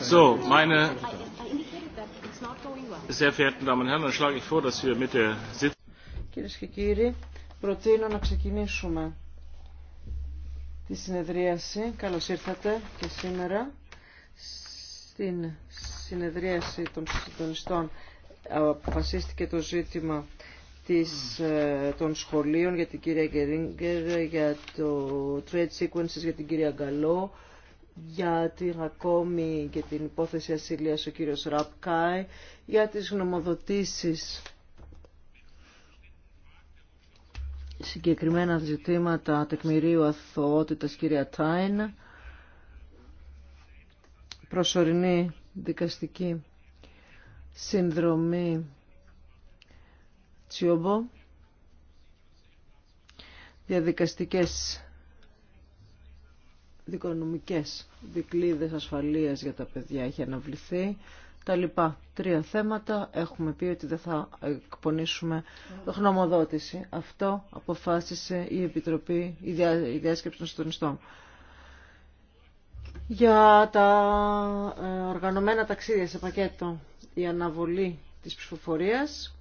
So, meine sehr verehrten Damen und Herren, dann schlage ich vor, dass wir mit der Sitzung. και κύριοι, προτείνω να ξεκινήσουμε τη συνεδρίαση. Καλώς ήρθατε και σήμερα στην συνεδρίαση των συντονιστών αποφασίστηκε το ζήτημα της, ε, των σχολείων για την κυρία Γκερίνγκερ, για το trade sequences για την κυρία Γκαλό, για την ακόμη και την υπόθεση ασυλίας ο κύριος Ραπκάη, για τις γνωμοδοτήσεις συγκεκριμένα ζητήματα τεκμηρίου αθωότητας κυρία Τάιν, προσωρινή δικαστική συνδρομή Τσιόμπο, διαδικαστικές δικονομικές δικλείδες ασφαλείας για τα παιδιά έχει αναβληθεί. Τα λοιπά τρία θέματα έχουμε πει ότι δεν θα εκπονήσουμε γνωμοδότηση. Αυτό αποφάσισε η Επιτροπή, η, διά, Διάσκεψη των Συντονιστών. Για τα ε, οργανωμένα ταξίδια σε πακέτο, η αναβολή της ψηφοφορίας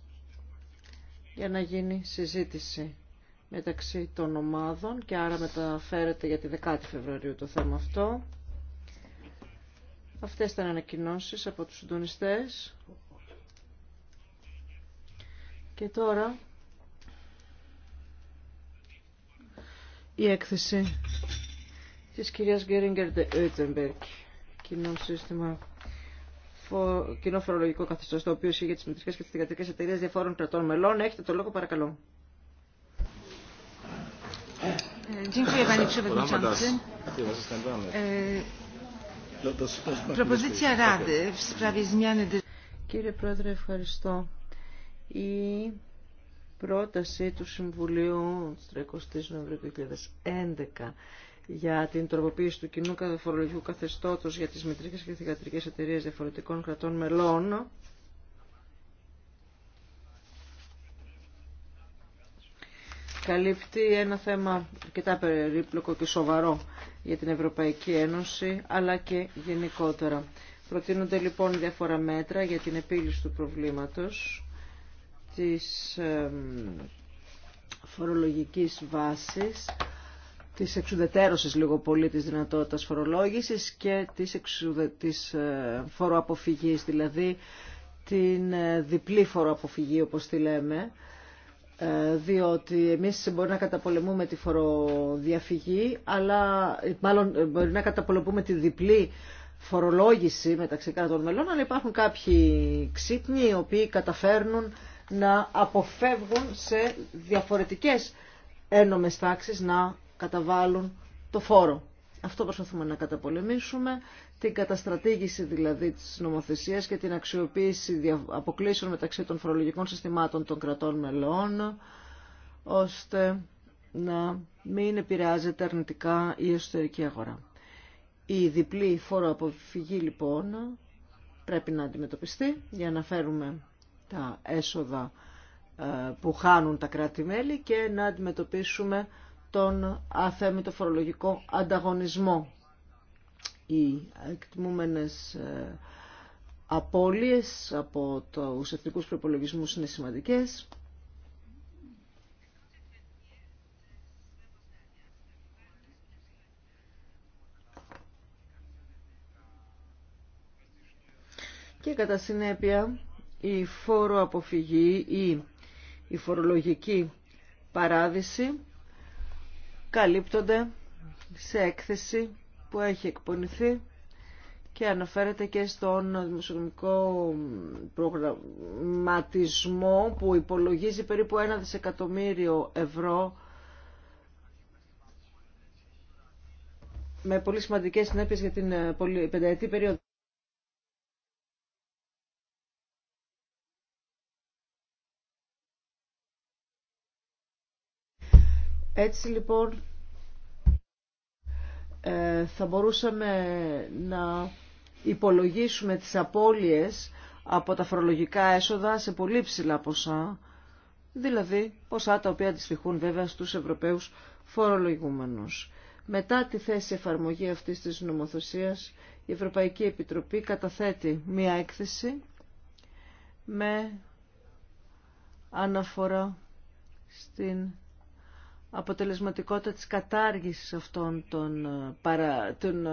για να γίνει συζήτηση μεταξύ των ομάδων και άρα μεταφέρεται για τη 10η Φεβρουαρίου το θέμα αυτό. Αυτές ήταν ανακοινώσεις από τους συντονιστές. Και τώρα η έκθεση της κυρίας Γκέριγκερ Ντε κοινό σύστημα κοινό φορολογικό καθεστώς, το οποίο ισχύει για τις μετρικές και τις θηγατρικές εταιρείες διαφόρων κρατών μελών. Έχετε το λόγο παρακαλώ. Ε, Κύριε Πρόεδρε, ευχαριστώ. Η πρόταση του Συμβουλίου της 30 Νοεμβρίου 2011 για την τροποποίηση του κοινού καταφορολογικού καθεστώτος για τις μητρικές και θηγατρικές εταιρείες διαφορετικών κρατών μελών καλύπτει ένα θέμα αρκετά περίπλοκο και σοβαρό για την Ευρωπαϊκή Ένωση, αλλά και γενικότερα. Προτείνονται λοιπόν διάφορα μέτρα για την επίλυση του προβλήματος της φορολογικής βάσης, της εξουδετέρωσης λίγο πολύ της δυνατότητας φορολόγησης και της, εξουδε... της ε, φοροαποφυγής, δηλαδή την ε, διπλή φοροαποφυγή όπως τη λέμε, ε, διότι εμείς μπορεί να καταπολεμούμε τη φοροδιαφυγή, αλλά ε, μάλλον ε, μπορεί να καταπολεμούμε τη διπλή φορολόγηση μεταξύ κρατών μελών, αλλά υπάρχουν κάποιοι ξύπνοι οι οποίοι καταφέρνουν να αποφεύγουν σε διαφορετικές ένομες τάξεις να καταβάλουν το φόρο. Αυτό προσπαθούμε να καταπολεμήσουμε την καταστρατήγηση δηλαδή της νομοθεσίας και την αξιοποίηση αποκλήσεων μεταξύ των φορολογικών συστημάτων των κρατών μελών, ώστε να μην επηρεάζεται αρνητικά η εσωτερική αγορά. Η διπλή φόρο αποφυγή λοιπόν πρέπει να αντιμετωπιστεί για να φέρουμε τα έσοδα ε, που χάνουν τα κράτη-μέλη και να αντιμετωπίσουμε τον αθέμητο φορολογικό ανταγωνισμό οι εκτιμούμενες ε, απώλειες από τους εθνικούς προπολογισμού είναι σημαντικές. Και κατά συνέπεια η φόρο αποφυγή ή η φορολογική παράδειση καλύπτονται σε έκθεση που έχει εκπονηθεί και αναφέρεται και στον δημοσιονομικό προγραμματισμό που υπολογίζει περίπου ένα δισεκατομμύριο ευρώ με πολύ σημαντικές συνέπειες για την πενταετή περίοδο. Έτσι λοιπόν ε, θα μπορούσαμε να υπολογίσουμε τις απώλειες από τα φορολογικά έσοδα σε πολύ ψηλά ποσά, δηλαδή ποσά τα οποία αντιστοιχούν βέβαια στους Ευρωπαίους φορολογούμενους. Μετά τη θέση εφαρμογή αυτής της νομοθεσίας, η Ευρωπαϊκή Επιτροπή καταθέτει μία έκθεση με αναφορά στην αποτελεσματικότητα της κατάργησης αυτών των, ε, παρα, των ε,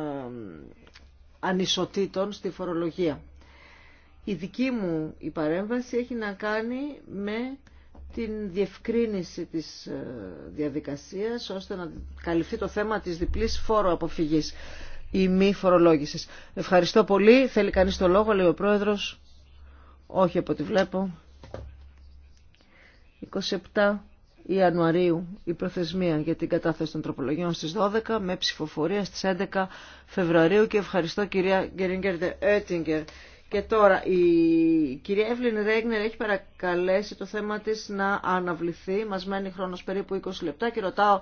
ανισοτήτων στη φορολογία. Η δική μου η παρέμβαση έχει να κάνει με την διευκρίνηση της ε, διαδικασίας ώστε να καλυφθεί το θέμα της διπλής φόρου αποφυγής ή μη φορολόγησης. Ευχαριστώ πολύ. Θέλει κανείς το λόγο, λέει ο Πρόεδρος. Όχι από ό,τι βλέπω. 27 Ιανουαρίου η προθεσμία για την κατάθεση των τροπολογιών στις 12 με ψηφοφορία στις 11 Φεβρουαρίου και ευχαριστώ κυρία Γκερίνγκερ Έτιγκερ. Και τώρα η κυρία Εύλην Ρέγνερ έχει παρακαλέσει το θέμα της να αναβληθεί. Μας μένει χρόνος περίπου 20 λεπτά και ρωτάω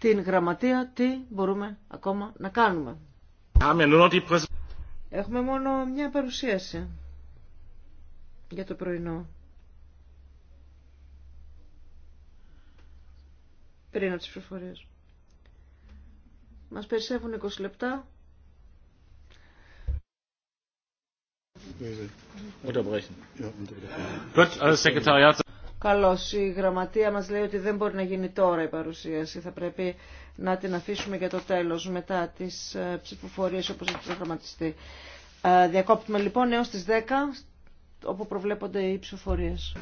την γραμματεία τι μπορούμε ακόμα να κάνουμε. Έχουμε μόνο μια παρουσίαση για το πρωινό. πριν από τις προφορίες. Μας περισσεύουν 20 λεπτά. Καλώ, η γραμματεία μας λέει ότι δεν μπορεί να γίνει τώρα η παρουσίαση. Θα πρέπει να την αφήσουμε για το τέλος, μετά τις ε, ψηφοφορίες όπως έχει προγραμματιστεί. Ε, διακόπτουμε λοιπόν έως τις 10, όπου προβλέπονται οι ψηφοφορίες.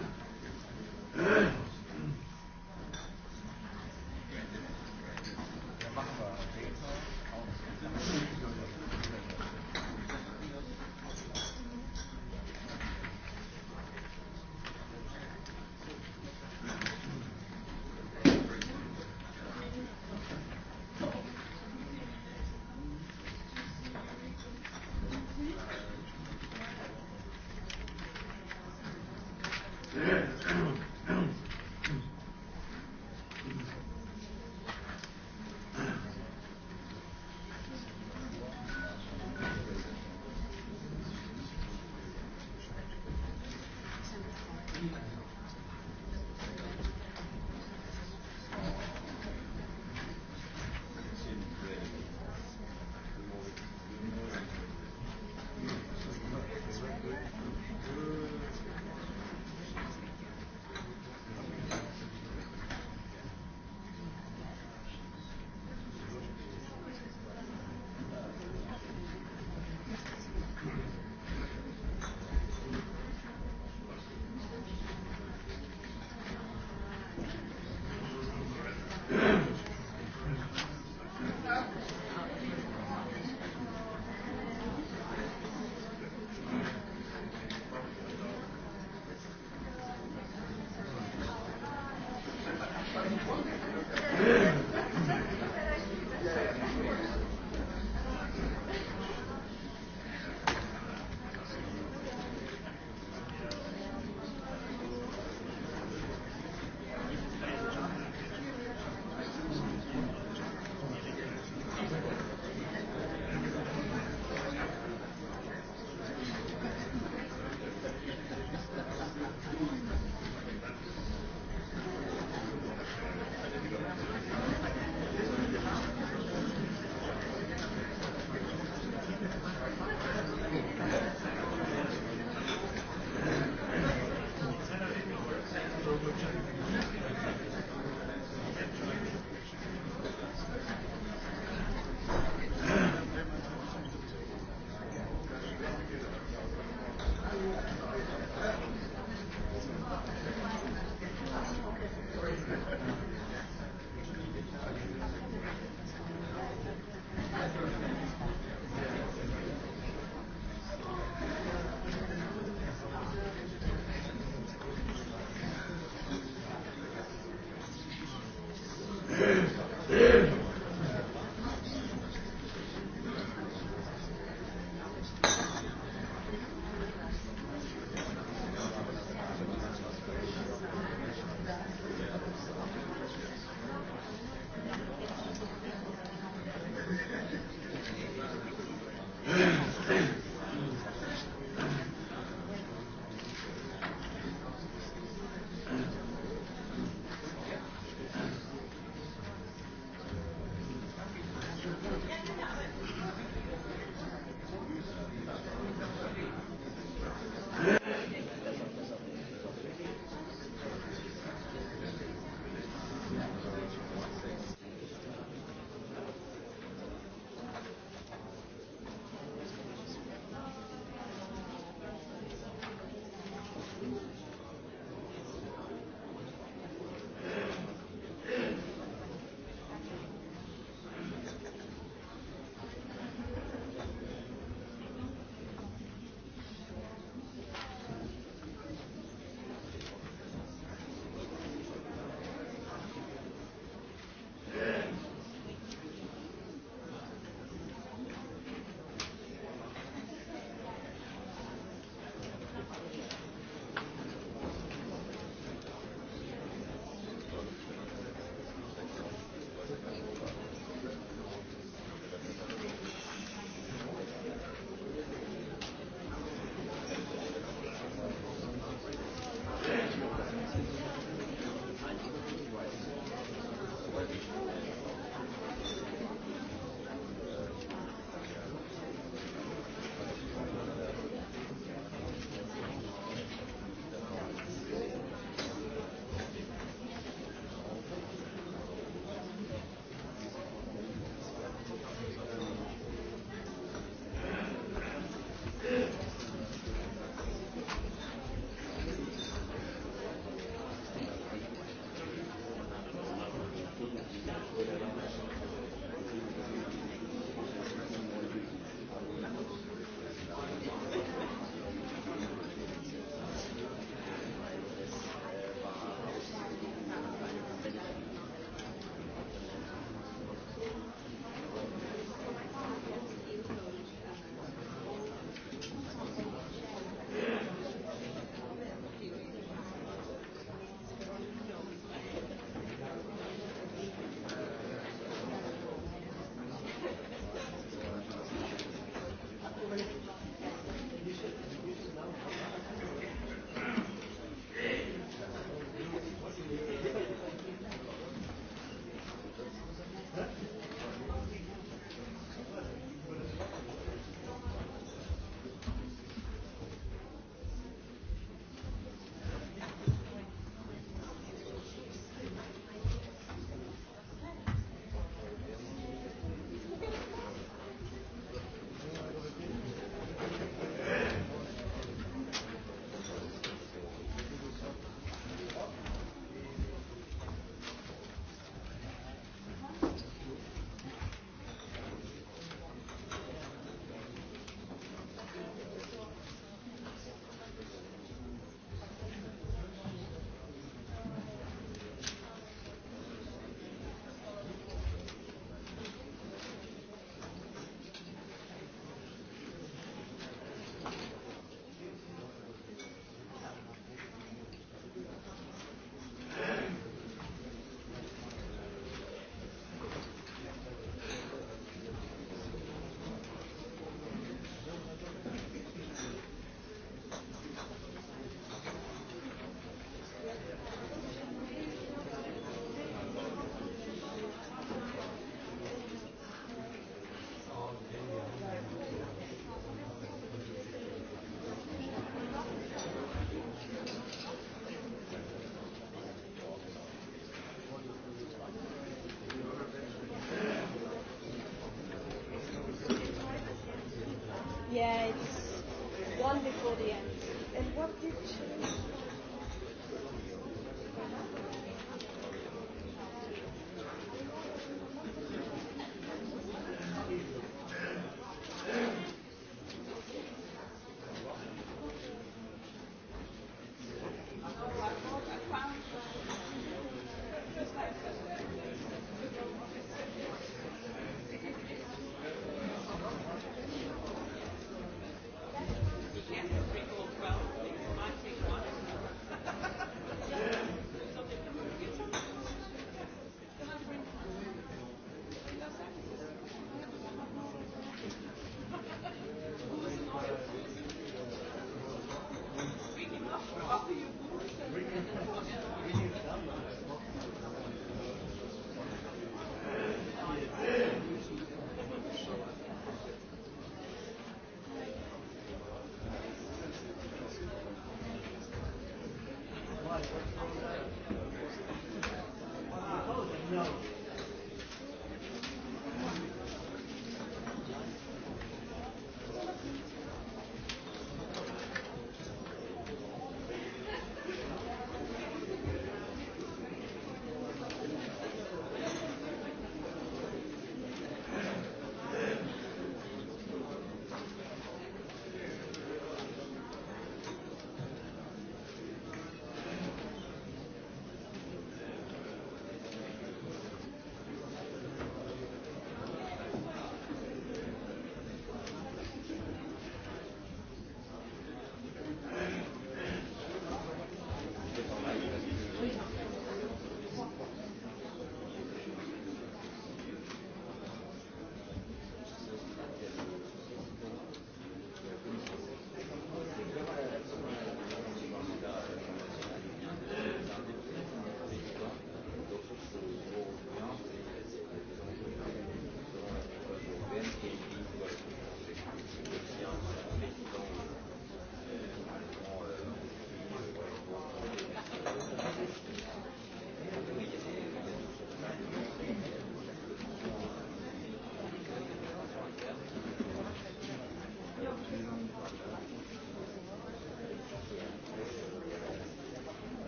before the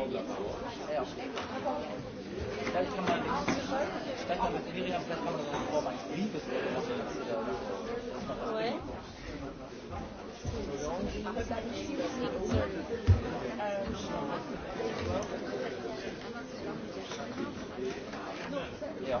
Ja. Ja.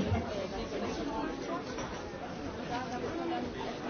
Ευχαριστώ, Πρόεδρε, και ευχαριστώ,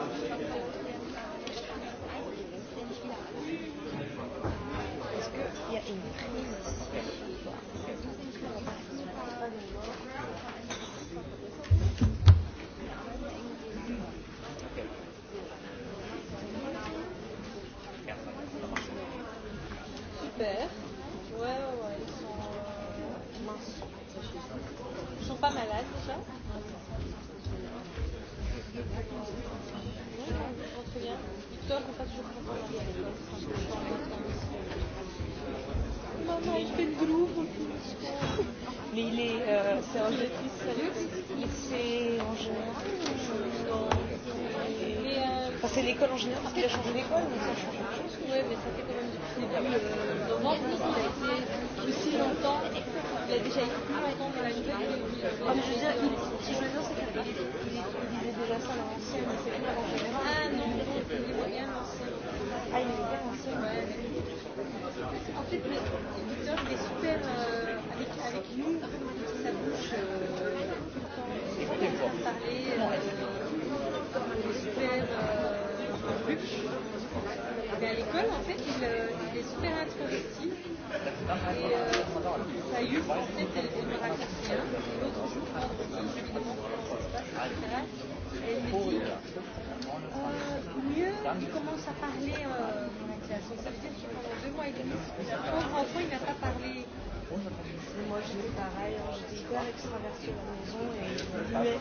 c'est l'école en général parce qu'il a changé d'école mais ça change Oui, mais ça fait quand même depuis si longtemps. Il a déjà été plus longtemps dans la nouvelle. mais je veux dire, ce que je veux dire, c'est qu'il disait déjà ça à l'ancienne, mais c'est l'école en général. Ah non, il c'était bien l'ancienne. Ah, il est bien l'ancienne. En fait, le docteur, il est super. Euh... à l'école, en fait, il, est super introverti. Et ça a eu, en fait, elle me racontait un, l'autre jour, je lui demande comment ça elle dit, mieux, il commence à parler euh, Ça veut dire que pendant deux mois et demi, pauvre enfant, il n'a pas parlé. Moi, j'ai eu pareil, j'étais hyper extravertie à la maison et muette.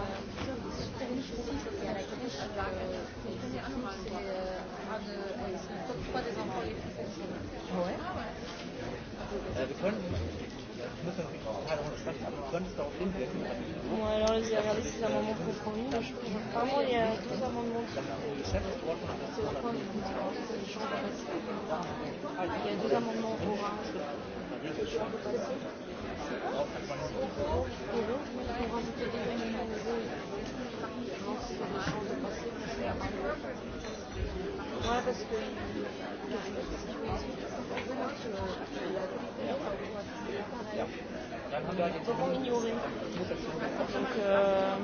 Bon, alors, les, regardez amendements compromis. Apparemment, il y a deux amendements Il y a deux amendements parce que pourront Donc, euh,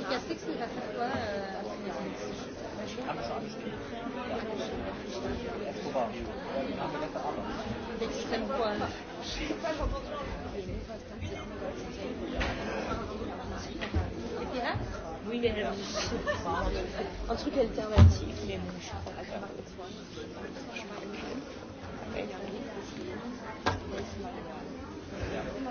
il y a six Oui, mais un truc alternatif, mais je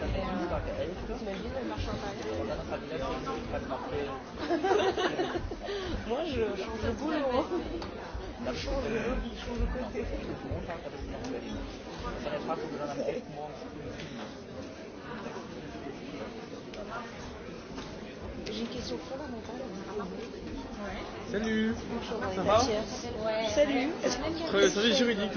Moi, je change de boulot. Je change côté. J'ai une question fondamentale. Salut. Bonjour. Ça va Salut. juridique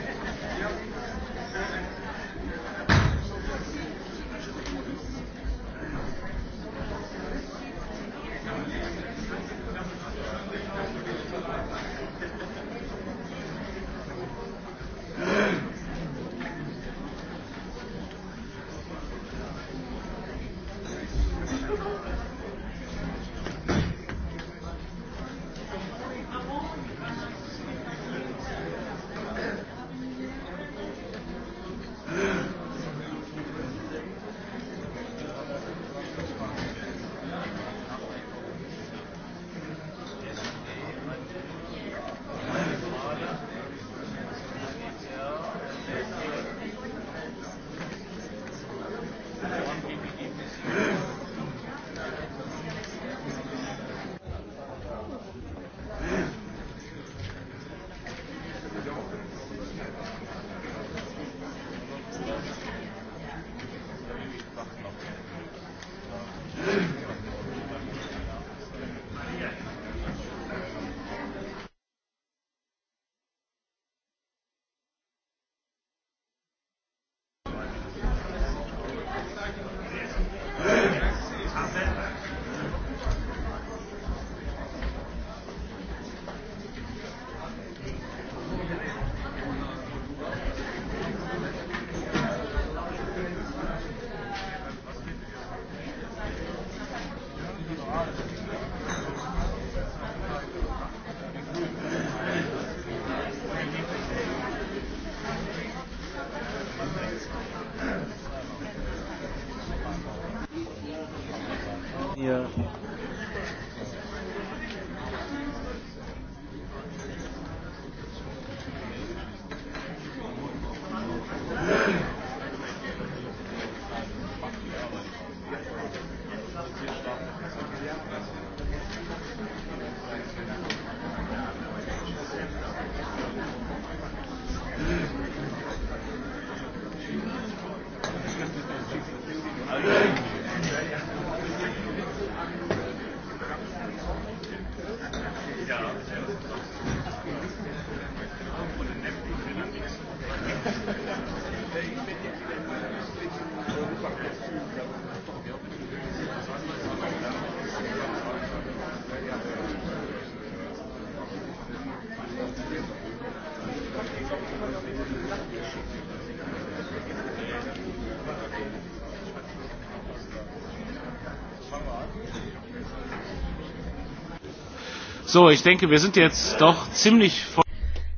So, ich denke, wir sind jetzt doch ziemlich...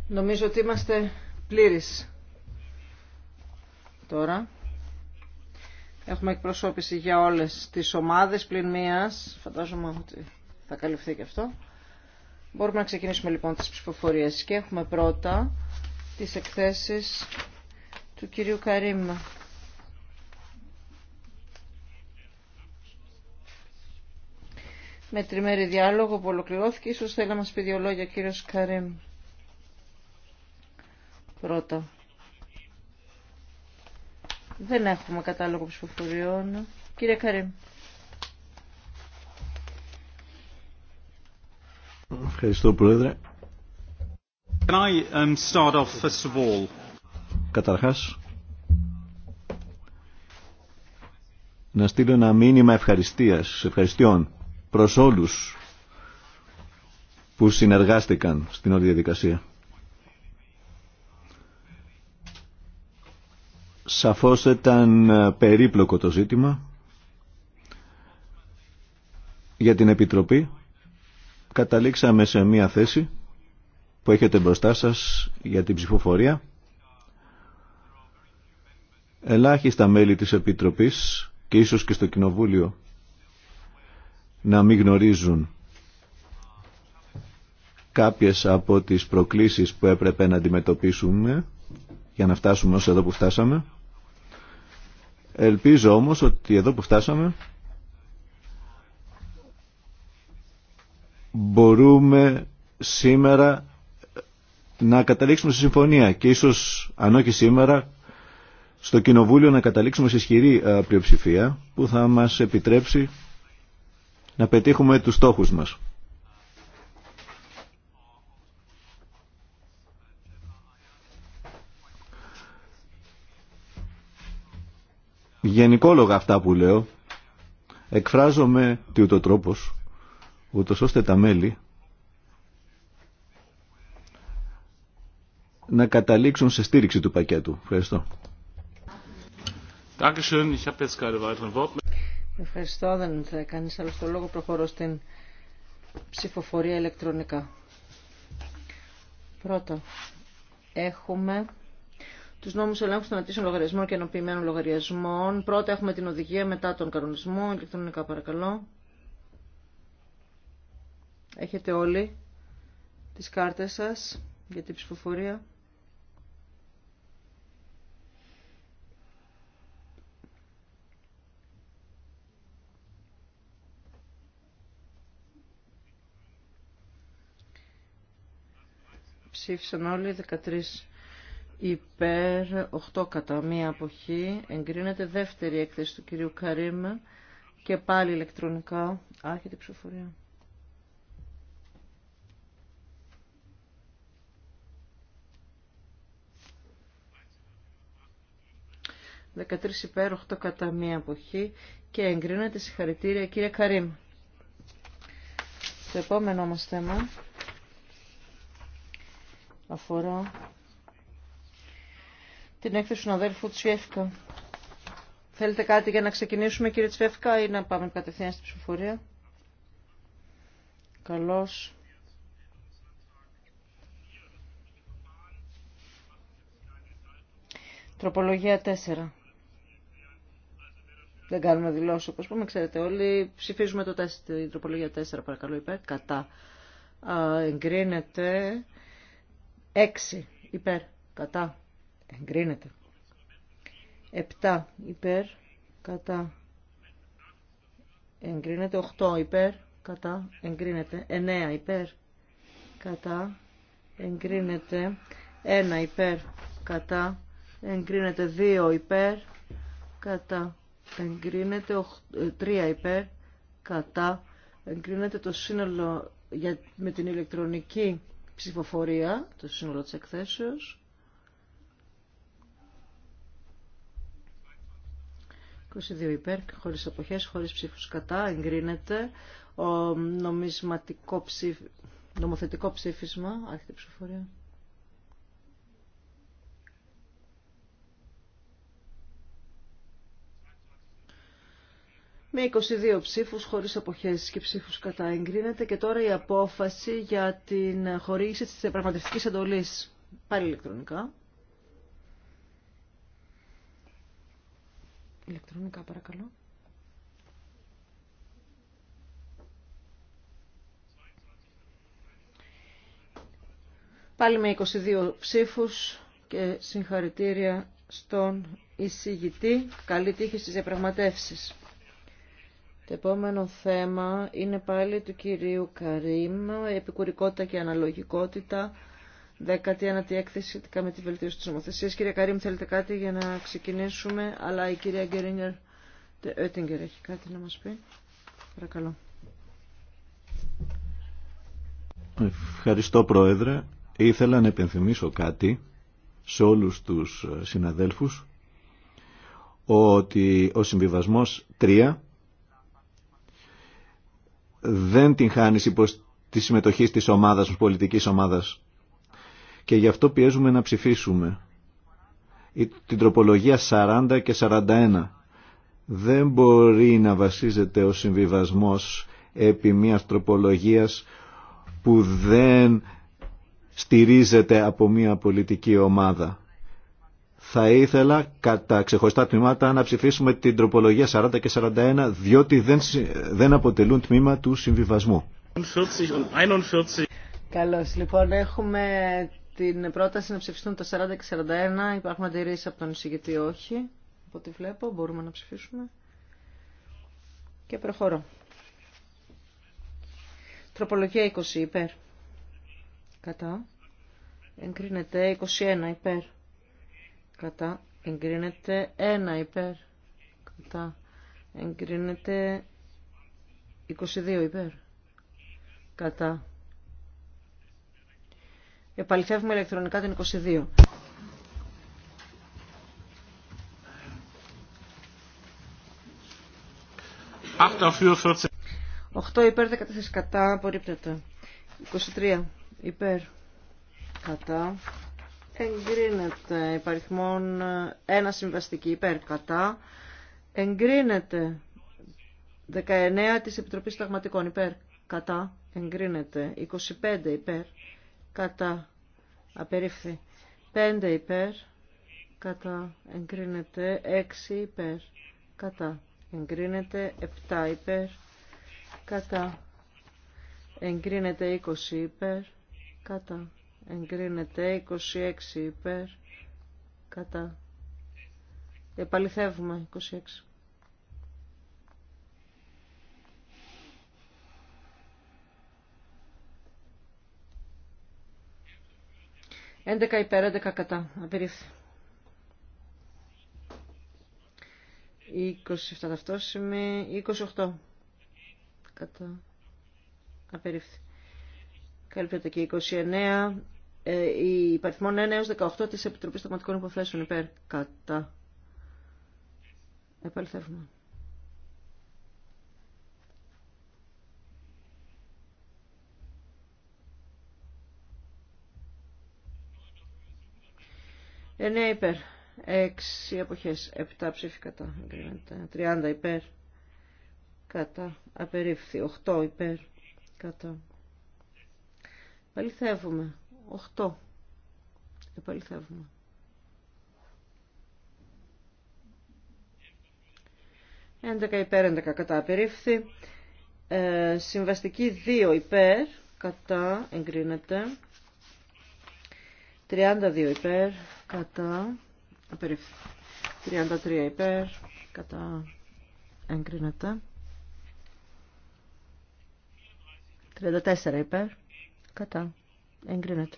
Νομίζω ότι είμαστε πλήρης τώρα. Έχουμε εκπροσώπηση για όλες τις ομάδες πλην μίας. Φαντάζομαι ότι θα καλυφθεί και αυτό. Μπορούμε να ξεκινήσουμε λοιπόν τις ψηφοφορίες και έχουμε πρώτα τις εκθέσεις του κυρίου Καρύμνα. με τριμέρη διάλογο που ολοκληρώθηκε. Ίσως θέλει να μας πει δύο λόγια κύριος Καρέμ. Πρώτα. Δεν έχουμε κατάλογο ψηφοφοριών. Κύριε Καρέμ. Ευχαριστώ Πρόεδρε. Can I um, start off first of all? Καταρχάς, να στείλω ένα μήνυμα ευχαριστίας, ευχαριστίων προς όλους που συνεργάστηκαν στην όλη διαδικασία. Σαφώς ήταν ε, περίπλοκο το ζήτημα για την Επιτροπή. Καταλήξαμε σε μία θέση που έχετε μπροστά σας για την ψηφοφορία. Ελάχιστα μέλη της Επιτροπής και ίσως και στο Κοινοβούλιο να μην γνωρίζουν κάποιες από τις προκλήσεις που έπρεπε να αντιμετωπίσουμε για να φτάσουμε ως εδώ που φτάσαμε. Ελπίζω όμως ότι εδώ που φτάσαμε μπορούμε σήμερα να καταλήξουμε σε συμφωνία και ίσως αν όχι σήμερα στο Κοινοβούλιο να καταλήξουμε σε ισχυρή ε, πλειοψηφία που θα μας επιτρέψει να πετύχουμε τους στόχους μας. γενικόλογα αυτά που λέω, εκφράζομαι τι ούτω τρόπος, ούτως ώστε τα μέλη να καταλήξουν σε στήριξη του πακέτου. Ευχαριστώ. Ευχαριστώ. Δεν θα κάνει άλλο το λόγο. Προχωρώ στην ψηφοφορία ηλεκτρονικά. Πρώτα, έχουμε του νόμου ελέγχου των ατήσεων λογαριασμών και ενοποιημένων λογαριασμών. Πρώτα έχουμε την οδηγία, μετά τον κανονισμό. Ηλεκτρονικά, παρακαλώ. Έχετε όλοι τις κάρτες σας για την ψηφοφορία. Ψήφισαν όλοι 13 υπέρ, 8 κατά μία αποχή. Εγκρίνεται δεύτερη έκθεση του κυρίου Καρίμ και πάλι ηλεκτρονικά. Άρχεται η ψηφοφορία. Δεκατρεις υπέρ, 8 κατά μία αποχή και εγκρίνεται συγχαρητήρια κύριε Καρίμ. Το επόμενό μας θέμα αφορά την έκθεση του αδέλφου Τσιέφκα. Θέλετε κάτι για να ξεκινήσουμε κύριε Τσιέφκα ή να πάμε κατευθείαν στην ψηφοφορία. Καλώς. Τροπολογία 4. Δεν κάνουμε δηλώσει όπως πούμε, ξέρετε όλοι. Ψηφίζουμε το τεστ, τροπολογία 4 παρακαλώ υπέρ, κατά. εγκρίνεται 6 υπέρ κατά εγκρίνεται. 7 υπέρ κατά εγκρίνεται. 8 υπέρ κατά εγκρίνεται. 9 υπέρ κατά εγκρίνεται. 1 υπέρ κατά εγκρίνεται. 2 υπέρ κατά εγκρίνεται. 3 ε, υπέρ κατά εγκρίνεται το σύνολο για, με την ηλεκτρονική ψηφοφορία, το σύνολο της εκθέσεως. 22 υπέρ, χωρίς αποχές, χωρίς ψήφους κατά, εγκρίνεται. Ο νομισματικό νομοθετικό ψήφισμα, άρχεται ψηφοφορία. με 22 ψήφους χωρίς αποχέσεις και ψήφους κατά εγκρίνεται και τώρα η απόφαση για την χορήγηση της πραγματευτικής εντολής πάλι ηλεκτρονικά. Ηλεκτρονικά παρακαλώ. πάλι με 22 ψήφους και συγχαρητήρια στον εισηγητή. Καλή τύχη στις διαπραγματεύσεις. Το επόμενο θέμα είναι πάλι του κυρίου Καρίμ, επικουρικότητα και αναλογικότητα, 19η έκθεση σχετικά με τη βελτίωση της νομοθεσίας. Κύριε Καρίμ, θέλετε κάτι για να ξεκινήσουμε, αλλά η κυρία Γκερίνγκερ έχει κάτι να μας πει. Παρακαλώ. Ευχαριστώ Πρόεδρε. Ήθελα να επενθυμίσω κάτι σε όλους τους συναδέλφους ότι ο συμβιβασμός 3 δεν την χάνει υπό τη συμμετοχή τη ομάδας, της πολιτική ομάδα. Και γι' αυτό πιέζουμε να ψηφίσουμε. Την τροπολογία 40 και 41 δεν μπορεί να βασίζεται ο συμβιβασμός επί μιας τροπολογίας που δεν στηρίζεται από μια πολιτική ομάδα θα ήθελα κατά ξεχωριστά τμήματα να ψηφίσουμε την τροπολογία 40 και 41 διότι δεν, δεν αποτελούν τμήμα του συμβιβασμού. 41. Καλώς. Λοιπόν, έχουμε την πρόταση να ψηφιστούν τα 40 και 41. Υπάρχουν αντιρρήσεις από τον εισηγητή, όχι. Από ό,τι βλέπω, μπορούμε να ψηφίσουμε. Και προχωρώ. Τροπολογία 20 υπέρ. Κατά. Εγκρίνεται 21 υπέρ κατά εγκρίνεται 1 υπέρ κατά εγκρίνεται 22 υπέρ κατά επαληθεύουμε ηλεκτρονικά την 22 8 υπέρ 14 κατά απορρίπτεται 23 υπέρ κατά εγκρίνεται υπαριθμόν ένα συμβαστική υπέρ κατά εγκρίνεται 19 της Επιτροπής Σταγματικών υπέρ κατά εγκρίνεται 25 υπέρ κατά απερίφθη 5 υπέρ κατά εγκρίνεται 6 υπέρ κατά εγκρίνεται 7 υπέρ κατά εγκρίνεται 20 υπέρ κατά εγκρίνεται 26 υπέρ κατά επαληθεύουμε 26 11 υπέρ, 11 κατά. Απερίφθη. 27 ταυτόσημη, 28 κατά. Απερίφθη. Καλύπτεται και 29, οι ε, παριθμόν 1 έω 18 τη Επιτροπή Σταγματικών Υποθέσεων υπέρ, κατά. Επαληθεύουμε. 9 ε, ναι, υπέρ, 6 εποχές 7 ψήφοι κατά. 30 υπέρ, κατά. Απερίφθη, 8 υπέρ, κατά. Παλιθεύουμε. 8. Επαληθεύουμε. Έντεκα υπέρ, 11 κατά απερίφθη. Ε, συμβαστική 2 υπέρ, κατά, εγκρίνεται. 32 υπέρ, κατά, απερίφθη. 33 υπέρ, κατά, εγκρίνεται. 34 υπέρ, κατά, εγκρίνεται.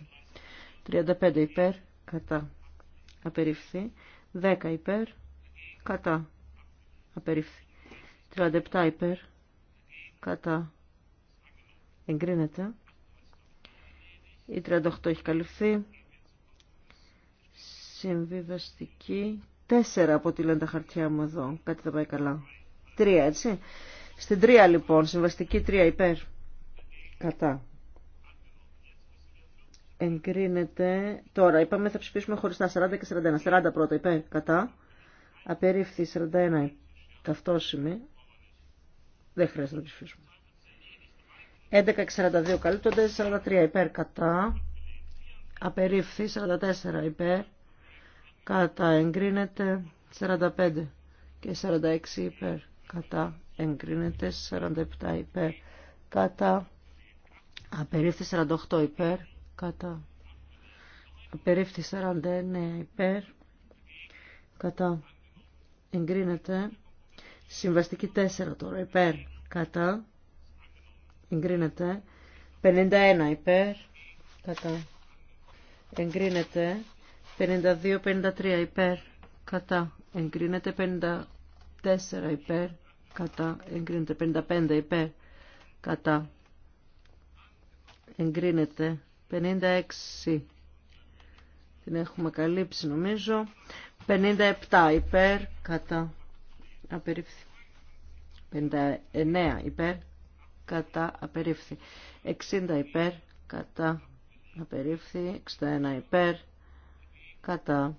35 υπέρ, κατά, απερίφθη. 10 υπέρ, κατά, απερίφθη. 37 υπέρ, κατά, εγκρίνεται. Η 38 έχει καλυφθεί. Συμβιβαστική. 4 από ό,τι λένε τα χαρτιά μου εδώ. Κάτι δεν πάει καλά. 3 έτσι. Στην 3 λοιπόν, συμβαστική 3 υπέρ. Κατά εγκρίνεται τώρα. Είπαμε θα ψηφίσουμε χωριστά 40 και 41. 40 πρώτα υπέρ, κατά. Απερίφθη 41 ταυτόσημη. Δεν χρειάζεται να ψηφίσουμε. 42 καλύπτονται, 43 υπέρ κατά, απερίφθη, 44 υπέρ, κατά εγκρίνεται, 45 και 46 υπέρ, κατά εγκρίνεται, 47 υπέρ, κατά απερίφθη, 48 υπέρ, κατά απερίφθη 49 υπέρ κατά εγκρίνεται συμβαστική 4 τώρα υπέρ κατά εγκρίνεται 51 υπέρ κατά εγκρίνεται 52-53 υπέρ κατά εγκρίνεται 54 υπέρ κατά εγκρίνεται 55 υπέρ κατά εγκρίνεται 56. Την έχουμε καλύψει νομίζω. 57 υπέρ κατά απερίφθη. 59 υπέρ κατά απερίφθη. 60 υπέρ κατά απερίφθη. 61 υπέρ κατά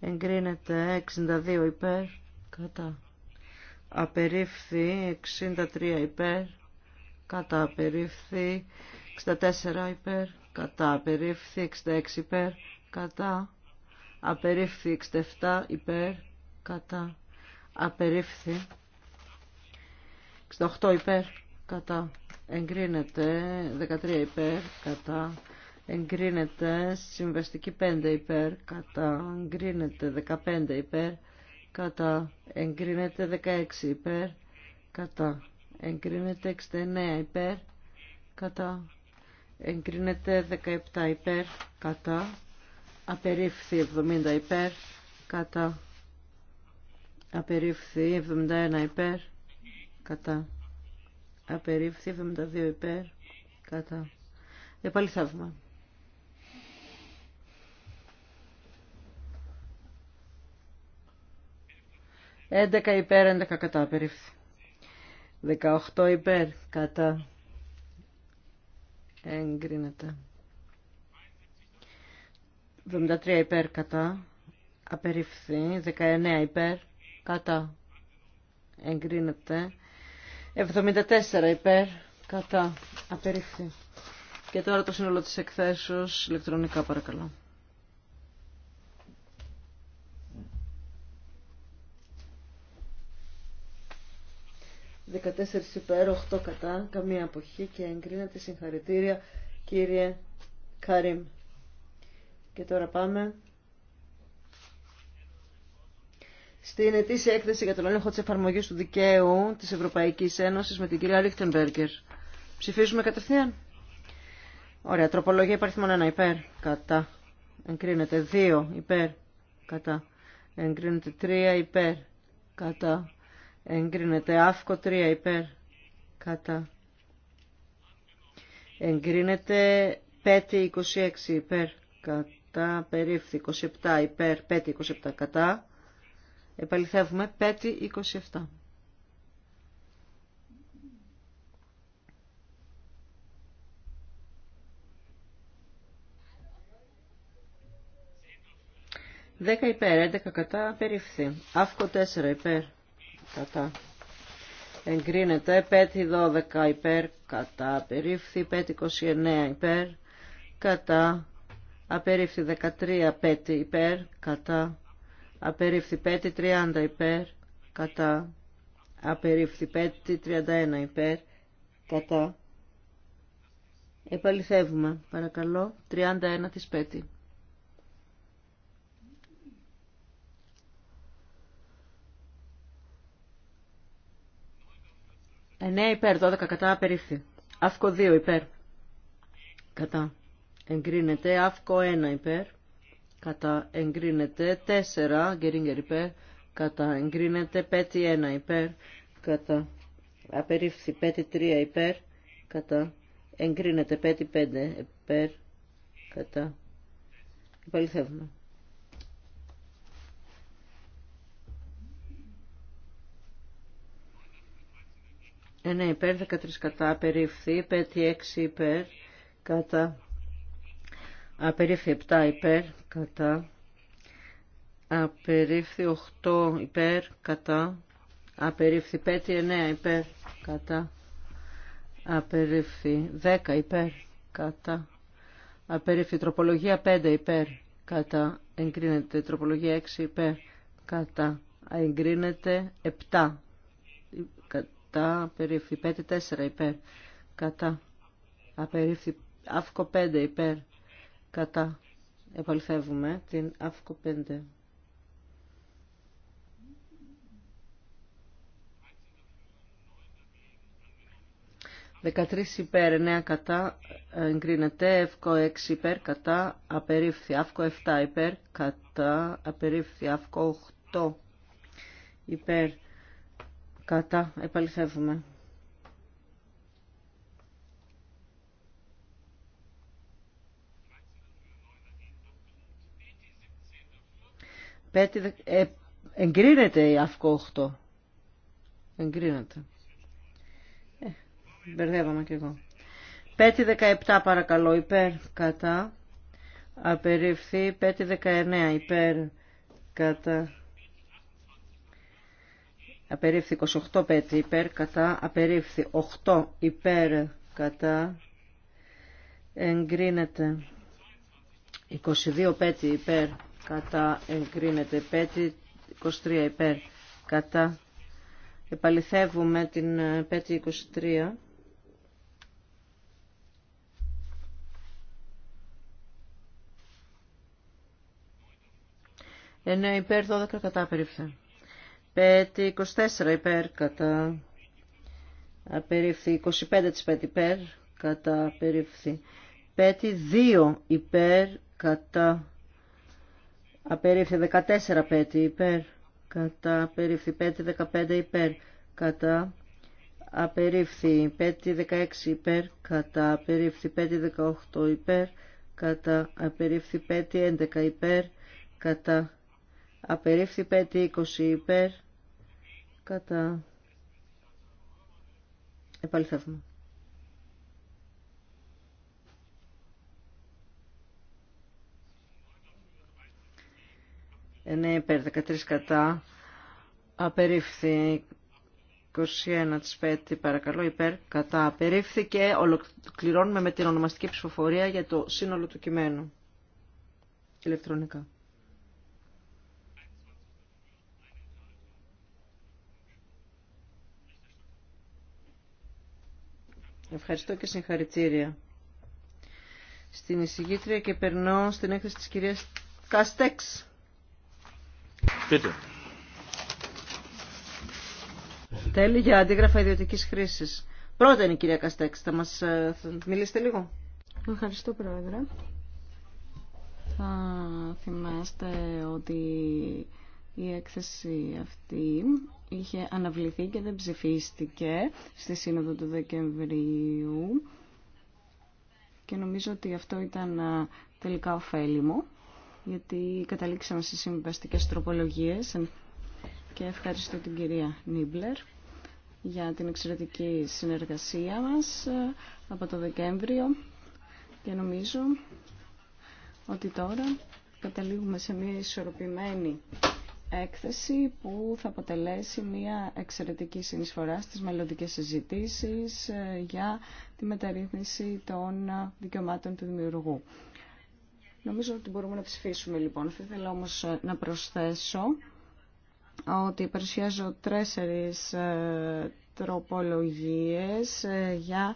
εγκρίνεται. 62 υπέρ κατά απερίφθη. 63 υπέρ κατά απερίφθη. 64 υπέρ, κατά, απερίφθη, 66 υπέρ, κατά, απερίφθη, 67 υπέρ, κατά, απερίφθη, 68 υπέρ, κατά, εγκρίνεται, 13 υπέρ, κατά, εγκρίνεται, συμβαστική 5 υπέρ, κατά, εγκρίνεται, 15 υπέρ, κατά, εγκρίνεται, 16 υπέρ, κατά, εγκρίνεται, 69 υπέρ, κατά, εγκρίνεται 17 υπέρ κατά απερίφθη 70 υπέρ κατά απερίφθη 71 υπέρ κατά απερίφθη 72 υπέρ κατά θαύμα 11 υπέρ, 11 κατά απερίφθη. 18 υπέρ, κατά εγκρίνεται 73 υπέρ κατά Απερίφθη. 19 υπέρ κατά εγκρίνεται 74 υπέρ κατά Απερίφθη. και τώρα το σύνολο της εκθέσεως ηλεκτρονικά παρακαλώ 14 υπέρ, 8 κατά, καμία αποχή και εγκρίνεται συγχαρητήρια κύριε Καρίμ. Και τώρα πάμε στην ετήσια έκθεση για τον έλεγχο τη εφαρμογή του δικαίου τη Ευρωπαϊκή Ένωση με την κυρία Ρίχτεμπεργκερ. Ψηφίζουμε κατευθείαν. Ωραία. Τροπολογία υπάρχει μόνο ένα υπέρ. Κατά. Εγκρίνεται. 2 υπέρ. Κατά. Εγκρίνεται. τρία, υπέρ. Κατά. Εγκρίνεται. Αύκο 3 υπέρ. Κατά. Εγκρίνεται. 5 26 υπέρ. Κατά. Περίφθη 27 υπέρ. 5 27 κατά. Επαληθεύουμε. 5 27. 10 υπέρ, 11 κατά, περίφθη. Αύκο 4 υπέρ κατά. Εγκρίνεται 5 12 υπέρ κατά. Απερίφθη 5 29 υπέρ κατά. Απερίφθη 13 5 υπέρ κατά. Απερίφθη 5 30 υπέρ κατά. Απερίφθη 5 31 υπέρ κατά. Επαληθεύουμε παρακαλώ 31 της πέτη 9 υπέρ, 12 κατά απερίφθη. Αύκο 2 υπέρ. Κατά. Εγκρίνεται. Αύκο 1 υπέρ. Κατά. Εγκρίνεται. 4 γκερίνγκερ υπέρ. Κατά. Εγκρίνεται. 5 1 υπέρ. Κατά. Απερίφθη. 5 3 υπέρ. Κατά. Εγκρίνεται. 5 5 υπέρ. Κατά. Υπαλληθεύουμε. 9 υπέρ, 13 κατά, απερίφθη, 5 6 υπέρ, κατά, απερίφθη 7 υπέρ, κατά, απερίφθη 8 υπέρ, κατά, απερίφθη 5 9 υπέρ, κατά, απερίφθη 10 υπέρ, κατά, απερίφθη τροπολογία 5 υπέρ, κατά, εγκρίνεται τροπολογία 6 υπέρ, κατά, εγκρίνεται 7 κατά περίφθη 5-4 υπέρ κατά απερίφθη αύκο 5 υπέρ κατά επαληθεύουμε την αύκο 5 13 υπέρ, 9 κατά, εγκρίνεται, εύκο 6 υπέρ, κατά, απερίφθη, αύκο 7 υπέρ, κατά, απερίφθη, αύκο 8 υπέρ, Κατά. Επαληθεύουμε. Πέτη, ε, εγκρίνεται η ΑΦΚΟ 8. Εγκρίνεται. Ε, μπερδεύαμε κι εγώ. 5-17 παρακαλώ υπέρ κατά απεριφθεί 5-19 υπέρ κατά απερίφθη 28 πέτρι υπέρ κατά, απερίφθη 8 υπέρ κατά, εγκρίνεται 22 πέτυ υπέρ κατά, εγκρίνεται 5, 23 υπέρ κατά. Επαληθεύουμε την 23. Ε, Εννέα υπέρ 12 κατά περίπτωση. Πέτη 24 υπέρ κατά απερίφθη. 25 της πέτη υπέρ κατά απερίφθη. Πέτη 2 υπέρ κατά απερίφθη. 14 πέτη υπέρ κατά απερίφθη. 5,15 15 υπέρ κατά απερίφθη. 5,16 16 υπέρ κατά απερίφθη. 5,18 18 υπέρ κατά απερίφθη. Πέτη 11 υπέρ κατά απερίφθη. 5,20 20 υπέρ κατά επαληθεύουμε. Ναι, υπέρ, 13 κατά, απερίφθη 21 της 5 παρακαλώ, υπέρ, κατά, απερίφθη και ολοκληρώνουμε με την ονομαστική ψηφοφορία για το σύνολο του κειμένου ηλεκτρονικά. Ευχαριστώ και συγχαρητήρια στην εισηγήτρια και περνώ στην έκθεση της κυρίας Καστέξ. Πείτε. Τέλει για αντίγραφα ιδιωτική χρήση. Πρώτα είναι η κυρία Καστέξ. Θα μα ε, μιλήσετε λίγο. Ευχαριστώ, Πρόεδρε. Θα θυμάστε ότι η έκθεση αυτή είχε αναβληθεί και δεν ψηφίστηκε στη Σύνοδο του Δεκεμβρίου και νομίζω ότι αυτό ήταν τελικά ωφέλιμο γιατί καταλήξαμε σε συμβαστικές τροπολογίες και ευχαριστώ την κυρία Νίμπλερ για την εξαιρετική συνεργασία μας από το Δεκέμβριο και νομίζω ότι τώρα καταλήγουμε σε μια ισορροπημένη έκθεση που θα αποτελέσει μια εξαιρετική συνεισφορά στις μελλοντικέ συζητήσει ε, για τη μεταρρύθμιση των δικαιωμάτων του δημιουργού. Νομίζω ότι μπορούμε να ψηφίσουμε λοιπόν. Θα ήθελα όμως ε, να προσθέσω ότι παρουσιάζω τρεις ε, τροπολογίες για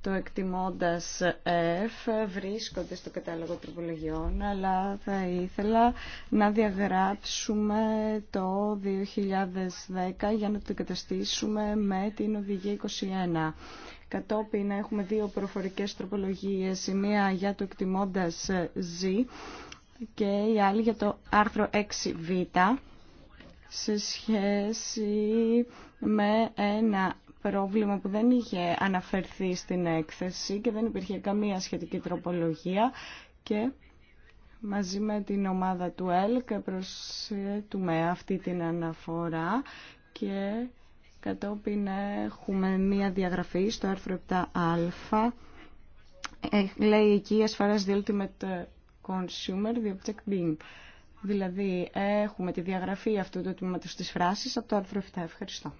το εκτιμώντας F βρίσκονται στο κατάλογο τροπολογιών, αλλά θα ήθελα να διαγράψουμε το 2010 για να το καταστήσουμε με την οδηγία 21. Κατόπιν έχουμε δύο προφορικές τροπολογίες, η μία για το εκτιμώντας Z και η άλλη για το άρθρο 6β σε σχέση με ένα πρόβλημα που δεν είχε αναφερθεί στην έκθεση και δεν υπήρχε καμία σχετική τροπολογία και μαζί με την ομάδα του ΕΛΚ προσέτουμε αυτή την αναφορά και κατόπιν έχουμε μία διαγραφή στο άρθρο 7α ε, λέει εκεί as far as the ultimate ε, consumer, the object being δηλαδή έχουμε τη διαγραφή αυτού του τμήματος της φράσης από το άρθρο 7. Ευχαριστώ.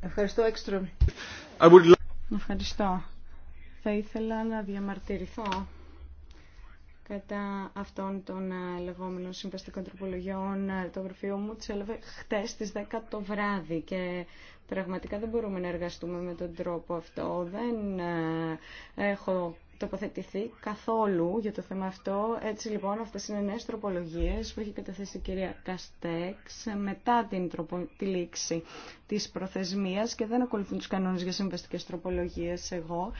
Ευχαριστώ, Έξτρομ. Ευχαριστώ. Θα ήθελα να διαμαρτυρηθώ κατά αυτών των ε, λεγόμενων συμβαστικών τροπολογιών. Ε, το γραφείο μου τις έλαβε χτες στις 10 το βράδυ και πραγματικά δεν μπορούμε να εργαστούμε με τον τρόπο αυτό. Δεν ε, έχω τοποθετηθεί καθόλου για το θέμα αυτό. Έτσι λοιπόν αυτές είναι νέες τροπολογίες που έχει καταθέσει η κυρία Καστέξ μετά την τροπο... τη λήξη της προθεσμίας και δεν ακολουθούν τους κανόνες για συμβαστικές τροπολογίες εγώ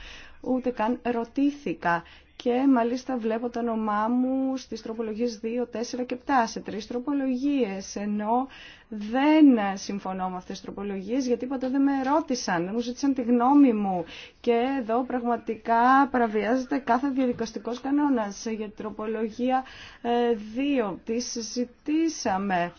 ούτε καν ρωτήθηκα και μάλιστα βλέπω το όνομά μου στις τροπολογίες 2, 4 και 7 σε τρεις τροπολογίες ενώ δεν συμφωνώ με αυτές τις τροπολογίες γιατί ποτέ δεν με ρώτησαν, δεν μου ζήτησαν τη γνώμη μου και εδώ πραγματικά παραβιάζεται κάθε διαδικαστικός κανόνας για την τροπολογία 2, ε, τη συζητήσαμε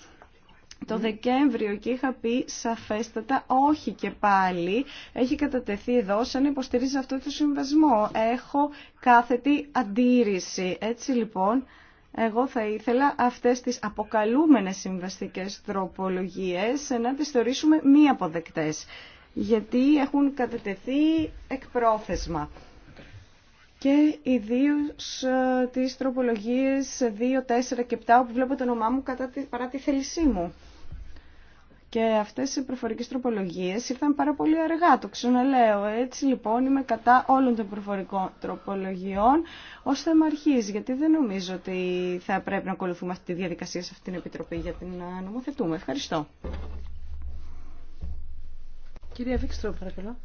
το Δεκέμβριο και είχα πει σαφέστατα όχι και πάλι έχει κατατεθεί εδώ σαν να υποστηρίζει αυτό το συμβασμό. Έχω κάθετη αντίρρηση. Έτσι λοιπόν εγώ θα ήθελα αυτές τις αποκαλούμενες συμβαστικές τροπολογίες να τις θεωρήσουμε μη αποδεκτές γιατί έχουν κατατεθεί εκπρόθεσμα και ιδίω ε, τις τροπολογίες 2, 4 και 7 όπου βλέπω το όνομά μου κατά τη, παρά τη θέλησή μου. Και αυτές οι προφορικές τροπολογίες ήρθαν πάρα πολύ αργά, το ξαναλέω. Έτσι λοιπόν είμαι κατά όλων των προφορικών τροπολογιών ως θέμα αρχής, γιατί δεν νομίζω ότι θα πρέπει να ακολουθούμε αυτή τη διαδικασία σε αυτή την Επιτροπή για την νομοθετούμε. Ευχαριστώ. Κυρία Βίξτρο, παρακαλώ.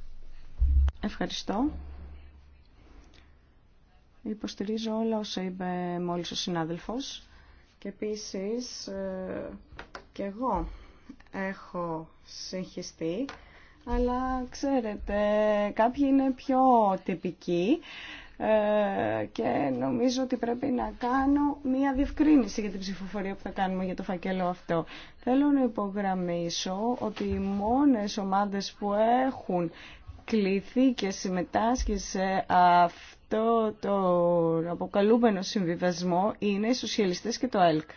Ευχαριστώ. Υποστηρίζω όλα όσα είπε μόλις ο συνάδελφος και επίσης ε, και εγώ έχω συγχυστεί, αλλά ξέρετε, κάποιοι είναι πιο τυπικοί ε, και νομίζω ότι πρέπει να κάνω μία διευκρίνηση για την ψηφοφορία που θα κάνουμε για το φακέλο αυτό. Θέλω να υπογραμμίσω ότι οι μόνες ομάδες που έχουν κληθεί και συμμετάσχει σε αυτό το αποκαλούμενο συμβιβασμό είναι οι σοσιαλιστές και το ΕΛΚ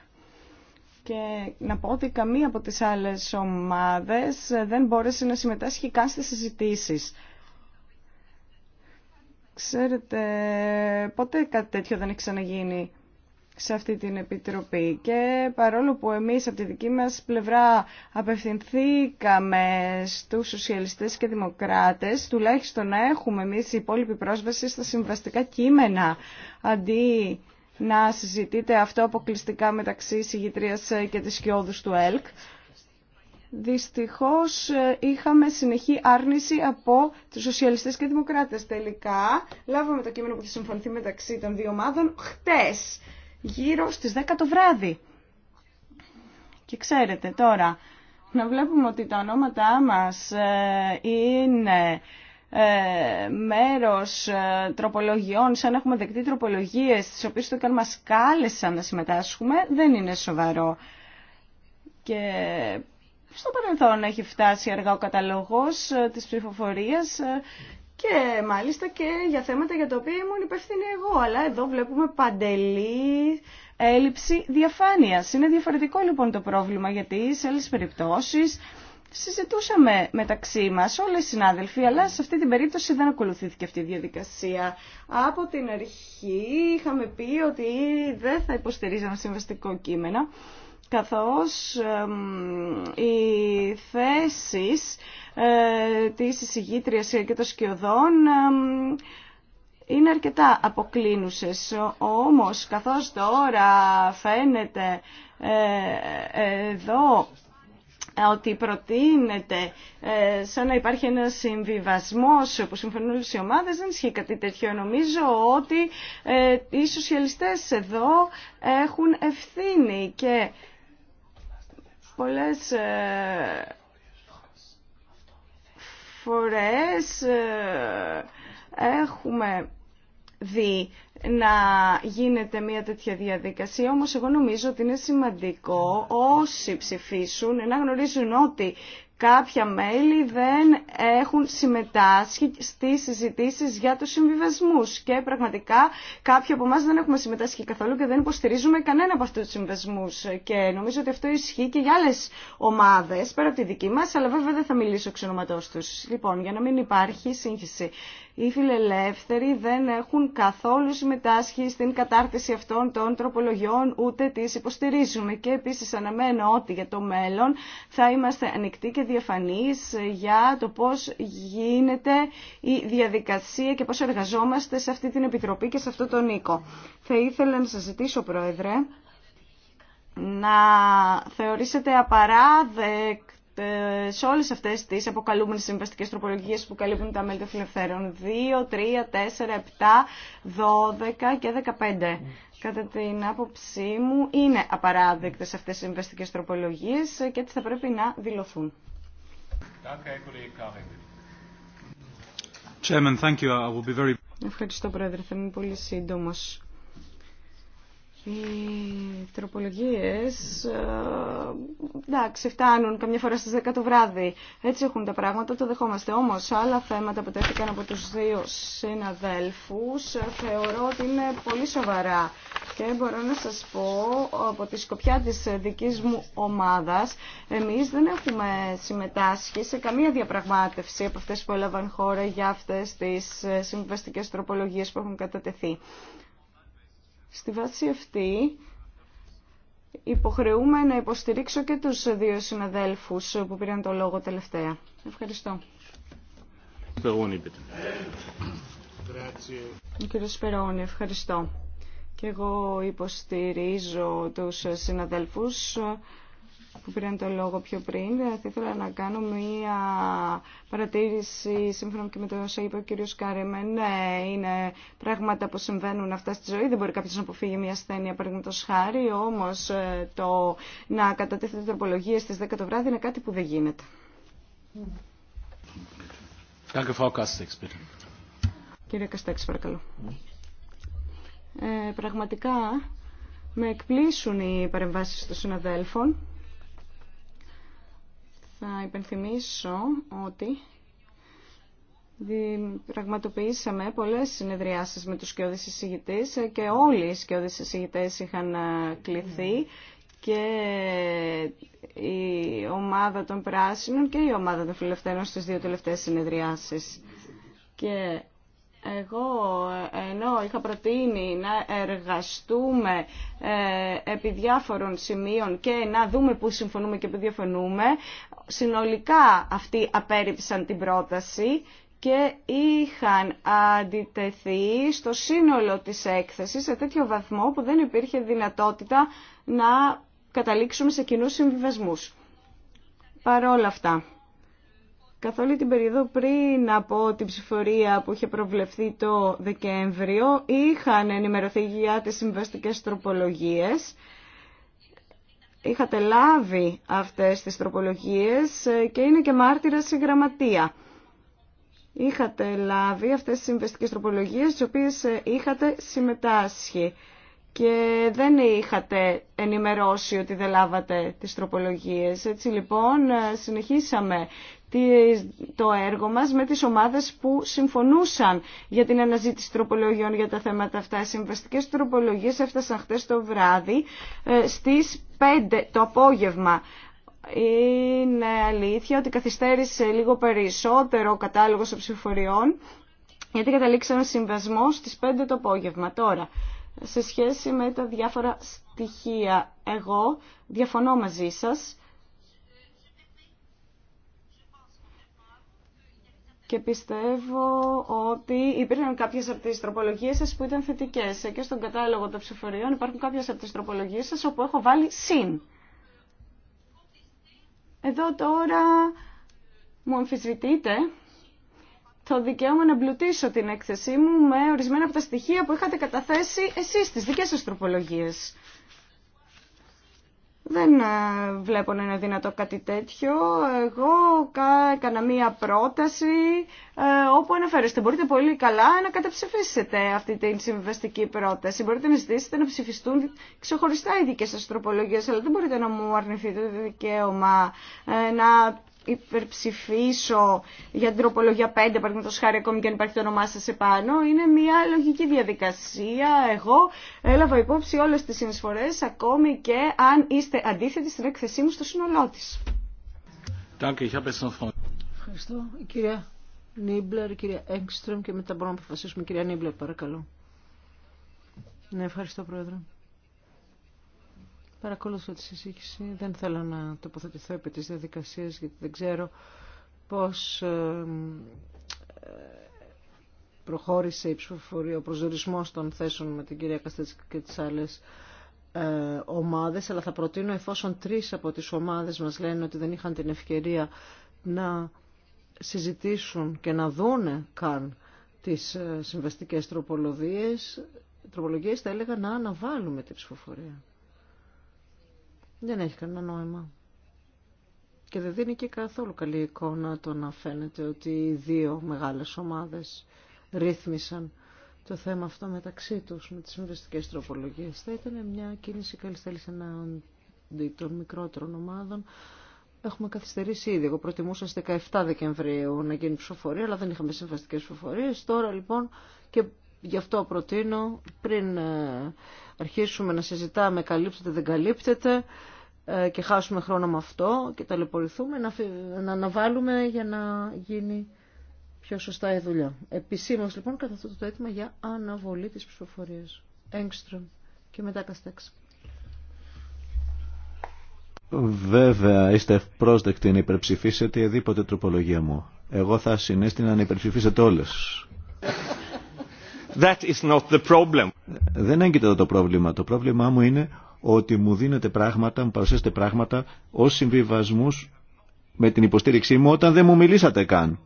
και να πω ότι καμία από τις άλλες ομάδες δεν μπόρεσε να συμμετάσχει καν στις συζητήσεις. Ξέρετε, ποτέ κάτι τέτοιο δεν έχει ξαναγίνει σε αυτή την Επιτροπή και παρόλο που εμείς από τη δική μας πλευρά απευθυνθήκαμε στους σοσιαλιστές και δημοκράτες τουλάχιστον να έχουμε εμείς υπόλοιπη πρόσβαση στα συμβαστικά κείμενα αντί να συζητείτε αυτό αποκλειστικά μεταξύ συγγητρίας και της σκιώδους του ΕΛΚ. Δυστυχώς είχαμε συνεχή άρνηση από τους σοσιαλιστές και δημοκράτες. Τελικά λάβαμε το κείμενο που θα συμφωνηθεί μεταξύ των δύο ομάδων χτες, γύρω στις 10 το βράδυ. Και ξέρετε τώρα, να βλέπουμε ότι τα ονόματά μας ε, είναι ε, μέρος ε, τροπολογιών, σαν έχουμε δεκτεί τροπολογίες τις οποίες το καν μας κάλεσαν να συμμετάσχουμε, δεν είναι σοβαρό. Και στο παρελθόν έχει φτάσει αργά ο καταλογός ε, της ψηφοφορίας και μάλιστα και για θέματα για τα οποία ήμουν υπεύθυνη εγώ. Αλλά εδώ βλέπουμε παντελή έλλειψη διαφάνειας. Είναι διαφορετικό λοιπόν το πρόβλημα γιατί σε άλλες περιπτώσεις συζητούσαμε μεταξύ μας όλοι οι συνάδελφοι, αλλά σε αυτή την περίπτωση δεν ακολουθήθηκε αυτή η διαδικασία. Από την αρχή είχαμε πει ότι δεν θα υποστηρίζαμε συμβαστικό κείμενο, καθώς οι θέσεις ε, της εισηγήτριας και των σκιωδών είναι αρκετά αποκλίνουσες, όμως καθώς τώρα φαίνεται ε, εδώ ε, ότι προτείνεται ε, σαν να υπάρχει ένα συμβιβασμό που συμφωνούν όλε οι ομάδε, δεν ισχύει κάτι τέτοιο. Νομίζω ότι ε, οι σοσιαλιστές εδώ έχουν ευθύνη και πολλές φορές έχουμε δει να γίνεται μια τέτοια διαδικασία, όμως εγώ νομίζω ότι είναι σημαντικό όσοι ψηφίσουν να γνωρίζουν ότι κάποια μέλη δεν έχουν συμμετάσχει στις συζητήσεις για τους συμβιβασμούς και πραγματικά κάποιοι από εμά δεν έχουμε συμμετάσχει καθόλου και δεν υποστηρίζουμε κανένα από αυτούς τους συμβιβασμούς και νομίζω ότι αυτό ισχύει και για άλλες ομάδες πέρα από τη δική μας αλλά βέβαια δεν θα μιλήσω εξ τους. Λοιπόν, για να μην υπάρχει σύγχυση οι φιλελεύθεροι δεν έχουν καθόλου συμμετάσχει στην κατάρτιση αυτών των τροπολογιών, ούτε τις υποστηρίζουμε. Και επίσης αναμένω ότι για το μέλλον θα είμαστε ανοιχτοί και διαφανείς για το πώς γίνεται η διαδικασία και πώς εργαζόμαστε σε αυτή την Επιτροπή και σε αυτό τον Νίκο. Θα ήθελα να σας ζητήσω, Πρόεδρε, να θεωρήσετε απαράδεκτο ε, σε όλες αυτές τις αποκαλούμενες συμβαστικές τροπολογίες που καλύπτουν τα μέλη των φιλευθέρων 2, 3, 4, 7, 12 και 15. Κατά την άποψή μου είναι απαράδεκτες αυτές οι συμβαστικές τροπολογίες και έτσι θα πρέπει να δηλωθούν. Ευχαριστώ, Πρόεδρε. Θα είμαι πολύ σύντομος. Οι τροπολογίες, ε, εντάξει, φτάνουν καμιά φορά στις 10 το βράδυ. Έτσι έχουν τα πράγματα, το δεχόμαστε. Όμως, άλλα θέματα που τέθηκαν από τους δύο συναδέλφους ε, θεωρώ ότι είναι πολύ σοβαρά. Και μπορώ να σας πω, από τη σκοπιά της δικής μου ομάδας, εμείς δεν έχουμε συμμετάσχει σε καμία διαπραγμάτευση από αυτές που έλαβαν χώρα για αυτές τις ε, συμβαστικές τροπολογίες που έχουν κατατεθεί. Στη βάση αυτή υποχρεούμε να υποστηρίξω και τους δύο συναδέλφους που πήραν το λόγο τελευταία. Ευχαριστώ. Κύριε Σπερώνη, ευχαριστώ. Και εγώ υποστηρίζω τους συναδέλφους που πήραν το λόγο πιο πριν. Ε, θα ήθελα να κάνω μία παρατήρηση σύμφωνα και με το όσο είπε ο κύριος Κάρεμεν. Ναι, είναι πράγματα που συμβαίνουν αυτά στη ζωή. Δεν μπορεί κάποιος να αποφύγει μία ασθένεια, παραδείγματο χάρη. Όμως ε, το να κατατίθεται τροπολογία στις 10 το βράδυ είναι κάτι που δεν γίνεται. Κύριε Καστέξ, παρακαλώ. Ε, πραγματικά με εκπλήσουν οι παρεμβάσεις των συναδέλφων να υπενθυμίσω ότι πραγματοποιήσαμε πολλές συνεδριάσεις με τους σκιώδεις εισηγητές και όλοι οι σκιώδεις εισηγητές είχαν ε, κληθεί και η ομάδα των πράσινων και η ομάδα των φιλελευθέρων στις δύο τελευταίες συνεδριάσεις. Και εγώ ενώ είχα προτείνει να εργαστούμε ε, επί διάφορων σημείων και να δούμε πού συμφωνούμε και πού διαφωνούμε, συνολικά αυτοί απέρριψαν την πρόταση και είχαν αντιτεθεί στο σύνολο της έκθεσης σε τέτοιο βαθμό που δεν υπήρχε δυνατότητα να καταλήξουμε σε κοινούς συμβιβασμούς. Παρόλα αυτά, Καθ' όλη την περίοδο πριν από την ψηφορία που είχε προβλεφθεί το Δεκέμβριο είχαν ενημερωθεί για τις συμβαστικές τροπολογίες. Είχατε λάβει αυτές τις τροπολογίες και είναι και μάρτυρα σε γραμματεία. Είχατε λάβει αυτές τις συμβαστικές τροπολογίες τις οποίες είχατε συμμετάσχει και δεν είχατε ενημερώσει ότι δεν λάβατε τις τροπολογίες. Έτσι λοιπόν συνεχίσαμε το έργο μας με τις ομάδες που συμφωνούσαν για την αναζήτηση τροπολογιών για τα θέματα αυτά. Οι συμβαστικές τροπολογίες έφτασαν χτες το βράδυ ε, στις 5 το απόγευμα. Είναι αλήθεια ότι καθυστέρησε λίγο περισσότερο ο κατάλογος των ψηφοριών γιατί καταλήξαμε συμβασμό στις 5 το απόγευμα. Τώρα, σε σχέση με τα διάφορα στοιχεία, εγώ διαφωνώ μαζί σας και πιστεύω ότι υπήρχαν κάποιε από τι τροπολογίε σα που ήταν θετικέ. Και στον κατάλογο των ψηφοριών υπάρχουν κάποιε από τι τροπολογίε σα όπου έχω βάλει συν. Εδώ τώρα μου αμφισβητείτε το δικαίωμα να μπλουτίσω την έκθεσή μου με ορισμένα από τα στοιχεία που είχατε καταθέσει εσείς στις δικές σας τροπολογίες. Δεν ε, βλέπω να είναι δυνατό κάτι τέτοιο. Εγώ έκανα μία πρόταση ε, όπου αναφέρεστε. Μπορείτε πολύ καλά να καταψηφίσετε αυτή την συμβιβαστική πρόταση. Μπορείτε να ζητήσετε να ψηφιστούν ξεχωριστά οι δικές σας τροπολογίες, αλλά δεν μπορείτε να μου αρνηθείτε το δικαίωμα ε, να υπερψηφίσω για την τροπολογία 5, παραδείγματο χάρη, ακόμη και αν υπάρχει το όνομά σα επάνω, είναι μια λογική διαδικασία. Εγώ έλαβα υπόψη όλε τι συνεισφορέ, ακόμη και αν είστε αντίθετοι στην έκθεσή μου στο σύνολό τη. Ευχαριστώ. Η κυρία Νίμπλερ, η κυρία Έγκστρομ και μετά μπορούμε να αποφασίσουμε. Η κυρία Νίμπλερ, παρακαλώ. Ναι, ευχαριστώ, Πρόεδρε. Παρακολουθώ τη συζήτηση. Δεν θέλω να τοποθετηθώ επί τη διαδικασία γιατί δεν ξέρω πώς ε, ε, προχώρησε η ψηφοφορία, ο προσδιορισμό των θέσεων με την κυρία Καστέτσικα και τις άλλες ε, ομάδε, αλλά θα προτείνω εφόσον τρει από τι ομάδε μα λένε ότι δεν είχαν την ευκαιρία να συζητήσουν και να δούνε καν τις συμβαστικές τροπολογίες, τροπολογίες θα έλεγα να αναβάλουμε την ψηφοφορία δεν έχει κανένα νόημα. Και δεν δίνει και καθόλου καλή εικόνα το να φαίνεται ότι οι δύο μεγάλες ομάδες ρύθμισαν το θέμα αυτό μεταξύ τους με τις μυριστικές τροπολογίες. Θα ήταν μια κίνηση καλή θέληση εναντί των μικρότερων ομάδων. Έχουμε καθυστερήσει ήδη. Εγώ προτιμούσα στις 17 Δεκεμβρίου να γίνει ψηφοφορία, αλλά δεν είχαμε συμβαστικές ψηφοφορίες. Τώρα λοιπόν Γι' αυτό προτείνω πριν ε, αρχίσουμε να συζητάμε καλύπτεται δεν καλύπτεται ε, και χάσουμε χρόνο με αυτό και ταλαιπωρηθούμε να, να αναβάλουμε για να γίνει πιο σωστά η δουλειά. Επισήμως λοιπόν κατά αυτό το αίτημα για αναβολή της ψηφοφορίας. Έγκστρομ και μετά Καστέξ. Βέβαια, είστε πρόσδεκτοι να υπερψηφίσετε οδήποτε τροπολογία μου. Εγώ θα συνέστηνα να υπερψηφίσετε όλες. That is not the Δεν έγκυται εδώ το πρόβλημα. Το πρόβλημά μου είναι ότι μου δίνετε πράγματα, μου παρουσιάσετε πράγματα ως συμβιβασμούς με την υποστήριξή μου όταν δεν μου μιλήσατε καν.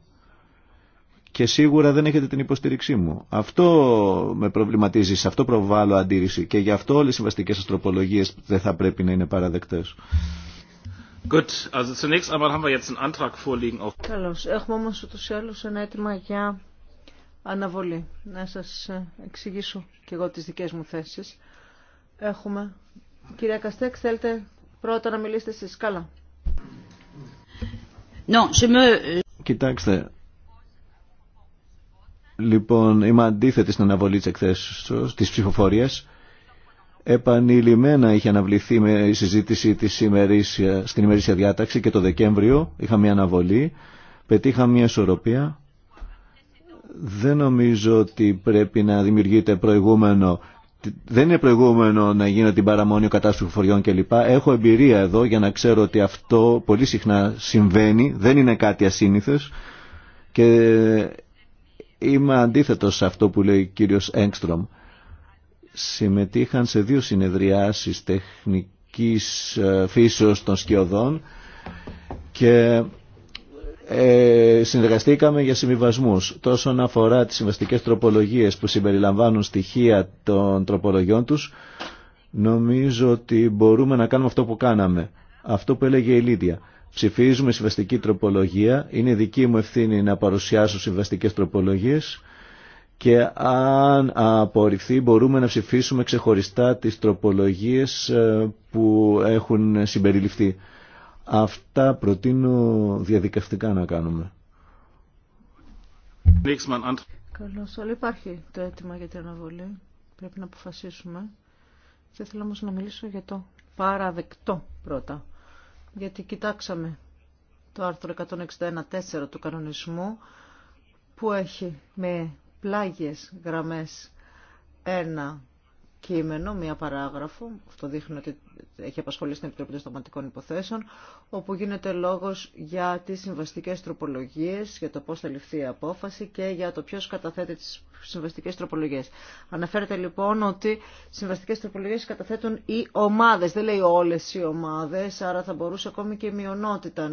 Και σίγουρα δεν έχετε την υποστήριξή μου. Αυτό με προβληματίζει, σε αυτό προβάλλω αντίρρηση και γι' αυτό όλες οι βαστικές αστροπολογίες δεν θα πρέπει να είναι παραδεκτές. Καλώς. Έχουμε όμως ούτως ή άλλως ένα έτοιμα για αναβολή. Να σας εξηγήσω και εγώ τις δικές μου θέσεις. Έχουμε. Κυρία Καστέξ, θέλετε πρώτα να μιλήσετε εσείς. Καλά. Κοιτάξτε, λοιπόν, είμαι αντίθετη στην αναβολή της εκθέσεως, της ψηφοφορίας. Επανειλημμένα είχε αναβληθεί με η συζήτηση της στην ημερήσια διάταξη και το Δεκέμβριο είχα μια αναβολή, πετύχα μια ισορροπία δεν νομίζω ότι πρέπει να δημιουργείται προηγούμενο δεν είναι προηγούμενο να γίνω την παραμονή ο φοριών κλπ. Έχω εμπειρία εδώ για να ξέρω ότι αυτό πολύ συχνά συμβαίνει, δεν είναι κάτι ασύνηθες και είμαι αντίθετος σε αυτό που λέει ο κύριος Έγκστρομ. Συμμετείχαν σε δύο συνεδριάσεις τεχνικής ε, φύσεως των σκιωδών και ε, συνεργαστήκαμε για συμβιβασμούς τόσον αφορά τις συμβαστικές τροπολογίες που συμπεριλαμβάνουν στοιχεία των τροπολογιών τους νομίζω ότι μπορούμε να κάνουμε αυτό που κάναμε αυτό που έλεγε η Λίδια ψηφίζουμε συμβαστική τροπολογία είναι δική μου ευθύνη να παρουσιάσω συμβαστικές τροπολογίες και αν απορριφθεί μπορούμε να ψηφίσουμε ξεχωριστά τις τροπολογίες ε, που έχουν συμπεριληφθεί Αυτά προτείνω διαδικαστικά να κάνουμε. Καλώ. Όλοι υπάρχει το αίτημα για την αναβολή. Πρέπει να αποφασίσουμε. Θα θέλω όμως να μιλήσω για το παραδεκτό πρώτα. Γιατί κοιτάξαμε το άρθρο 161.4 του κανονισμού που έχει με πλάγιες γραμμές ένα κείμενο, μία παράγραφο, αυτό δείχνει ότι έχει απασχολήσει την Επιτροπή των Σταματικών Υποθέσεων, όπου γίνεται λόγος για τις συμβαστικές τροπολογίες, για το πώς θα ληφθεί η απόφαση και για το ποιος καταθέτει τις συμβαστικές τροπολογίες. Αναφέρεται λοιπόν ότι συμβαστικές τροπολογίες καταθέτουν οι ομάδες, δεν λέει όλες οι ομάδες, άρα θα μπορούσε ακόμη και η μειονότητα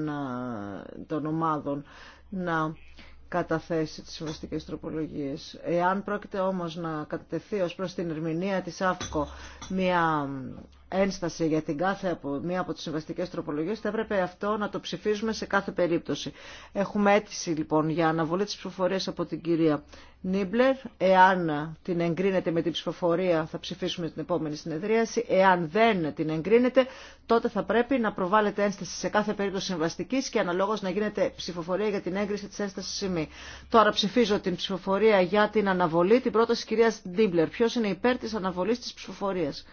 των ομάδων να καταθέσει τις συμβαστικές τροπολογίες. Εάν πρόκειται όμως να κατατεθεί ως προς την ερμηνεία της ΑΦΚΟ μια ένσταση για την κάθε από, μία από τις συμβαστικές τροπολογίες, θα έπρεπε αυτό να το ψηφίζουμε σε κάθε περίπτωση. Έχουμε αίτηση λοιπόν για αναβολή της ψηφοφορίας από την κυρία Νίμπλερ. Εάν την εγκρίνεται με την ψηφοφορία θα ψηφίσουμε την επόμενη συνεδρίαση. Εάν δεν την εγκρίνεται τότε θα πρέπει να προβάλλεται ένσταση σε κάθε περίπτωση συμβαστική και αναλόγως να γίνεται ψηφοφορία για την έγκριση της ένστασης σημεί. Τώρα ψηφίζω την ψηφοφορία για την αναβολή, την πρόταση κυρίας Νίμπλερ. Ποιος είναι υπέρ της αναβολής της ψηφοφορίας.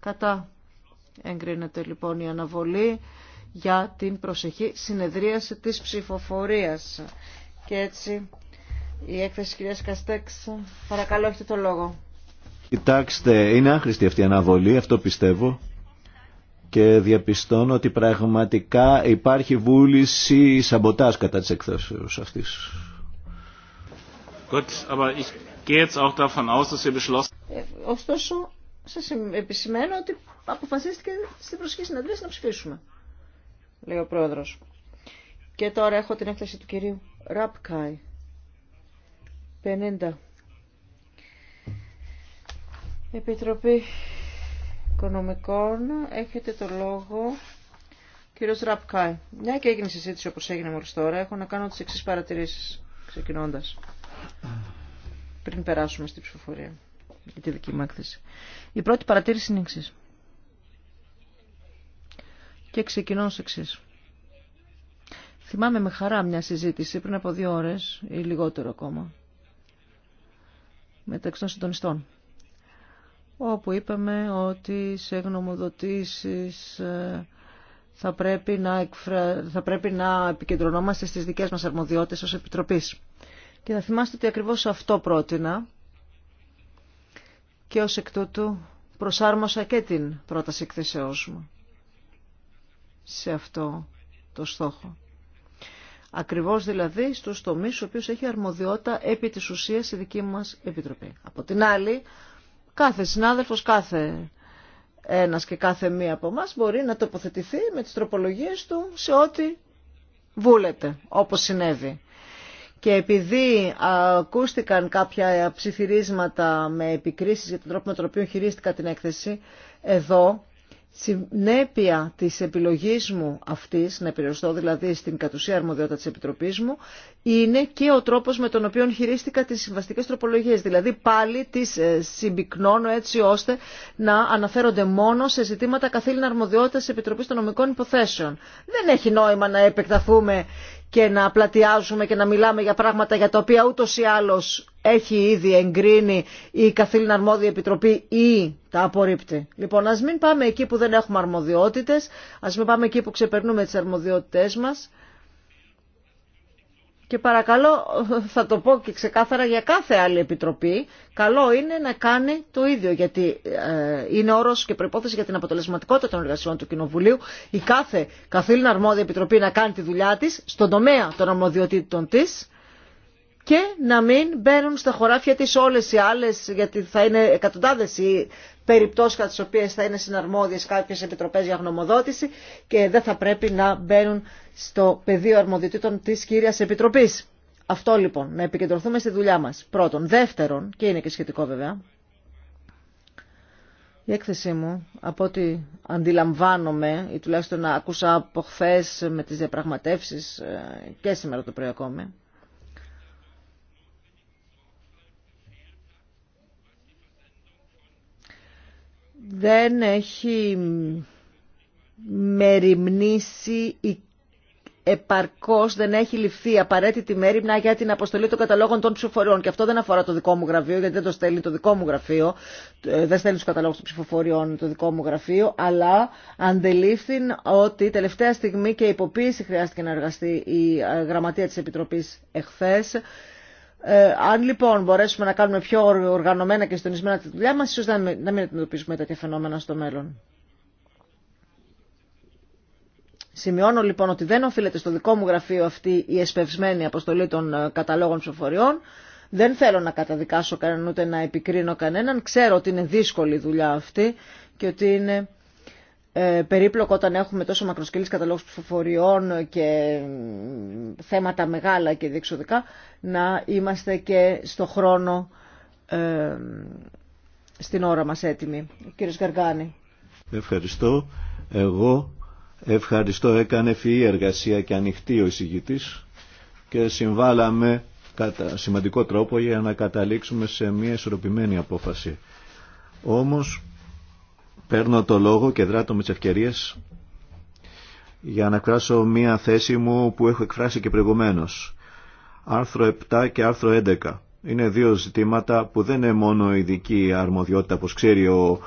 Κατά Εγκρίνεται λοιπόν η αναβολή για την προσεχή συνεδρίαση της ψηφοφορίας. Και έτσι η έκθεση κυρίας Καστέξ, παρακαλώ έχετε το λόγο. Κοιτάξτε, είναι άχρηστη αυτή η αναβολή, αυτό πιστεύω. Και διαπιστώνω ότι πραγματικά υπάρχει βούληση σαμποτάζ κατά της εκθέσεως αυτής. Ωστόσο, Σα επισημαίνω ότι αποφασίστηκε στην προσοχή συναντήση να ψηφίσουμε, λέει ο πρόεδρος. Και τώρα έχω την έκθεση του κυρίου Ραπκάι. 50. Επιτροπή Οικονομικών, έχετε το λόγο. Κύριος Ραπκάι, μια και έγινε συζήτηση όπως έγινε μόλις τώρα, έχω να κάνω τις εξής παρατηρήσεις, ξεκινώντας, πριν περάσουμε στην ψηφοφορία για τη δική μου έκθεση. Η πρώτη παρατήρηση είναι εξή. Και ξεκινώ ως εξή. Θυμάμαι με χαρά μια συζήτηση πριν από δύο ώρες ή λιγότερο ακόμα μεταξύ των συντονιστών όπου είπαμε ότι σε γνωμοδοτήσεις ε, θα πρέπει να, θα πρέπει να επικεντρωνόμαστε στις δικές μας αρμοδιότητες ως Επιτροπής. Και θα θυμάστε ότι ακριβώς αυτό πρότεινα και ως εκ τούτου προσάρμοσα και την πρόταση εκθεσεώς μου σε αυτό το στόχο. Ακριβώς δηλαδή στους τομείς ο οποίος έχει αρμοδιότητα επί της ουσίας η δική μας Επιτροπή. Από την άλλη, κάθε συνάδελφος, κάθε ένας και κάθε μία από εμά μπορεί να τοποθετηθεί με τις τροπολογίες του σε ό,τι βούλεται, όπως συνέβη και επειδή ακούστηκαν κάποια ψιθυρίσματα με επικρίσεις για τον τρόπο με τον οποίο χειρίστηκα την έκθεση, εδώ συνέπεια της επιλογής μου αυτής, να περιοριστώ δηλαδή στην κατουσία αρμοδιότητα της Επιτροπής μου, είναι και ο τρόπος με τον οποίο χειρίστηκα τις συμβαστικές τροπολογίες. Δηλαδή πάλι τις ε, συμπυκνώνω έτσι ώστε να αναφέρονται μόνο σε ζητήματα καθήλυνα αρμοδιότητας της Επιτροπής των Νομικών Υποθέσεων. Δεν έχει νόημα να επεκταθούμε και να πλατιάζουμε και να μιλάμε για πράγματα για τα οποία ούτως ή άλλως έχει ήδη εγκρίνει η καθήλυνα αρμόδια επιτροπή ή τα απορρίπτει. Λοιπόν, ας μην πάμε εκεί που δεν έχουμε αρμοδιότητες, ας μην πάμε εκεί που ξεπερνούμε τις αρμοδιότητές μας και παρακαλώ θα το πω και ξεκάθαρα για κάθε άλλη επιτροπή, καλό είναι να κάνει το ίδιο γιατί ε, είναι όρος και προϋπόθεση για την αποτελεσματικότητα των εργασιών του Κοινοβουλίου η κάθε καθήλυνα αρμόδια επιτροπή να κάνει τη δουλειά της στον τομέα των αρμοδιοτήτων της και να μην μπαίνουν στα χωράφια της όλες οι άλλες, γιατί θα είναι εκατοντάδες οι περιπτώσεις κατά τις οποίες θα είναι συναρμόδιες κάποιες επιτροπές για γνωμοδότηση και δεν θα πρέπει να μπαίνουν στο πεδίο αρμοδιοτήτων της κύριας επιτροπής. Αυτό λοιπόν, να επικεντρωθούμε στη δουλειά μας. Πρώτον. Δεύτερον, και είναι και σχετικό βέβαια, η έκθεσή μου, από ό,τι αντιλαμβάνομαι, ή τουλάχιστον άκουσα από χθε με τις διαπραγματεύσεις ε, και σήμερα το πρωί ακόμη, δεν έχει μεριμνήσει η επαρκώς δεν έχει ληφθεί απαραίτητη μέρημνα για την αποστολή των καταλόγων των ψηφοφοριών. Και αυτό δεν αφορά το δικό μου γραφείο, γιατί δεν το στέλνει το δικό μου γραφείο, ε, δεν στέλνει τους καταλόγους των ψηφοφοριών το δικό μου γραφείο, αλλά αντελήφθην ότι τελευταία στιγμή και υποποίηση χρειάστηκε να εργαστεί η ε, γραμματεία της Επιτροπής εχθές ε, αν λοιπόν μπορέσουμε να κάνουμε πιο οργανωμένα και συντονισμένα τη δουλειά μα, ίσω να, να μην αντιμετωπίσουμε τέτοια φαινόμενα στο μέλλον. Σημειώνω λοιπόν ότι δεν οφείλεται στο δικό μου γραφείο αυτή η εσπευσμένη αποστολή των ε, καταλόγων ψηφοφοριών. Δεν θέλω να καταδικάσω κανέναν ούτε να επικρίνω κανέναν. Ξέρω ότι είναι δύσκολη η δουλειά αυτή και ότι είναι ε, περίπλοκο όταν έχουμε τόσο μακροσκελείς καταλόγους ψηφοφοριών και θέματα μεγάλα και διεξοδικά να είμαστε και στο χρόνο ε, στην ώρα μας έτοιμοι. Ο κύριος Ευχαριστώ. Εγώ ευχαριστώ. Έκανε φυή εργασία και ανοιχτή ο εισηγητής και συμβάλαμε κατά σημαντικό τρόπο για να καταλήξουμε σε μια ισορροπημένη απόφαση. Όμως Παίρνω το λόγο και δράτω με τις ευκαιρίες για να εκφράσω μία θέση μου που έχω εκφράσει και προηγουμένως. Άρθρο 7 και άρθρο 11. Είναι δύο ζητήματα που δεν είναι μόνο ειδική αρμοδιότητα, όπως ξέρει ο,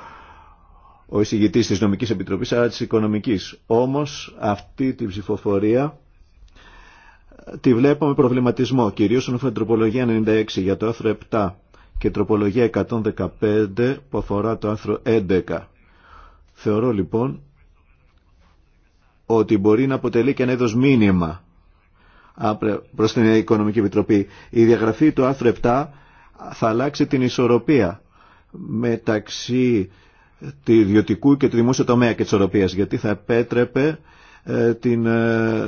ο εισηγητής της Νομικής Επιτροπής, αλλά της Οικονομικής. Όμως αυτή τη ψηφοφορία τη βλέπω με προβληματισμό, κυρίως όσον αφορά τροπολογία 96 για το άρθρο 7 και τροπολογία 115 που αφορά το άρθρο 11 Θεωρώ λοιπόν ότι μπορεί να αποτελεί και ένα είδος μήνυμα προς την Οικονομική Επιτροπή. Η διαγραφή του άρθρου 7 θα αλλάξει την ισορροπία μεταξύ του ιδιωτικού και του δημόσιου τομέα και της ισορροπίας, γιατί θα επέτρεπε ε, την, ε,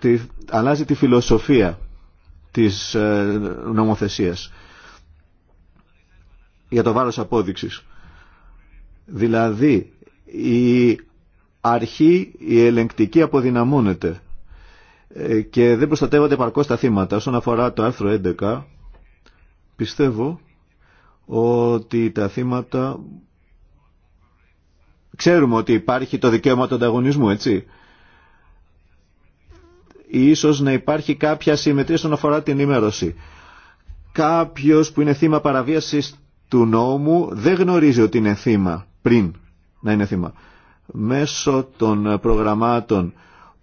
τη, αλλάζει τη φιλοσοφία της ε, νομοθεσίας για το βάρος απόδειξης. Δηλαδή η αρχή, η ελεγκτική αποδυναμώνεται ε, και δεν προστατεύονται παρκώς τα θύματα. Όσον αφορά το άρθρο 11, πιστεύω ότι τα θύματα... Ξέρουμε ότι υπάρχει το δικαίωμα του ανταγωνισμού, έτσι. Ίσως να υπάρχει κάποια συμμετρία όσον αφορά την ενημέρωση. Κάποιος που είναι θύμα παραβίασης του νόμου δεν γνωρίζει ότι είναι θύμα πριν να είναι θύμα. Μέσω των προγραμμάτων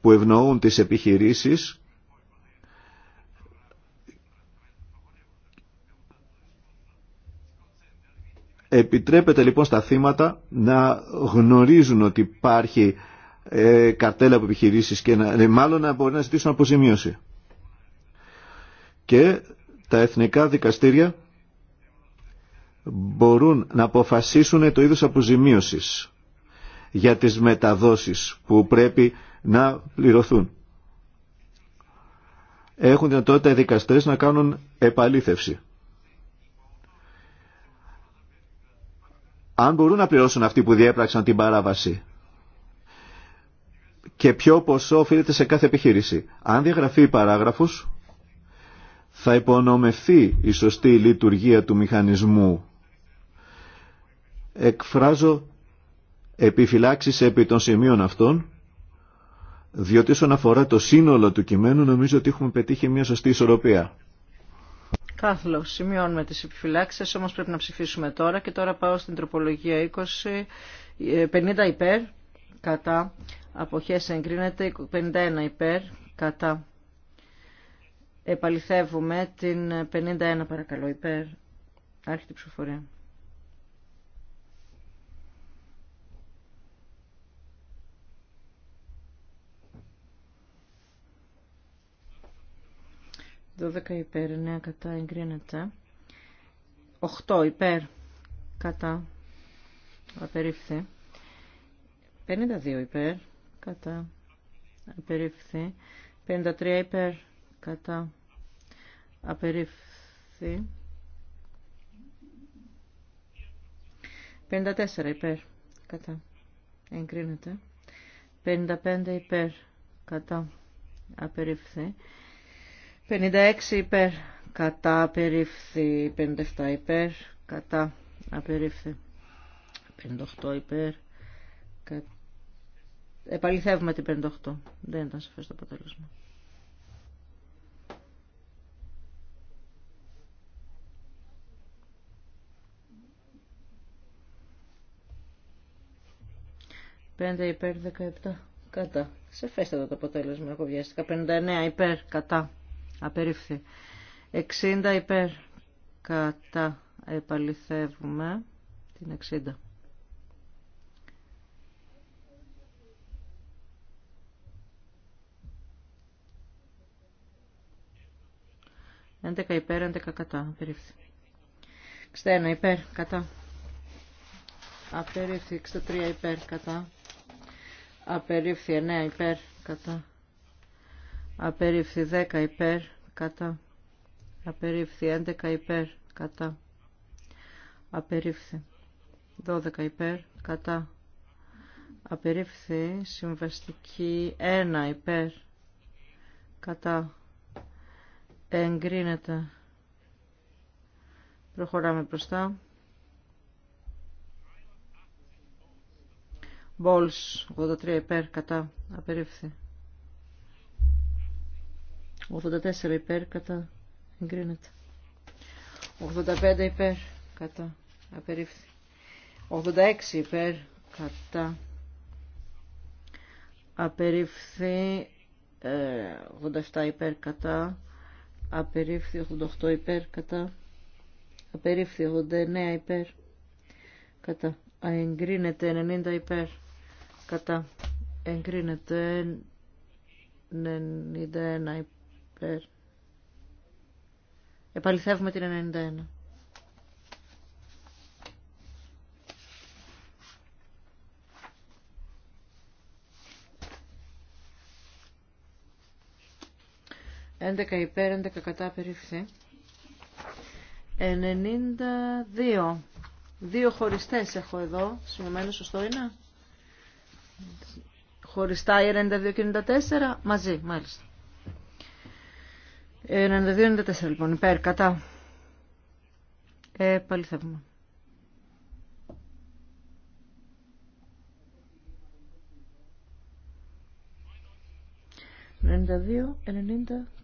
που ευνοούν τις επιχειρήσεις Επιτρέπεται λοιπόν στα θύματα να γνωρίζουν ότι υπάρχει ε, καρτέλα από επιχειρήσεις και να, ε, μάλλον να μπορεί να ζητήσουν αποζημίωση. Και τα εθνικά δικαστήρια μπορούν να αποφασίσουν το είδος αποζημίωσης για τις μεταδόσεις που πρέπει να πληρωθούν. Έχουν δυνατότητα οι δικαστές να κάνουν επαλήθευση. Αν μπορούν να πληρώσουν αυτοί που διέπραξαν την παράβαση και ποιο ποσό οφείλεται σε κάθε επιχείρηση. Αν διαγραφεί παραγράφους, θα υπονομευθεί η σωστή λειτουργία του μηχανισμού. Εκφράζω επιφυλάξεις επί των σημείων αυτών, διότι όσον αφορά το σύνολο του κειμένου νομίζω ότι έχουμε πετύχει μια σωστή ισορροπία. Κάθλο, σημειώνουμε τις επιφυλάξεις, όμως πρέπει να ψηφίσουμε τώρα και τώρα πάω στην τροπολογία 20, 50 ε, υπέρ, κατά, αποχές εγκρίνεται, 51 υπέρ, κατά. Επαληθεύουμε την 51 παρακαλώ υπέρ, άρχιτη ψηφοφορία. 12 υπέρ, 9 κατά εγκρίνεται. 8 υπέρ, κατά απερίφθη. 52 υπέρ, κατά απερίφθη. 53 υπέρ, κατά απερίφθη. 54 υπέρ, κατά εγκρίνεται. 55 υπέρ, κατά απερίφθη. 56 υπέρ κατά απερίφθη 57 υπέρ κατά απερίφθη 58 υπέρ κα... επαληθεύουμε την 58 δεν ήταν σαφές το αποτέλεσμα Πέντε υπέρ 17 κατά. Σε φέστατα το αποτέλεσμα, αποβιάστηκα. 59 υπέρ κατά Απερίφθη. 60 υπέρ. Κατά. Επαληθεύουμε την 60. 11 υπέρ, 11 κατά. Απερίφθη. 61 υπέρ, κατά. Απερίφθη. 63 υπέρ, κατά. Απερίφθη. 9 υπέρ, κατά απερίφθη 10 υπέρ κατά απερίφθη 11 υπέρ κατά απερίφθη 12 υπέρ κατά απερίφθη συμβαστική 1 υπέρ κατά εγκρίνεται προχωράμε μπροστά Balls 83 υπέρ κατά απερίφθη 84 υπέρ κατά εγκρίνεται. 85 υπέρ κατά απερίφθη. 86 υπέρ κατά απερίφθη. 87 ε, υπέρ κατά απερίφθη. 88 υπέρ κατά απερίφθη. 89 υπέρ κατά εγκρίνεται. 90 υπέρ κατά εγκρίνεται. 91 υπέρ Επαληθεύουμε την 91. 11 υπέρ, 11 κατά περίφθη. 92. Δύο χωριστές έχω εδώ. Συνομένως σωστό είναι. Χωριστά η 92 και 94. Μαζί, μάλιστα. 92-94 λοιπόν, υπέρ, κατά. Ε, πάλι θεύμα.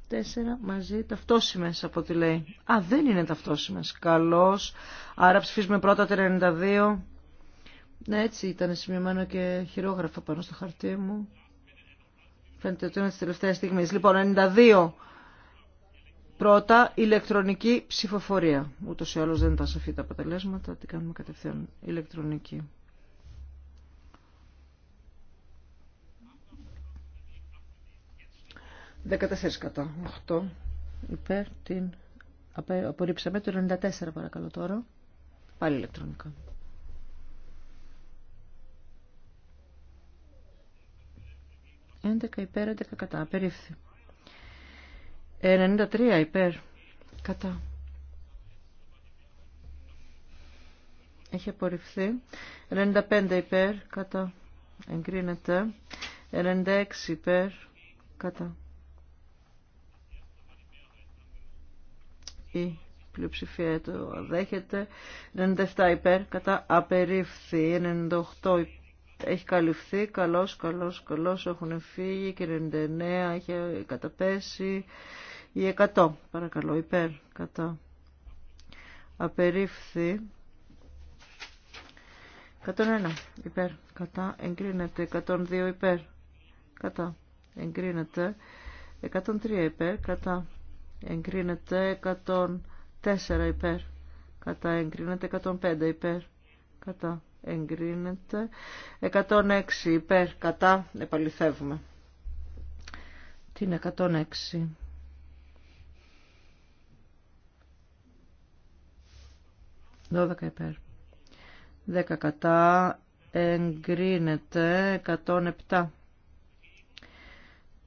Τέσσερα μαζί ταυτόσιμες από ό,τι λέει. Α, δεν είναι ταυτόσιμες. Καλώς. Άρα ψηφίζουμε πρώτα το 92. Ναι, έτσι ήταν σημειωμένο και χειρόγραφα πάνω στο χαρτί μου. Φαίνεται ότι είναι τη τελευταία στιγμή. Λοιπόν, 92 Πρώτα, ηλεκτρονική ψηφοφορία. Ούτω ή άλλω δεν τα σαφή τα αποτελέσματα. Τι κάνουμε κατευθείαν ηλεκτρονική. 14 κατά. 8 υπέρ την... Απορρίψαμε το 94 παρακαλώ τώρα. Πάλι ηλεκτρονικά. 11 υπέρ, 11 κατά. Απερίφθη. 93 υπέρ. Κατά. Έχει απορριφθεί. 95 υπέρ. Κατά. Εγκρίνεται. 96 υπέρ. Κατά. Η πλειοψηφία το δέχεται. 97 υπέρ. Κατά. Απερίφθη. 98 υπέρ έχει καλυφθεί, καλώς, καλώς, καλώς έχουν φύγει και 99 έχει καταπέσει, η 100, παρακαλώ, υπέρ, κατά. Απερίφθη. 101, υπέρ, κατά. Εγκρίνεται. 102, υπέρ, κατά. Εγκρίνεται. 103, υπέρ, κατά. Εγκρίνεται. 104, υπέρ, κατά. Εγκρίνεται. 105, υπέρ, κατά. Εγκρίνεται. 106, υπέρ, κατά. Επαληθεύουμε. Την 106. 12 υπέρ. 10 κατά. Εγκρίνεται 107.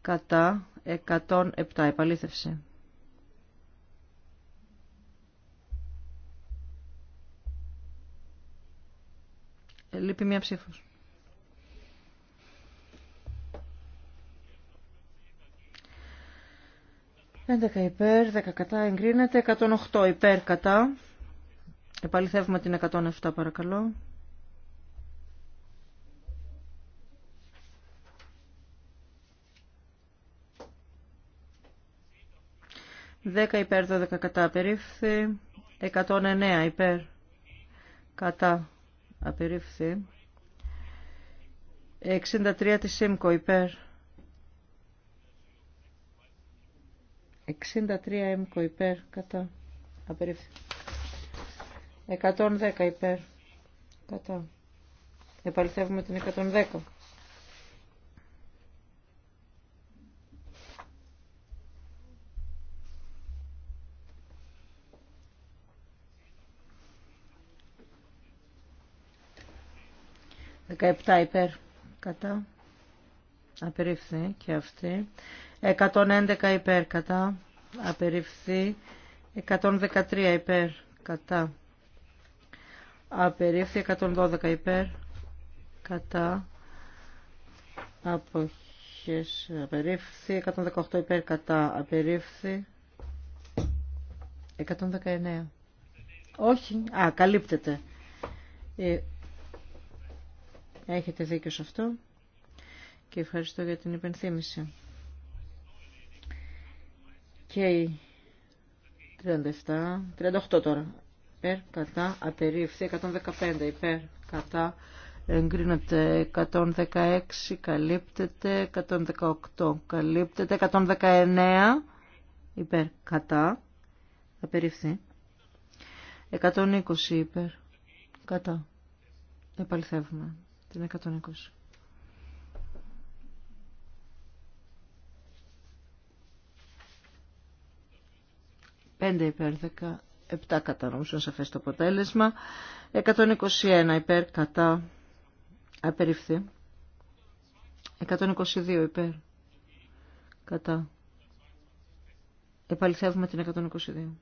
Κατά 107. Επαλήθευση. Ε, λείπει μία ψήφος. Έντεκα υπέρ, 10 κατά εγκρίνεται, 108 υπέρ κατά. Επαληθεύουμε την 107 παρακαλώ. 10 υπέρ, 12 κατά απερίφθη. 109 υπέρ, κατά απερίφθη. 63 της ΣΥΜΚΟ υπέρ. 63 ΕΜΚΟ υπέρ, κατά απερίφθη. 110 υπέρ. Κατά. Επαληθεύουμε την 110. 17 υπέρ κατά. Απερίφθη και αυτή. 111 υπέρ κατά. Απερίφθη. 113 υπέρ κατά απερίφθη 112 υπέρ κατά αποχές απερίφθη 118 υπέρ κατά απερίφθη 119 όχι, α, καλύπτεται ε, έχετε δίκιο σε αυτό και ευχαριστώ για την υπενθύμηση και 37 38 τώρα υπέρ, κατά, απερίφθη, 115 υπέρ, κατά, εγκρίνεται 116, καλύπτεται 118, καλύπτεται 119, υπέρ, κατά, απερίφθη, 120 υπέρ, κατά, επαληθεύουμε την 120. 5, υπέρ, δεκα, 7 κατά νομίζω σαφές το αποτέλεσμα. 121 υπέρ κατά Απερίφθη. 122 υπέρ κατά. Επαληθεύουμε την 122.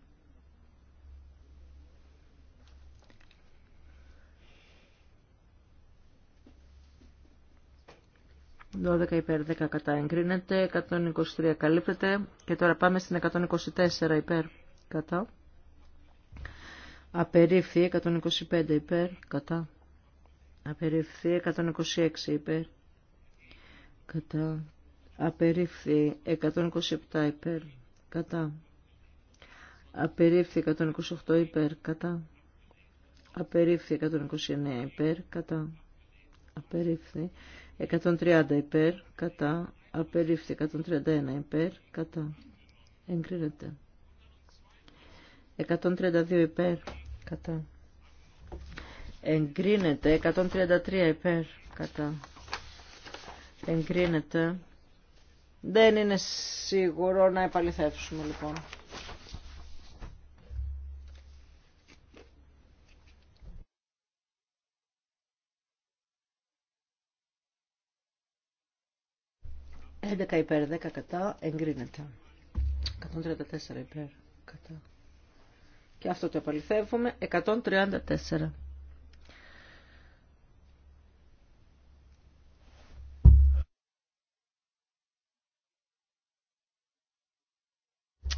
«12 υπέρ 10 κατά εγκρίνεται, 123 καλύπτεται και τώρα πάμε στην 124 υπέρ κατά. Απερίφθη 125 υπέρ, κατά. Απερίφθη 126 υπέρ, κατά. Απερίφθη 127 υπέρ, κατά. Απερίφθη 128 υπέρ, κατά. Απερίφθη 129 υπέρ, κατά. Απερίφθη 130 υπέρ, κατά. Απερίφθη 131 υπέρ, κατά. Εγκρίνεται. 132 υπέρ, κατά. Εγκρίνεται 133 υπέρ κατά. Εγκρίνεται. Δεν είναι σίγουρο να επαληθεύσουμε λοιπόν. Έντεκα υπέρ, 10 κατά, εγκρίνεται. 134 υπέρ, κατά και αυτό το επαληθεύουμε, 134.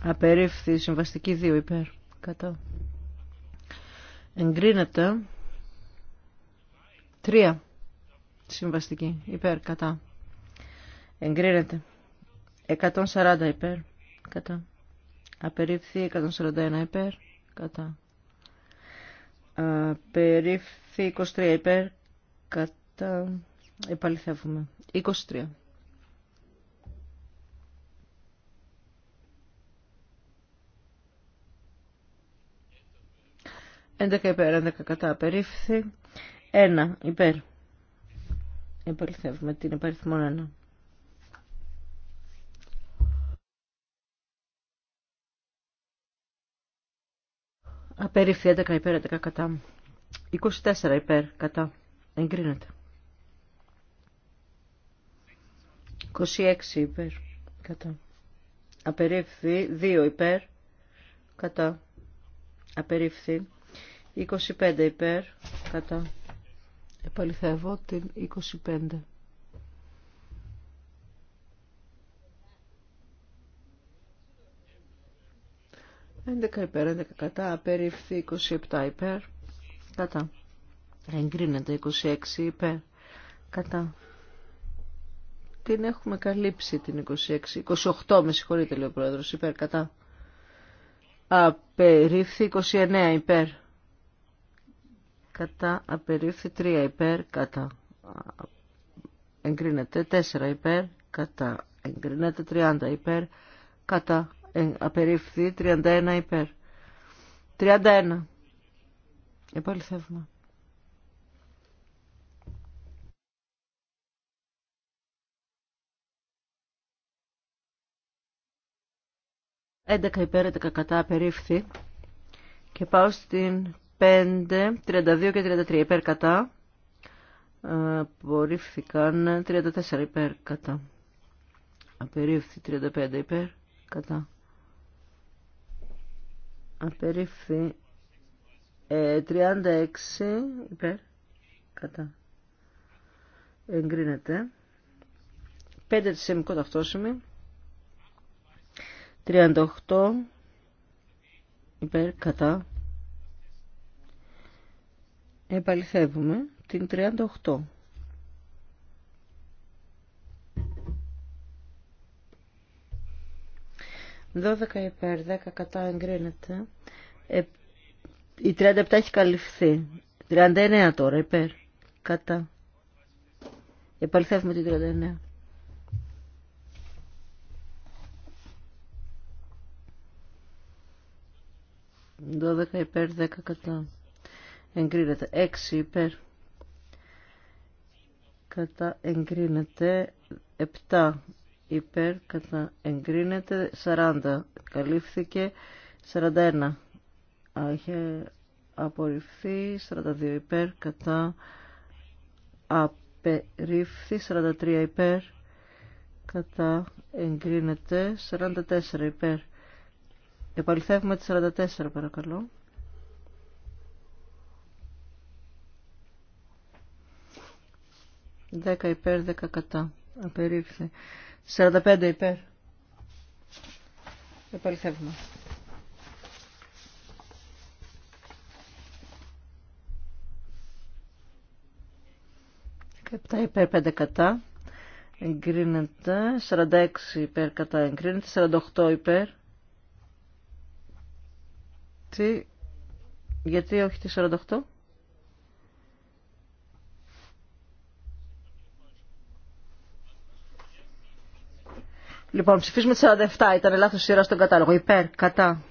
Απερίφθη συμβαστική 2 υπέρ. Κατά. Εγκρίνεται. 3. Συμβαστική υπέρ. Κατά. Εγκρίνεται. 140 υπέρ. Κατά. Απερίφθη 141 υπέρ κατά. περίφθη 23 υπέρ κατά. Επαληθεύουμε. 23. Έντεκα υπέρ, 11 κατά απερίφθη. 1 υπέρ. Επαληθεύουμε την υπαριθμό 1. Απερίφθη 11 υπέρ 11 κατά. 24 υπέρ κατά. Εγκρίνεται. 26 υπέρ κατά. Απερίφθη 2 υπέρ κατά. Απερίφθη 25 υπέρ κατά. Επαληθεύω την 25. 11 υπέρ, 11 κατά, απερίφθη 27 υπέρ, κατά. Εγκρίνεται 26 υπέρ, κατά. Την έχουμε καλύψει την 26, 28 με συγχωρείτε λέει ο πρόεδρος, υπέρ, κατά. Απερίφθη 29 υπέρ, κατά. Απερίφθη 3 υπέρ, κατά. Εγκρίνεται 4 υπέρ, κατά. Εγκρίνεται 30 υπέρ, κατά ε, απερίφθη 31 υπέρ 31 επαληθεύουμε Έντεκα υπέρ, 11 κατά, απερίφθη. Και πάω στην 5, 32 και 33 υπέρ κατά. Ε, απορρίφθηκαν 34 υπέρ κατά. Απερίφθη 35 υπέρ κατά απερίφθη 36 ε, υπέρ κατά εγκρίνεται 5 της εμικό ταυτόσημη 38 υπέρ κατά επαληθεύουμε την 38 12 υπέρ, 10 κατά εγκρίνεται. Ε, η 37 έχει καλυφθεί. 39 τώρα υπέρ, κατά. Επαληθεύουμε την 39. 12 υπέρ, 10 κατά. Εγκρίνεται. 6 υπέρ. Κατά εγκρίνεται. 7 υπέρ κατά εγκρίνεται 40 καλύφθηκε 41 είχε απορριφθεί 42 υπέρ κατά απερίφθη 43 υπέρ κατά εγκρίνεται 44 υπέρ επαληθεύουμε τη 44 παρακαλώ 10 υπέρ, δέκα κατά. Απερίφθη. 45 υπέρ. Επαληθεύουμε. Επτά υπέρ, 5 κατά. Εγκρίνεται. 46 υπέρ κατά εγκρίνεται. 48 υπέρ. Τι, γιατί όχι τη 48. Λοιπόν, ψηφίσουμε τη 47. Ήταν λάθο σειρά στον κατάλογο. Υπέρ, κατά.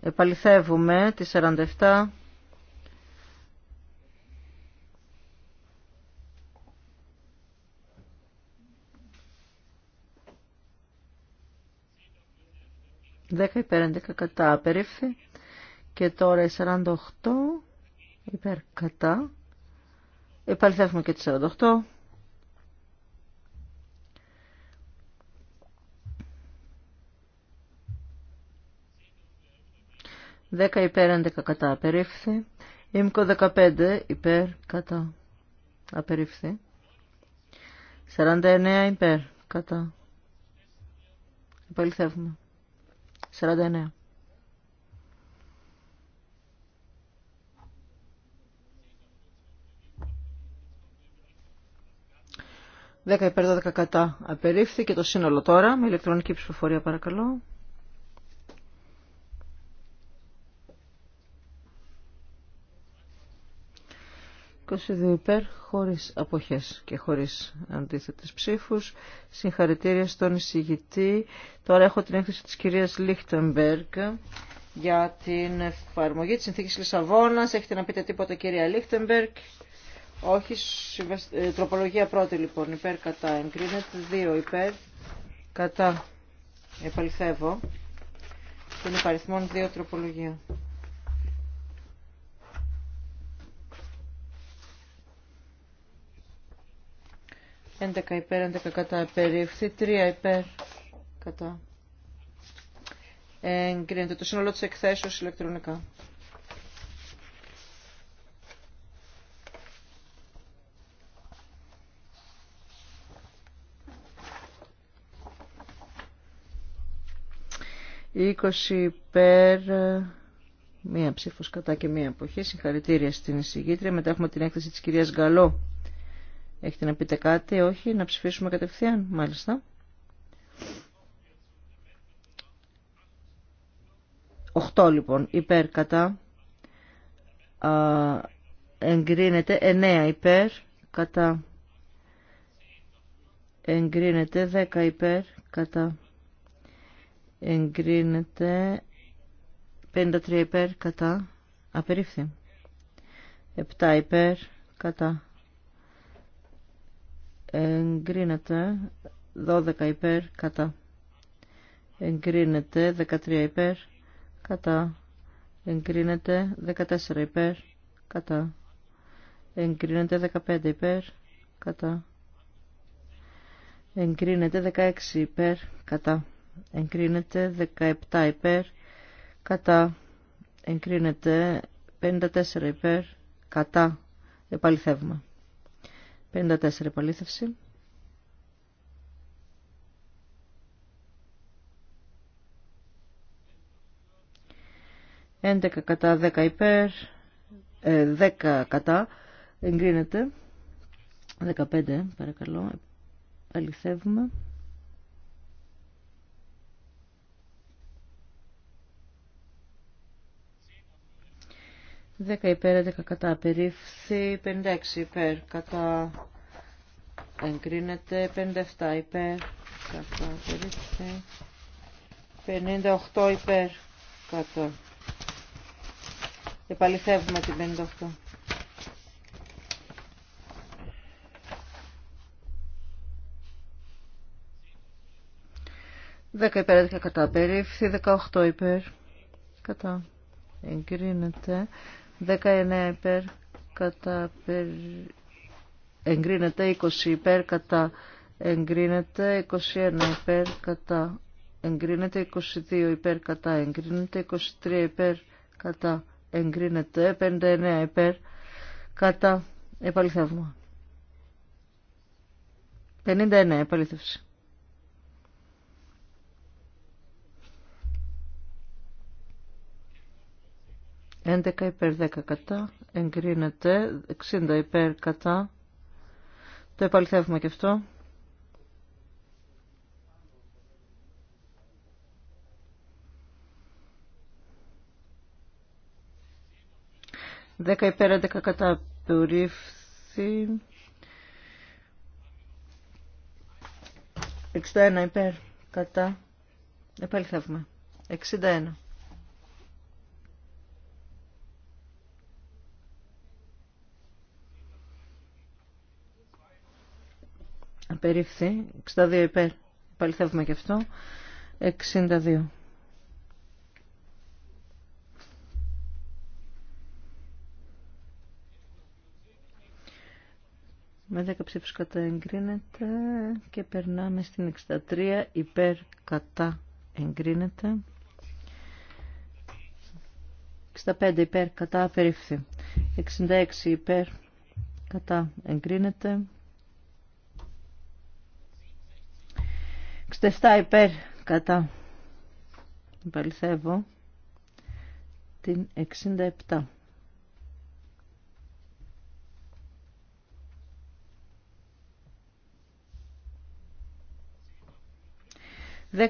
Επαληθεύουμε τη 47. 10 υπέρ, 11 κατά, απερίφθη. Και τώρα η 48 υπέρ, κατά. Επαληθεύουμε και τη 48. 10 υπέρ 11 κατά απερίφθη. Ήμκο 15 υπέρ κατά απερίφθη. 49 υπέρ κατά. Επαληθεύουμε. 49. 10 υπέρ 12 κατά απερίφθη και το σύνολο τώρα με ηλεκτρονική ψηφοφορία παρακαλώ. 22 υπέρ, χωρίς αποχές και χωρίς αντίθετες ψήφους. Συγχαρητήρια στον εισηγητή. Τώρα έχω την έκθεση της κυρίας Λίχτεμπεργκ για την εφαρμογή της συνθήκης Λισαβόνας. Έχετε να πείτε τίποτα κυρία Λίχτεμπεργκ. Όχι, ε, τροπολογία πρώτη λοιπόν, υπέρ κατά εγκρίνεται, δύο υπέρ κατά επαληθεύω. Την υπαριθμόν δύο τροπολογία. 11 υπέρ, 11 κατά περίφθη, 3 υπέρ, κατά. Εγκρίνεται το σύνολο της εκθέσεως ηλεκτρονικά. Είκοσι υπέρ, μία ψήφος κατά και μία εποχή. Συγχαρητήρια στην εισηγήτρια. Μετά έχουμε την έκθεση της κυρίας Γκαλό. Έχετε να πείτε κάτι, όχι, να ψηφίσουμε κατευθείαν, μάλιστα. 8 λοιπόν, υπέρ κατά, α, εγκρίνεται, 9 υπέρ κατά, εγκρίνεται, 10 υπέρ κατά, εγκρίνεται, 53 υπέρ κατά, απερίφθη, 7 υπέρ κατά εγκρίνεται 12 υπέρ κατά εγκρίνεται 13 υπέρ κατά εγκρίνεται 14 υπέρ κατά εγκρίνεται 15 υπέρ κατά εγκρίνεται 16 υπέρ κατά εγκρίνεται 17 υπέρ κατά εγκρίνεται 54 υπέρ κατά Επαληθεύουμε. 54 παλήθευση. 11 κατά 10 υπέρ. 10 ε, κατά. Εγκρίνεται. 15 παρακαλώ. Αληθεύουμε. 10 υπέρ, 11 κατά απερίφθη, 56 υπέρ, κατά εγκρίνεται, 57 υπέρ, κατά απερίφθη, 58 υπέρ, κατά. Επαληθεύουμε την 58. Δέκα υπέρ, δέκα κατά περίφθη, δεκαοχτώ υπέρ, κατά εγκρίνεται. 19 υπέρ κατά εγκρίνεται 20 υπέρ κατά εγκρίνεται 21 υπέρ κατά εγκρίνεται 22 υπέρ κατά εγκρίνεται 23 υπέρ κατά εγκρίνεται 59 υπέρ κατά επαληθεύμα 59 επαληθεύση 11 υπέρ 10 κατά. Εγκρίνεται. 60 υπέρ κατά. Το επαληθεύουμε και αυτό. Δέκα υπέρ 11 κατά απορρίφθη. 61 υπέρ κατά. Επαληθεύουμε. 61. Απερίφθη. 62 υπέρ. Παληθεύουμε και αυτό. 62. Με 10 ψήφους κατά εγκρίνεται και περνάμε στην 63 υπέρ κατά εγκρίνεται. 65 υπέρ κατά απερίφθη. 66 υπέρ κατά εγκρίνεται. 67 υπέρ κατά. Επαληθεύω την 67. 10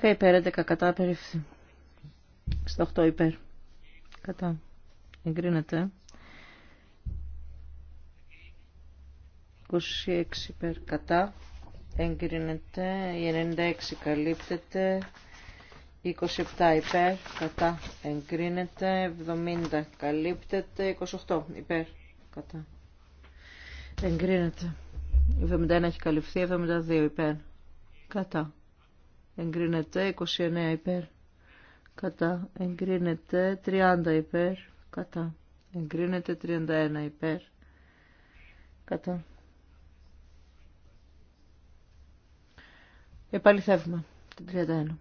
υπέρ, 11 κατά περιφυση. 8 υπέρ. Κατά. Εγκρίνεται. 26 υπέρ κατά εγκρίνεται, η 96 καλύπτεται, 27 υπέρ, κατά εγκρίνεται, 70 καλύπτεται, 28 υπέρ, κατά εγκρίνεται. Η 71 έχει καλυφθεί, 72 υπέρ, κατά εγκρίνεται, 29 υπέρ, κατά εγκρίνεται, 30 υπέρ, κατά εγκρίνεται, 31 υπέρ, κατά Επαληθεύουμε την 31.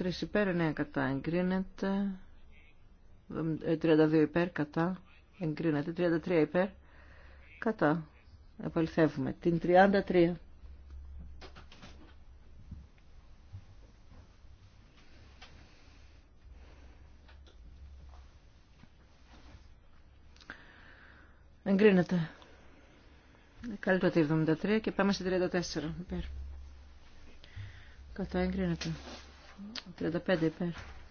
13 υπέρ, 9 κατά, εγκρίνεται. 32 ε, υπέρ, κατά, εγκρίνεται. 33 υπέρ, κατά. Επαληθεύουμε την 33. Εγκρίνεται. Καλύτερα το 73 και πάμε στη 34 υπέρ. Κατά εγκρίνεται. 35 υπέρ.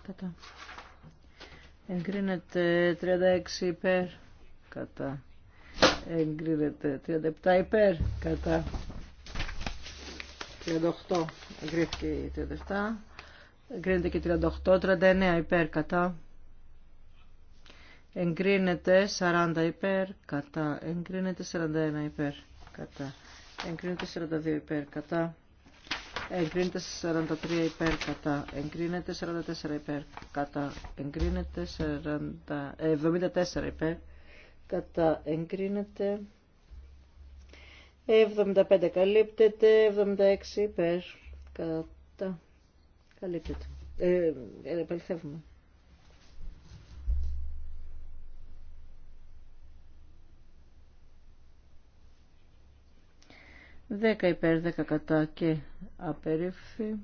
Κατά. Εγκρίνεται 36 υπέρ. Κατά. Εγκρίνεται 37 υπέρ. Κατά. 38 εγκρίθηκε 37. Εγκρίνεται και 38. 39 υπέρ. Κατά εγκρίνεται 40 υπέρ κατά εγκρίνεται 41 υπέρ κατά εγκρίνεται 42 υπέρ κατά εγκρίνεται 43 υπέρ κατά εγκρίνεται 44 υπέρ κατά εγκρίνεται 40, 74 ε, υπέρ κατά εγκρίνεται 75 καλύπτεται 76 υπέρ κατά καλύπτεται ε, ε επαληθεύουμε 10 υπέρ 10 κατά και απερίφθη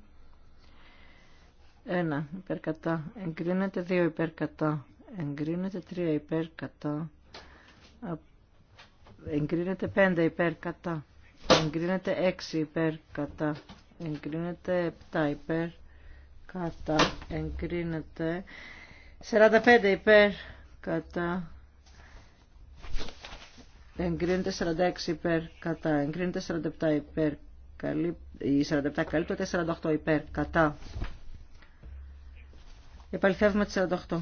1 υπέρ κατά εγκρίνεται 2 υπέρ κατά εγκρίνεται 3 υπέρ κατά εγκρίνεται 5 υπέρ κατά εγκρίνεται 6 υπέρ κατά εγκρίνεται 7 υπέρ κατά εγκρίνεται 45 υπέρ κατά εγκρίνεται 46 υπέρ κατά, εγκρίνεται 47 υπέρ η 47 καλύπτεται, 48 υπέρ κατά. Επαληθεύουμε τη 48.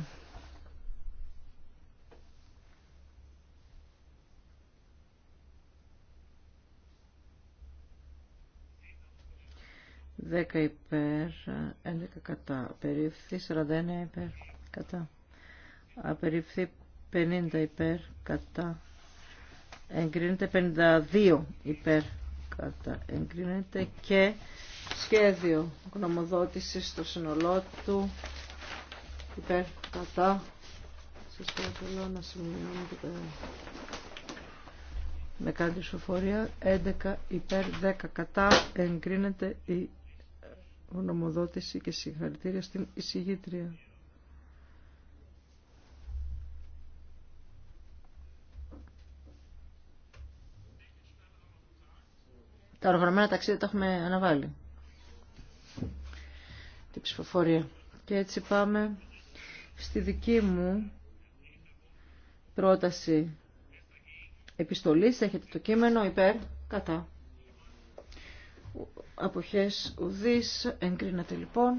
10 υπέρ, 11 κατά. Απερίφθη 41 υπέρ, κατά. Απερίφθη 50 υπέρ, κατά εγκρίνεται 52 υπέρ κατά εγκρίνεται και σχέδιο γνωμοδότησης στο σύνολό του υπέρ κατά σας παρακαλώ να και με κάτι σοφορία 11 υπέρ 10 κατά εγκρίνεται η γνωμοδότηση και συγχαρητήρια στην εισηγήτρια Τα οργανωμένα ταξίδια τα έχουμε αναβάλει. Την ψηφοφορία. Και έτσι πάμε στη δική μου πρόταση επιστολής. Έχετε το κείμενο υπέρ, κατά. Αποχές ουδής, εγκρίνατε λοιπόν.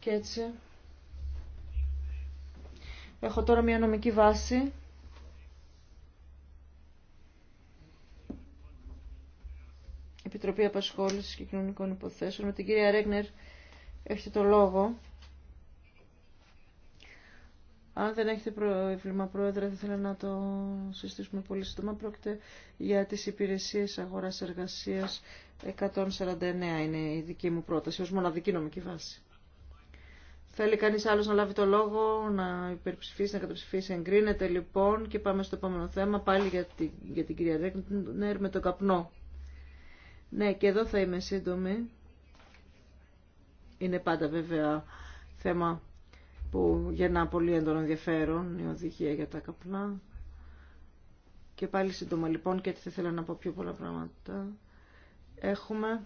Και έτσι. Έχω τώρα μια νομική βάση Επιτροπή Απασχόληση και Κοινωνικών Υποθέσεων. Με την κυρία Ρέγνερ έχετε το λόγο. Αν δεν έχετε πρόβλημα, Πρόεδρε, θα ήθελα να το συστήσουμε πολύ σύντομα. Πρόκειται για τι υπηρεσίε αγορά εργασία 149 είναι η δική μου πρόταση, ως μοναδική νομική βάση. Θέλει κανεί άλλο να λάβει το λόγο, να υπερψηφίσει, να καταψηφίσει. Εγκρίνεται λοιπόν και πάμε στο επόμενο θέμα, πάλι για την, για την κυρία Ρέγνερ με τον καπνό. Ναι, και εδώ θα είμαι σύντομη. Είναι πάντα βέβαια θέμα που γεννά πολύ έντονο ενδιαφέρον η οδηγία για τα καπνά. Και πάλι σύντομα λοιπόν, γιατί θα ήθελα να πω πιο πολλά πράγματα. Έχουμε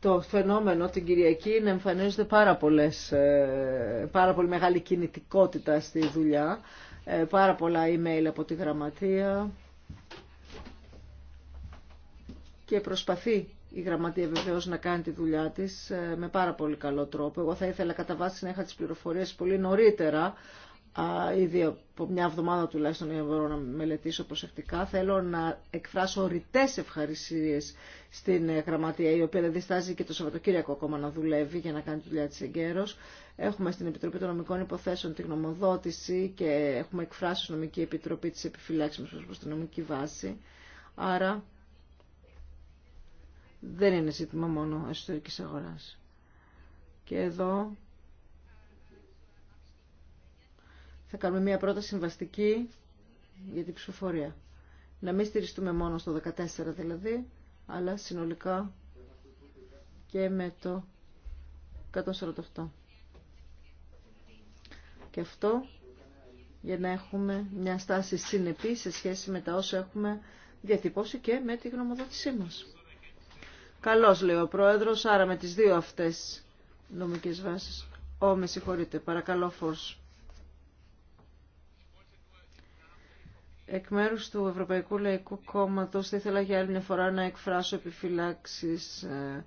το φαινόμενο την Κυριακή να εμφανίζονται πάρα, πολλές, ε, πάρα πολύ μεγάλη κινητικότητα στη δουλειά, ε, πάρα πολλά email από τη γραμματεία, και προσπαθεί η γραμματεία βεβαίω να κάνει τη δουλειά τη ε, με πάρα πολύ καλό τρόπο. Εγώ θα ήθελα κατά βάση να είχα τι πληροφορίε πολύ νωρίτερα, ήδη από μια εβδομάδα τουλάχιστον για να μπορώ να μελετήσω προσεκτικά. Θέλω να εκφράσω ρητέ ευχαρισίε στην ε, γραμματεία, η οποία δεν διστάζει και το Σαββατοκύριακο ακόμα να δουλεύει για να κάνει τη δουλειά τη εγκαίρω. Έχουμε στην Επιτροπή των Νομικών Υποθέσεων τη γνωμοδότηση και έχουμε εκφράσει Νομική Επιτροπή τη επιφυλάξει μα προ την νομική βάση. Άρα δεν είναι ζήτημα μόνο εσωτερικής αγοράς. Και εδώ θα κάνουμε μια πρώτα συμβαστική για την ψηφοφορία. Να μην στηριστούμε μόνο στο 14 δηλαδή, αλλά συνολικά και με το 148. Και αυτό για να έχουμε μια στάση συνεπή σε σχέση με τα όσα έχουμε διατυπώσει και με τη γνωμοδότησή μας. Καλώς λέει ο Πρόεδρος, άρα με τις δύο αυτές νομικές βάσεις. Ω, με συγχωρείτε, παρακαλώ φως. Εκ μέρους του Ευρωπαϊκού Λαϊκού Κόμματος θα ήθελα για άλλη μια φορά να εκφράσω επιφυλάξεις ε,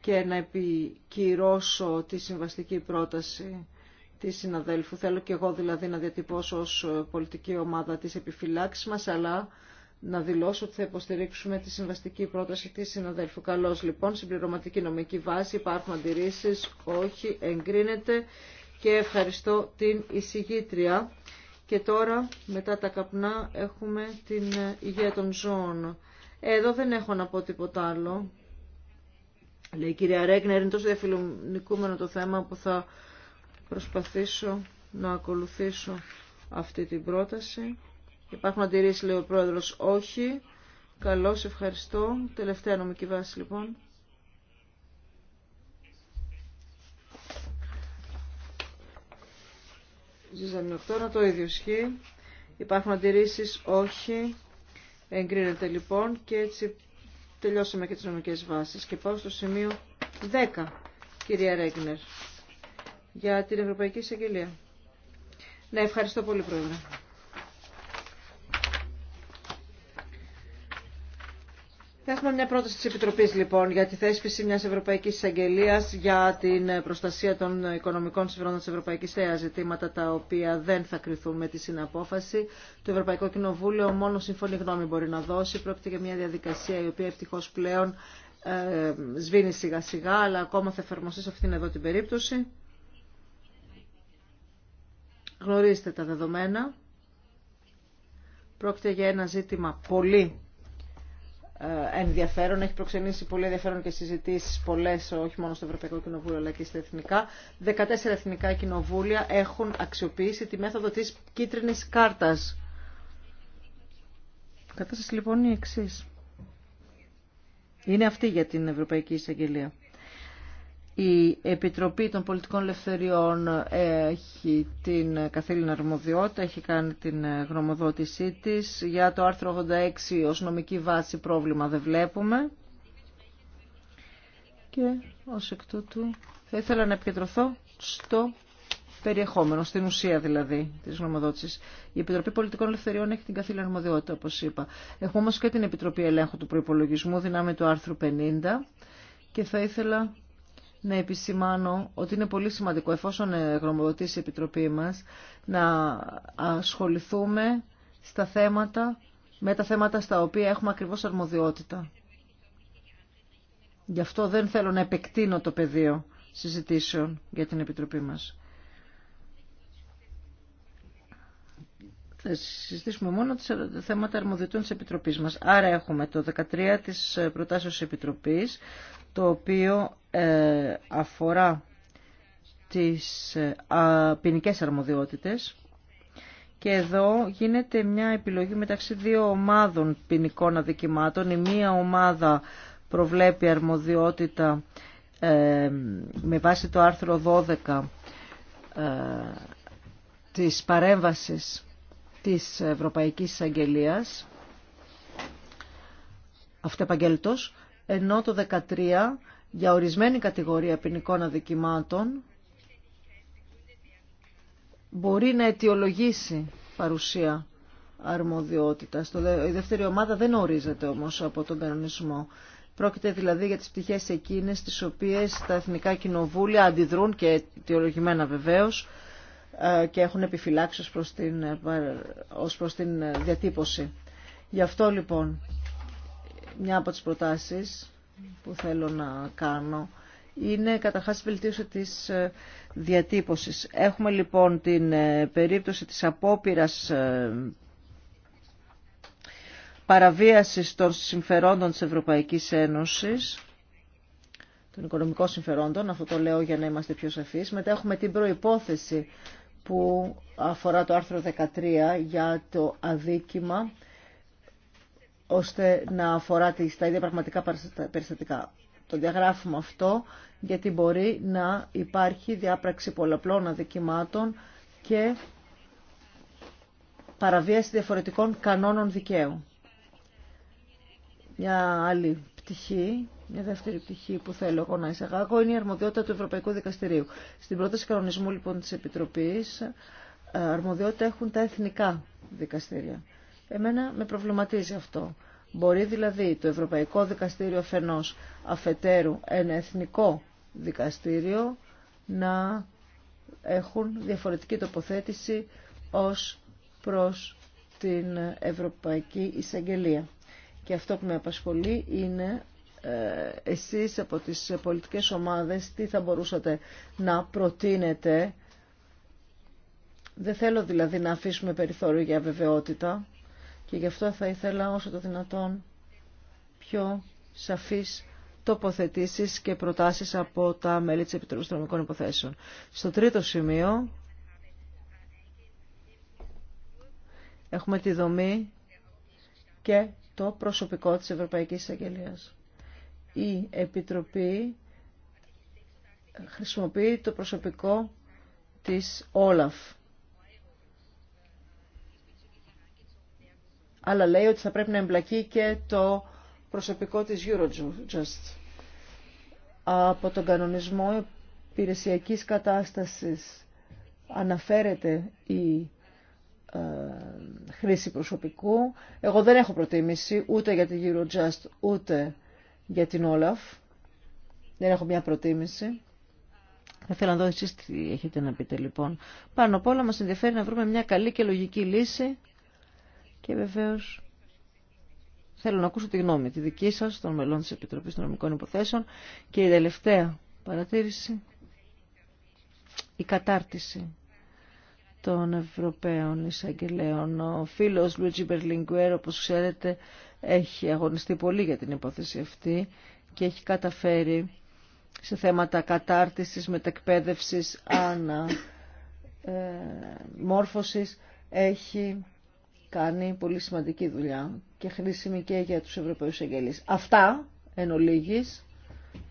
και να επικυρώσω τη συμβαστική πρόταση τη συναδέλφου. Θέλω και εγώ δηλαδή να διατυπώσω ως πολιτική ομάδα της επιφυλάξεις μας, αλλά να δηλώσω ότι θα υποστηρίξουμε τη συμβαστική πρόταση της συναδέλφου. Καλώς λοιπόν, συμπληρωματική νομική βάση, υπάρχουν αντιρρήσεις, όχι, εγκρίνεται και ευχαριστώ την εισηγήτρια. Και τώρα, μετά τα καπνά, έχουμε την υγεία των ζώων. Ε, εδώ δεν έχω να πω τίποτα άλλο. Λέει η κυρία Ρέγνερ, είναι τόσο διαφιλονικούμενο το θέμα που θα προσπαθήσω να ακολουθήσω αυτή την πρόταση. Υπάρχουν αντιρρήσεις, λέει ο πρόεδρος, όχι. Καλώς, ευχαριστώ. Τελευταία νομική βάση, λοιπόν. Ζήσαμε οκτώνα, το ίδιο ισχύει. Υπάρχουν αντιρρήσεις, όχι. Εγκρίνεται λοιπόν και έτσι τελειώσαμε και τις νομικές βάσεις. Και πάω στο σημείο 10, κυρία Ρέγνερ, για την Ευρωπαϊκή Εισαγγελία. Ναι, ευχαριστώ πολύ, Πρόεδρε. Έχουμε μια πρόταση τη Επιτροπή λοιπόν για τη θέσπιση μιας Ευρωπαϊκής Εισαγγελία για την προστασία των οικονομικών συμφερόντων της Ευρωπαϊκής ΕΑ, ζητήματα τα οποία δεν θα κρυθούν με τη συναπόφαση. Το Ευρωπαϊκό Κοινοβούλιο μόνο σύμφωνη γνώμη μπορεί να δώσει. Πρόκειται για μια διαδικασία η οποία ευτυχώ πλέον ε, σβήνει σιγά σιγά, αλλά ακόμα θα εφαρμοστεί σε αυτήν εδώ την περίπτωση. Γνωρίστε τα δεδομένα. Πρόκειται για ένα ζήτημα πολύ ε, ενδιαφέρον. Έχει προξενήσει πολύ ενδιαφέρον και συζητήσει πολλέ, όχι μόνο στο Ευρωπαϊκό Κοινοβούλιο αλλά και στα εθνικά. 14 εθνικά κοινοβούλια έχουν αξιοποιήσει τη μέθοδο τη κίτρινη κάρτα. Κατάσταση λοιπόν είναι η εξή. Είναι αυτή για την Ευρωπαϊκή Εισαγγελία. Η Επιτροπή των Πολιτικών Ελευθεριών έχει την καθήλυνα αρμοδιότητα, έχει κάνει την γνωμοδότησή της. Για το άρθρο 86 ως νομική βάση πρόβλημα δεν βλέπουμε. Και ως εκ τούτου θα ήθελα να επικεντρωθώ στο περιεχόμενο, στην ουσία δηλαδή τη γνωμοδότηση. Η Επιτροπή Πολιτικών Ελευθεριών έχει την καθήλυνα αρμοδιότητα, όπω είπα. Έχουμε όμω και την Επιτροπή Ελέγχου του Προπολογισμού, δυνάμει του άρθρου 50. Και θα ήθελα να επισημάνω ότι είναι πολύ σημαντικό, εφόσον ε, γνωμοδοτήσει η Επιτροπή μας, να ασχοληθούμε στα θέματα, με τα θέματα στα οποία έχουμε ακριβώς αρμοδιότητα. Γι' αυτό δεν θέλω να επεκτείνω το πεδίο συζητήσεων για την Επιτροπή μας. Θα συζητήσουμε μόνο τα ε, θέματα αρμοδιοτήτων της Επιτροπής μας. Άρα έχουμε το 13 της ε, προτάσεως της Επιτροπής, το οποίο ε, αφορά τις ε, ποινικές αρμοδιότητες και εδώ γίνεται μια επιλογή μεταξύ δύο ομάδων ποινικών αδικημάτων. Η μία ομάδα προβλέπει αρμοδιότητα ε, με βάση το άρθρο 12 της παρέμβασης της Ευρωπαϊκής Αγγελίας αυτεπαγγελτός, ενώ το 13 για ορισμένη κατηγορία ποινικών αδικημάτων μπορεί να αιτιολογήσει παρουσία αρμοδιότητα. Η δεύτερη ομάδα δεν ορίζεται όμως από τον κανονισμό. Πρόκειται δηλαδή για τις πτυχές εκείνες τις οποίες τα εθνικά κοινοβούλια αντιδρούν και αιτιολογημένα βεβαίως ε, και έχουν επιφυλάξεις προς την, ως προς την ε, ε, διατύπωση. Γι' αυτό λοιπόν μια από τις προτάσεις που θέλω να κάνω είναι καταρχάς βελτίωση της ε, διατύπωσης. Έχουμε λοιπόν την ε, περίπτωση της απόπειρας ε, παραβίασης των συμφερόντων της Ευρωπαϊκής Ένωσης, των οικονομικών συμφερόντων, αυτό το λέω για να είμαστε πιο σαφείς. Μετά έχουμε την προϋπόθεση που αφορά το άρθρο 13 για το αδίκημα ώστε να αφορά τα ίδια πραγματικά περιστατικά. Το διαγράφουμε αυτό γιατί μπορεί να υπάρχει διάπραξη πολλαπλών αδικημάτων και παραβίαση διαφορετικών κανόνων δικαίου. Μια άλλη πτυχή, μια δεύτερη πτυχή που θέλω εγώ να εισαγάγω είναι η αρμοδιότητα του Ευρωπαϊκού Δικαστηρίου. Στην πρόταση κανονισμού λοιπόν της Επιτροπής ε, αρμοδιότητα έχουν τα εθνικά δικαστήρια. Εμένα με προβληματίζει αυτό. Μπορεί δηλαδή το Ευρωπαϊκό Δικαστήριο αφενός αφετέρου ένα εθνικό δικαστήριο να έχουν διαφορετική τοποθέτηση ως προς την Ευρωπαϊκή Εισαγγελία. Και αυτό που με απασχολεί είναι ε, εσείς από τις πολιτικές ομάδες τι θα μπορούσατε να προτείνετε. Δεν θέλω δηλαδή να αφήσουμε περιθώριο για βεβαιότητα. Και γι' αυτό θα ήθελα όσο το δυνατόν πιο σαφής τοποθετήσεις και προτάσεις από τα μέλη της Επιτροπής Τρομικών Υποθέσεων. Στο τρίτο σημείο έχουμε τη δομή και το προσωπικό της Ευρωπαϊκής Εισαγγελίας. Η Επιτροπή χρησιμοποιεί το προσωπικό της Όλαφ αλλά λέει ότι θα πρέπει να εμπλακεί και το προσωπικό της Eurojust. Από τον κανονισμό υπηρεσιακής κατάστασης αναφέρεται η ε, χρήση προσωπικού. Εγώ δεν έχω προτίμηση ούτε για την Eurojust ούτε για την Olaf. Δεν έχω μια προτίμηση. Θα ήθελα να δω εσείς τι έχετε να πείτε λοιπόν. Πάνω απ' όλα μας ενδιαφέρει να βρούμε μια καλή και λογική λύση και βεβαίω, θέλω να ακούσω τη γνώμη τη δική σας των μελών της Επιτροπή των Νομικών Υποθέσεων και η τελευταία παρατήρηση η κατάρτιση των Ευρωπαίων εισαγγελέων. Ο φίλος Λουίτζι Μπερλιγκουέρ, όπω ξέρετε, έχει αγωνιστεί πολύ για την υπόθεση αυτή και έχει καταφέρει σε θέματα κατάρτισης, μετεκπαίδευσης, άνα, έχει κάνει πολύ σημαντική δουλειά και χρήσιμη και για τους Ευρωπαίους Εγγελείς. Αυτά, εν ολίγης,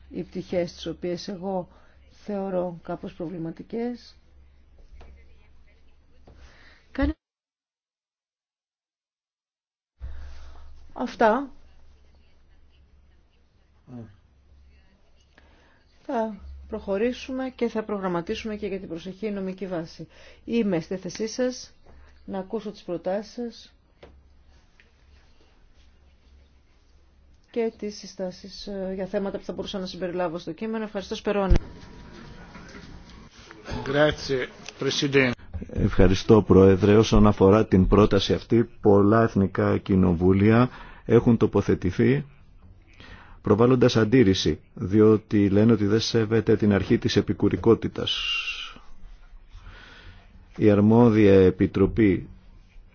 οι πτυχές τις οποίες εγώ θεωρώ κάπως προβληματικές. Αυτά. Θα προχωρήσουμε και θα προγραμματίσουμε και για την προσεχή νομική βάση. Είμαι στη θέσή σας να ακούσω τις προτάσεις σας και τις συστάσεις ε, για θέματα που θα μπορούσα να συμπεριλάβω στο κείμενο. Ευχαριστώ Σπερώνη. Ευχαριστώ Πρόεδρε. Όσον αφορά την πρόταση αυτή, πολλά εθνικά κοινοβούλια έχουν τοποθετηθεί προβάλλοντας αντίρρηση, διότι λένε ότι δεν σέβεται την αρχή της επικουρικότητας η αρμόδια επιτροπή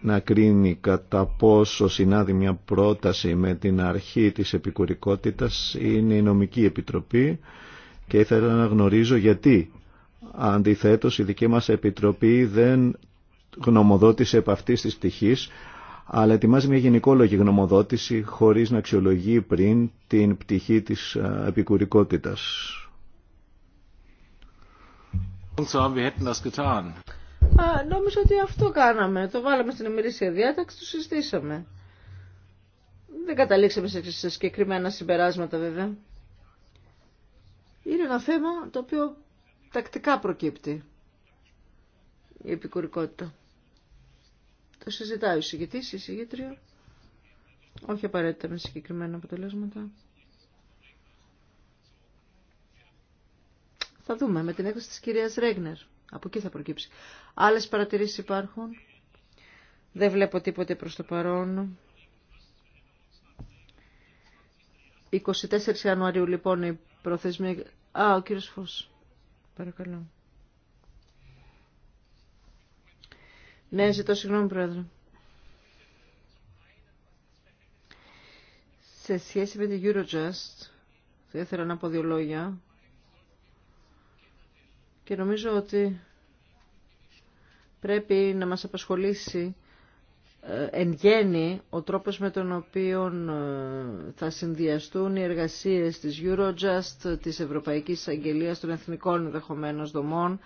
να κρίνει κατά πόσο συνάδει μια πρόταση με την αρχή της επικουρικότητας είναι η νομική επιτροπή και ήθελα να γνωρίζω γιατί αντιθέτως η δική μας επιτροπή δεν γνωμοδότησε επ' αυτής της πτυχής αλλά ετοιμάζει μια γενικόλογη γνωμοδότηση χωρίς να αξιολογεί πριν την πτυχή της επικουρικότητας. Α, νόμιζα ότι αυτό κάναμε. Το βάλαμε στην ημερήσια διάταξη, το συζητήσαμε. Δεν καταλήξαμε σε συγκεκριμένα συμπεράσματα βέβαια. Είναι ένα θέμα το οποίο τακτικά προκύπτει η επικουρικότητα. Το συζητάει ο συγκεκριτής, η συγκεκριτρία. Όχι απαραίτητα με συγκεκριμένα αποτελέσματα. Θα δούμε με την έκθεση της κυρίας Ρέγνερ. Από εκεί θα προκύψει. Άλλες παρατηρήσεις υπάρχουν. Δεν βλέπω τίποτε προς το παρόν. 24 Ιανουαρίου λοιπόν η προθεσμία... Α, ο κύριος Φως. Παρακαλώ. Ναι, ζητώ συγγνώμη πρόεδρε. Σε σχέση με την Eurojust, θα ήθελα να πω δύο λόγια και νομίζω ότι πρέπει να μας απασχολήσει ε, εν γέννη ο τρόπος με τον οποίο ε, θα συνδυαστούν οι εργασίες της Eurojust, της Ευρωπαϊκής Αγγελίας των Εθνικών ενδεχομένω Δομών.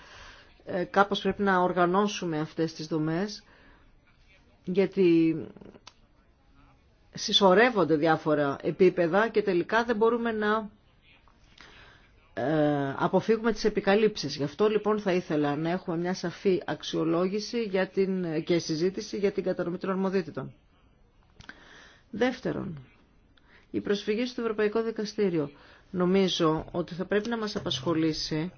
Ε, κάπως πρέπει να οργανώσουμε αυτές τις δομές, γιατί συσσωρεύονται διάφορα επίπεδα και τελικά δεν μπορούμε να ε, αποφύγουμε τις επικαλύψεις. Γι' αυτό λοιπόν θα ήθελα να έχουμε μια σαφή αξιολόγηση για την, και συζήτηση για την κατανομή των αρμοδίτητων. Δεύτερον, η προσφυγή στο Ευρωπαϊκό Δικαστήριο. Νομίζω ότι θα πρέπει να μας απασχολήσει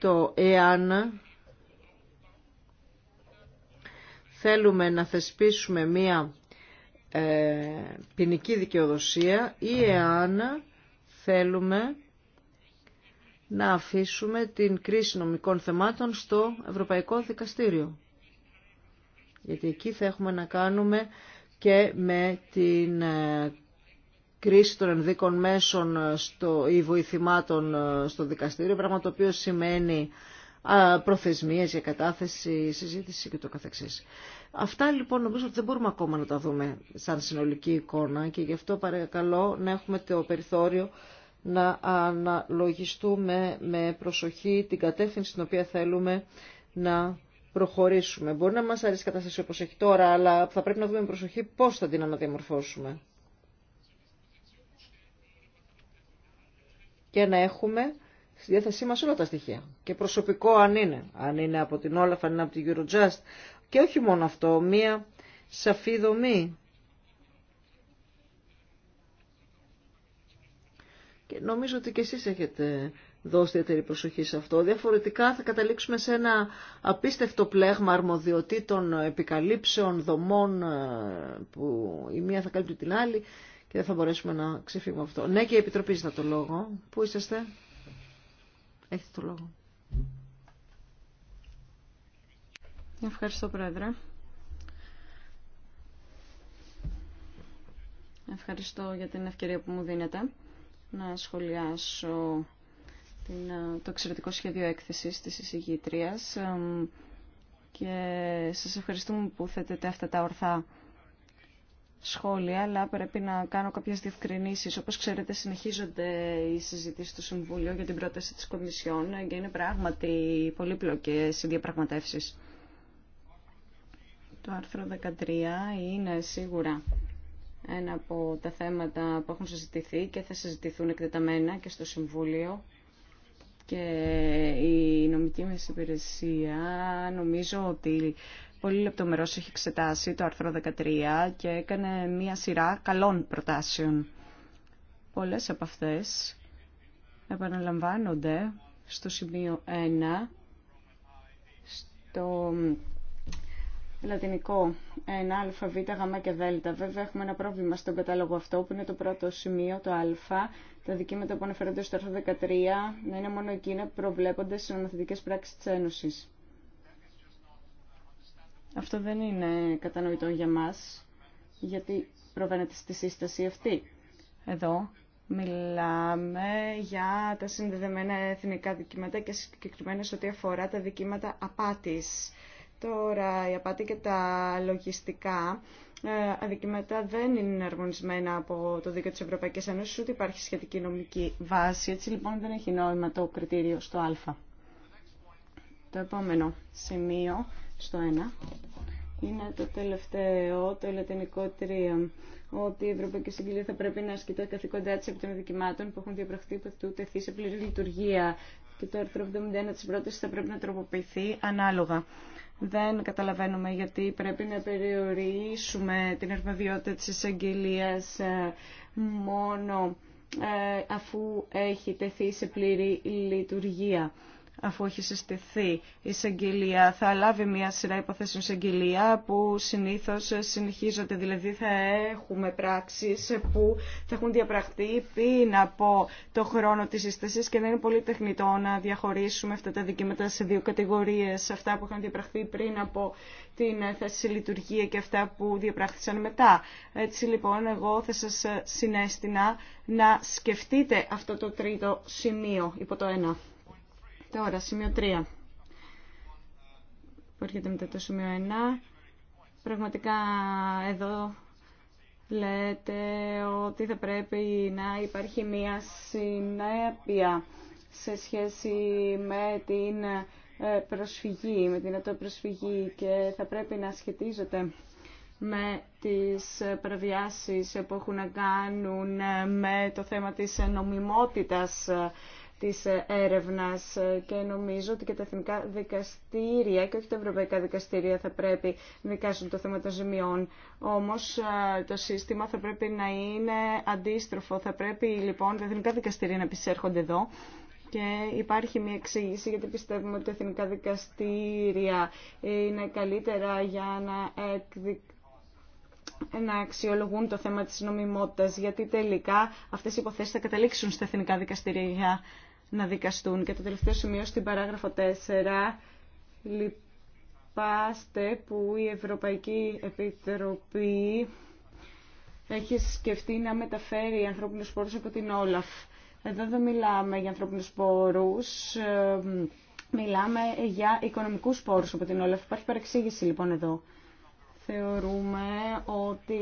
το εάν θέλουμε να θεσπίσουμε μία ε, ποινική δικαιοδοσία ή εάν θέλουμε να αφήσουμε την κρίση νομικών θεμάτων στο Ευρωπαϊκό Δικαστήριο. Γιατί εκεί θα έχουμε να κάνουμε και με την ε, κρίση των ενδίκων μέσων ε, στο, ή βοηθημάτων ε, στο δικαστήριο, πράγμα το οποίο σημαίνει προθεσμίες για κατάθεση, συζήτηση και το καθεξής. Αυτά λοιπόν νομίζω ότι δεν μπορούμε ακόμα να τα δούμε σαν συνολική εικόνα και γι' αυτό παρακαλώ να έχουμε το περιθώριο να αναλογιστούμε με προσοχή την κατεύθυνση στην οποία θέλουμε να προχωρήσουμε. Μπορεί να μας αρέσει η κατάσταση όπως έχει τώρα, αλλά θα πρέπει να δούμε με προσοχή πώς θα την αναδιαμορφώσουμε. Και να έχουμε στη διάθεσή μας όλα τα στοιχεία. Και προσωπικό αν είναι, αν είναι από την Όλαφ, αν είναι από την Eurojust. Και όχι μόνο αυτό, μία σαφή δομή. Και νομίζω ότι και εσείς έχετε δώσει ιδιαίτερη προσοχή σε αυτό. Διαφορετικά θα καταλήξουμε σε ένα απίστευτο πλέγμα αρμοδιοτήτων, επικαλύψεων, δομών ε, που η μία θα καλύπτει την άλλη και δεν θα μπορέσουμε να ξεφύγουμε αυτό. Ναι και η Επιτροπή το λόγο. Πού είσαστε. Έχετε το λόγο. Ευχαριστώ, Πρόεδρε. Ευχαριστώ για την ευκαιρία που μου δίνετε να σχολιάσω την, ε, το εξαιρετικό σχέδιο έκθεσης της εισηγήτριας και σας ευχαριστούμε που θέτετε αυτά τα ορθά σχόλια, αλλά πρέπει να κάνω κάποιες διευκρινήσεις. Όπως ξέρετε, συνεχίζονται οι συζητήσεις του Συμβουλίου για την πρόταση της Κομισιόν και είναι πράγματι πολύπλοκες οι διαπραγματεύσεις. Το άρθρο 13 είναι σίγουρα ένα από τα θέματα που έχουν συζητηθεί και θα συζητηθούν εκτεταμένα και στο Συμβούλιο και η νομική μας υπηρεσία νομίζω ότι πολύ λεπτομερώς έχει εξετάσει το άρθρο 13 και έκανε μία σειρά καλών προτάσεων. Πολλές από αυτές επαναλαμβάνονται στο σημείο 1, στο λατινικό 1, α, β, γ και δ. Βέβαια έχουμε ένα πρόβλημα στον κατάλογο αυτό που είναι το πρώτο σημείο, το α, τα δικήματα που αναφέρονται στο άρθρο 13, να είναι μόνο εκείνα που προβλέπονται στις νομοθετικές πράξεις της Ένωσης. Αυτό δεν είναι κατανοητό για μας, γιατί προβαίνεται στη σύσταση αυτή. Εδώ μιλάμε για τα συνδεδεμένα εθνικά δικήματα και συγκεκριμένα σε ό,τι αφορά τα δικήματα απάτης. Τώρα η απάτη και τα λογιστικά ε, αδικήματα δεν είναι αρμονισμένα από το δίκαιο της Ευρωπαϊκής Ένωσης, ούτε υπάρχει σχετική νομική βάση. Έτσι λοιπόν δεν έχει νόημα το κριτήριο στο α. Το επόμενο σημείο στο 1 είναι το τελευταίο, το λατινικό 3, ότι η Ευρωπαϊκή Συγγελία θα πρέπει να ασκεί τα καθήκοντά τη από των δικημάτων που έχουν διαπραχθεί που το τεθεί σε πλήρη λειτουργία. Και το άρθρο 71 της πρόταση θα πρέπει να τροποποιηθεί ανάλογα. Δεν καταλαβαίνουμε γιατί πρέπει να περιορίσουμε την αρμοδιότητα της εισαγγελίας ε, μόνο ε, αφού έχει τεθεί σε πλήρη λειτουργία αφού έχει συστηθεί η εισαγγελία, θα λάβει μια σειρά υποθέσεων εισαγγελία που συνήθως συνεχίζονται, δηλαδή θα έχουμε πράξεις που θα έχουν διαπραχθεί πριν από το χρόνο της σύστασης και δεν είναι πολύ τεχνητό να διαχωρίσουμε αυτά τα δικήματα σε δύο κατηγορίες, αυτά που είχαν διαπραχθεί πριν από την θέση λειτουργία και αυτά που διαπράχθησαν μετά. Έτσι λοιπόν εγώ θα σας συνέστηνα να σκεφτείτε αυτό το τρίτο σημείο υπό το ένα. Τώρα, σημείο 3. Που έρχεται μετά το σημείο 1. Πραγματικά εδώ λέτε ότι θα πρέπει να υπάρχει μία συνέπεια σε σχέση με την ε, προσφυγή, με την προσφυγή και θα πρέπει να σχετίζεται με τις παραβιάσεις που έχουν να κάνουν ε, με το θέμα της νομιμότητας ε, της ε, έρευνας ε, και νομίζω ότι και τα εθνικά δικαστήρια και όχι τα ευρωπαϊκά δικαστήρια θα πρέπει να δικάσουν το θέμα των ζημιών. Όμως ε, το σύστημα θα πρέπει να είναι αντίστροφο. Θα πρέπει λοιπόν τα εθνικά δικαστήρια να επισέρχονται εδώ και υπάρχει μια εξήγηση γιατί πιστεύουμε ότι τα εθνικά δικαστήρια είναι καλύτερα για να εκδικ να αξιολογούν το θέμα της νομιμότητας, γιατί τελικά αυτές οι υποθέσεις θα καταλήξουν στα εθνικά δικαστήρια να δικαστούν. Και το τελευταίο σημείο στην παράγραφο 4, λυπάστε που η Ευρωπαϊκή Επιτροπή έχει σκεφτεί να μεταφέρει ανθρώπινους πόρους από την Όλαφ. Εδώ δεν μιλάμε για ανθρώπινους πόρους, μιλάμε για οικονομικούς πόρους από την Όλαφ. Υπάρχει παρεξήγηση λοιπόν εδώ. Θεωρούμε ότι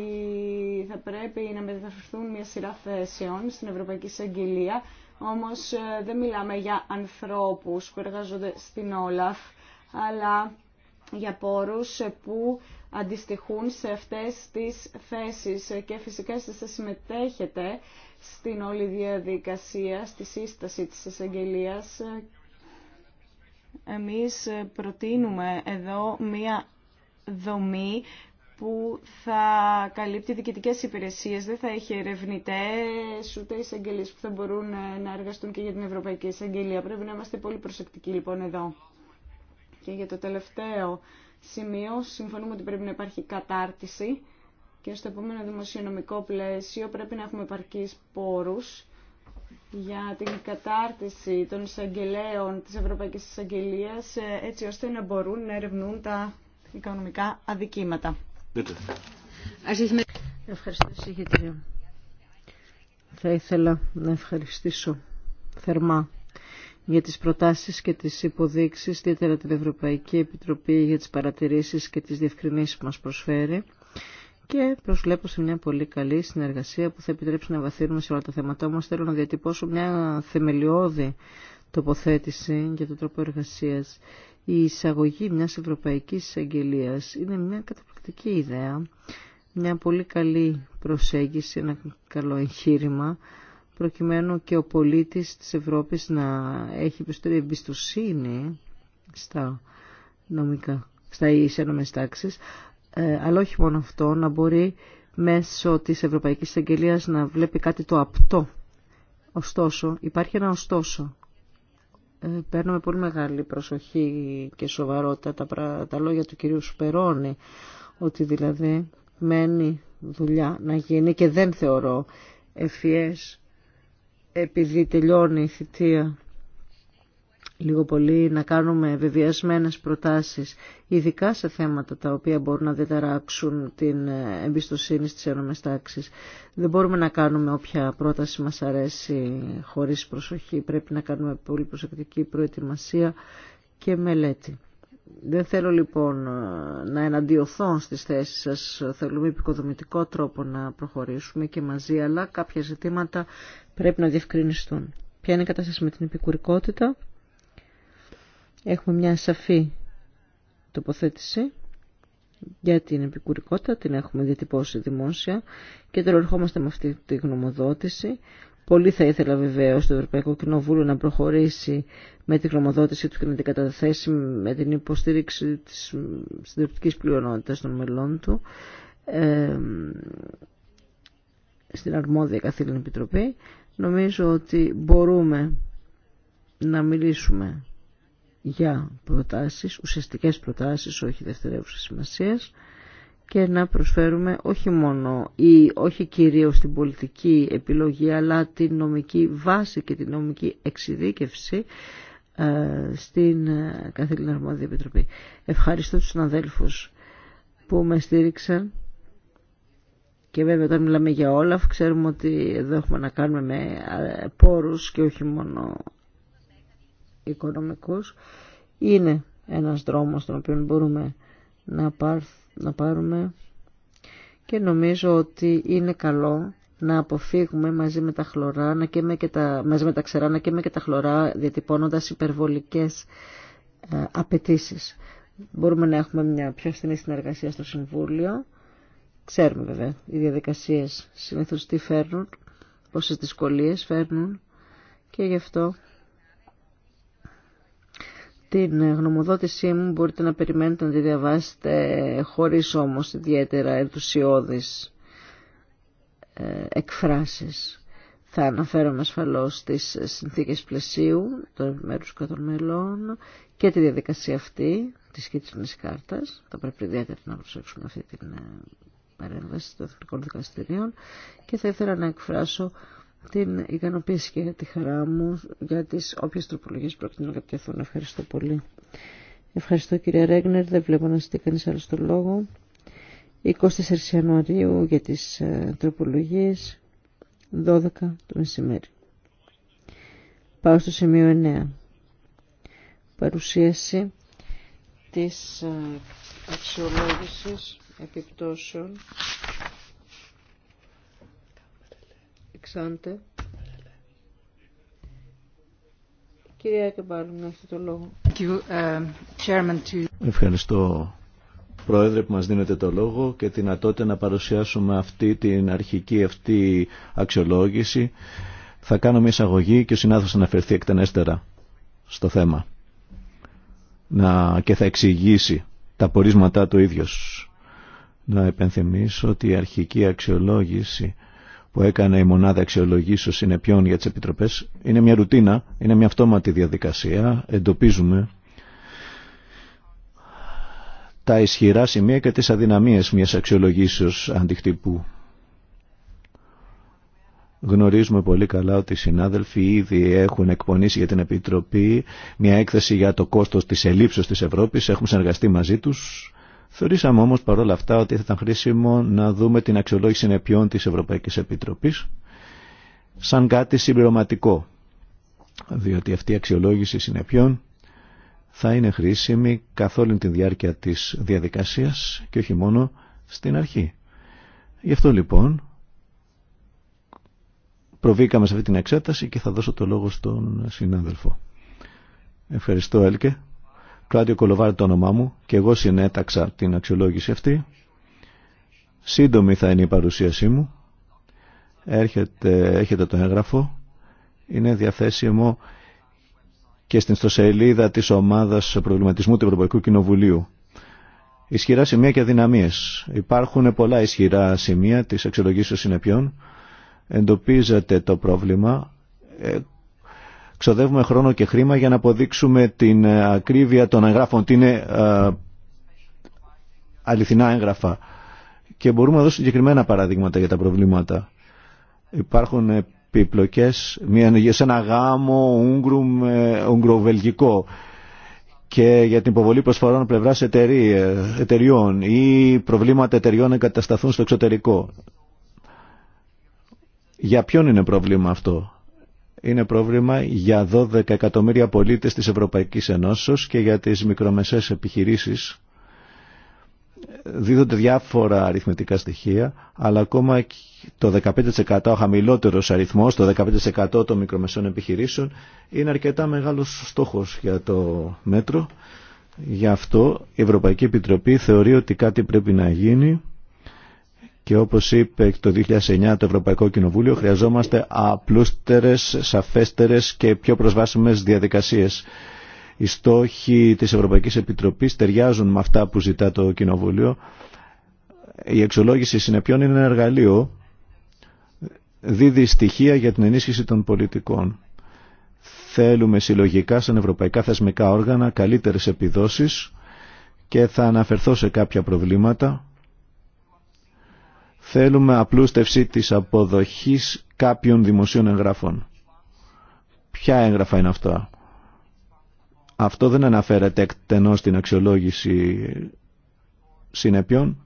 θα πρέπει να μεταφερθούν μια σειρά θέσεων στην Ευρωπαϊκή Εισαγγελία όμως ε, δεν μιλάμε για ανθρώπους που εργάζονται στην Όλαφ, αλλά για πόρους ε, που αντιστοιχούν σε αυτές τις θέσεις ε, και φυσικά εσείς θα συμμετέχετε στην όλη διαδικασία, στη σύσταση της εισαγγελία. Εμείς προτείνουμε εδώ μία δομή που θα καλύπτει διοικητικέ υπηρεσίε, δεν θα έχει ερευνητέ ούτε εισαγγελίε που θα μπορούν ε, να εργαστούν και για την Ευρωπαϊκή Εισαγγελία. Πρέπει να είμαστε πολύ προσεκτικοί λοιπόν εδώ. Και για το τελευταίο σημείο, συμφωνούμε ότι πρέπει να υπάρχει κατάρτιση και στο επόμενο δημοσιονομικό πλαίσιο πρέπει να έχουμε επαρκεί πόρου για την κατάρτιση των εισαγγελέων της Ευρωπαϊκής Εισαγγελίας ε, έτσι ώστε να μπορούν να ερευνούν τα οικονομικά αδικήματα. Ευχαριστώ, Θα ήθελα να ευχαριστήσω θερμά για τις προτάσεις και τις υποδείξεις, ιδιαίτερα την Ευρωπαϊκή Επιτροπή για τις παρατηρήσεις και τις διευκρινήσεις που μας προσφέρει και προσβλέπω σε μια πολύ καλή συνεργασία που θα επιτρέψει να βαθύνουμε σε όλα τα θέματα. Όμως θέλω να διατυπώσω μια θεμελιώδη τοποθέτηση για τον τρόπο εργασίας η εισαγωγή μιας Ευρωπαϊκής Εισαγγελίας είναι μια καταπληκτική ιδέα, μια πολύ καλή προσέγγιση, ένα καλό εγχείρημα, προκειμένου και ο πολίτης της Ευρώπης να έχει περισσότερη εμπιστοσύνη στα νομικά, στα ίσενομες τάξεις, ε, αλλά όχι μόνο αυτό, να μπορεί μέσω της Ευρωπαϊκής Αγγελίας να βλέπει κάτι το απτό. Ωστόσο, υπάρχει ένα ωστόσο ε, παίρνουμε πολύ μεγάλη προσοχή και σοβαρότητα τα, τα λόγια του κυρίου Σπερώνη, ότι δηλαδή μένει δουλειά να γίνει και δεν θεωρώ ευφυές επειδή τελειώνει η θητεία λίγο πολύ να κάνουμε βεβαιασμένες προτάσεις, ειδικά σε θέματα τα οποία μπορούν να διαταράξουν την ε, εμπιστοσύνη στις ένωμες τάξεις. Δεν μπορούμε να κάνουμε όποια πρόταση μας αρέσει χωρίς προσοχή. Πρέπει να κάνουμε πολύ προσεκτική προετοιμασία και μελέτη. Δεν θέλω λοιπόν ε, να εναντιωθώ στις θέσεις σας, θέλουμε επικοδομητικό τρόπο να προχωρήσουμε και μαζί, αλλά κάποια ζητήματα πρέπει να διευκρινιστούν. Ποια είναι η κατάσταση με την επικουρικότητα, Έχουμε μια σαφή τοποθέτηση για την επικουρικότητα, την έχουμε διατυπώσει δημόσια και τώρα ερχόμαστε με αυτή τη γνωμοδότηση. Πολύ θα ήθελα βεβαίω το Ευρωπαϊκό Κοινοβούλιο να προχωρήσει με τη γνωμοδότησή του και να την καταθέσει με την υποστήριξη της συντριπτικής πλειονότητας των μελών του ε, στην αρμόδια καθήλων επιτροπή. Νομίζω ότι μπορούμε να μιλήσουμε για προτάσεις, ουσιαστικές προτάσεις, όχι δευτερεύουσα σημασία, και να προσφέρουμε όχι μόνο ή όχι κυρίως την πολιτική επιλογή αλλά την νομική βάση και την νομική εξειδίκευση ε, στην ε, Καθήλυνα Αρμόδια Επιτροπή. Ευχαριστώ τους συναδέλφους που με στήριξαν και βέβαια όταν μιλάμε για όλα ξέρουμε ότι εδώ έχουμε να κάνουμε με ε, πόρους και όχι μόνο οικονομικούς είναι ένας δρόμος τον οποίο μπορούμε να, πάρθ να πάρουμε και νομίζω ότι είναι καλό να αποφύγουμε μαζί με τα χλωρά, να και τα, μαζί με τα ξερά, να καίμε και τα χλωρά, διατυπώνοντας υπερβολικές ε, απαιτήσει. Μπορούμε να έχουμε μια πιο στενή συνεργασία στο Συμβούλιο. Ξέρουμε βέβαια, οι διαδικασίες συνήθως τι φέρνουν, πόσες δυσκολίες φέρνουν και γι' αυτό την γνωμοδότησή μου μπορείτε να περιμένετε να τη διαβάσετε χωρίς όμως ιδιαίτερα ενθουσιώδεις ε, εκφράσεις. Θα αναφέρομαι ασφαλώς τις συνθήκες πλαισίου των μέρους και των μελών και τη διαδικασία αυτή της κίτρινης κάρτας. Θα πρέπει ιδιαίτερα να προσέξουμε αυτή την ε, παρέμβαση των εθνικών δικαστηρίων και θα ήθελα να εκφράσω την ικανοποίηση και τη χαρά μου για τις όποιες τροπολογίες πρόκειται να κατευθούν. Ευχαριστώ πολύ. Ευχαριστώ κύριε Ρέγνερ, δεν βλέπω να ζητεί κανείς άλλο το λόγο. 24 Ιανουαρίου για τις ε, τροπολογίες, 12 το μεσημέρι. Πάω στο σημείο 9. Παρουσίαση της ε, αξιολόγησης επιπτώσεων Κυρία Κεμπάλου, να το λόγο. Uh, Ευχαριστώ Πρόεδρε που μας δίνετε το λόγο και τη δυνατότητα να παρουσιάσουμε αυτή την αρχική αυτή αξιολόγηση. Θα κάνω μια εισαγωγή και ο να αναφερθεί εκτενέστερα στο θέμα να, και θα εξηγήσει τα πορίσματά του ίδιος. Να επενθυμίσω ότι η αρχική αξιολόγηση που έκανε η μονάδα αξιολογήσεω συνεπιών για τι επιτροπέ, είναι μια ρουτίνα, είναι μια αυτόματη διαδικασία. Εντοπίζουμε τα ισχυρά σημεία και τις αδυναμίες μιας αξιολογήσεως αντιχτυπού. Γνωρίζουμε πολύ καλά ότι οι συνάδελφοι ήδη έχουν εκπονήσει για την Επιτροπή μια έκθεση για το κόστος της ελλείψεως της Ευρώπης. Έχουμε συνεργαστεί μαζί τους Θεωρήσαμε όμως παρόλα αυτά ότι θα ήταν χρήσιμο να δούμε την αξιολόγηση συνεπειών της Ευρωπαϊκής Επιτροπής σαν κάτι συμπληρωματικό, διότι αυτή η αξιολόγηση συνεπειών θα είναι χρήσιμη καθ' όλη τη διάρκεια της διαδικασίας και όχι μόνο στην αρχή. Γι' αυτό λοιπόν προβήκαμε σε αυτή την εξέταση και θα δώσω το λόγο στον συνάδελφο. Ευχαριστώ Έλκε. Κλάδιο Κολοβάρ το όνομά μου και εγώ συνέταξα την αξιολόγηση αυτή. Σύντομη θα είναι η παρουσίασή μου. Έρχεται, έχετε το έγγραφο. Είναι διαθέσιμο και στην στοσελίδα της ομάδας προβληματισμού του Ευρωπαϊκού Κοινοβουλίου. Ισχυρά σημεία και αδυναμίες. Υπάρχουν πολλά ισχυρά σημεία της αξιολογήσεως συνεπιών. Εντοπίζεται το πρόβλημα ε, ξοδεύουμε χρόνο και χρήμα για να αποδείξουμε την ε, ακρίβεια των εγγράφων, ότι είναι ε, αληθινά έγγραφα. Και μπορούμε να δώσουμε συγκεκριμένα παραδείγματα για τα προβλήματα. Υπάρχουν επιπλοκές, μια, σε ένα γάμο ε, ουγγροβελγικό και για την υποβολή προσφορών πλευρά εταιριών ή προβλήματα εταιριών να εγκατασταθούν στο εξωτερικό. Για ποιον είναι πρόβλημα αυτό είναι πρόβλημα για 12 εκατομμύρια πολίτες της Ευρωπαϊκής Ενώσεως και για τις μικρομεσαίες επιχειρήσεις. Δίδονται διάφορα αριθμητικά στοιχεία, αλλά ακόμα το 15% ο χαμηλότερος αριθμός, το 15% των μικρομεσαίων επιχειρήσεων, είναι αρκετά μεγάλος στόχος για το μέτρο. Γι' αυτό η Ευρωπαϊκή Επιτροπή θεωρεί ότι κάτι πρέπει να γίνει και όπως είπε το 2009 το Ευρωπαϊκό Κοινοβούλιο χρειαζόμαστε απλούστερες, σαφέστερες και πιο προσβάσιμες διαδικασίες. Οι στόχοι της Ευρωπαϊκής Επιτροπής ταιριάζουν με αυτά που ζητά το Κοινοβούλιο. Η εξολόγηση συνεπιών είναι ένα εργαλείο, δίδει στοιχεία για την ενίσχυση των πολιτικών. Θέλουμε συλλογικά σαν ευρωπαϊκά θεσμικά όργανα καλύτερες επιδόσεις και θα αναφερθώ σε κάποια προβλήματα Θέλουμε απλούστευση της αποδοχής κάποιων δημοσίων εγγράφων. Ποια έγγραφα είναι αυτά. Αυτό δεν αναφέρεται εκτενώς στην αξιολόγηση συνεπιών.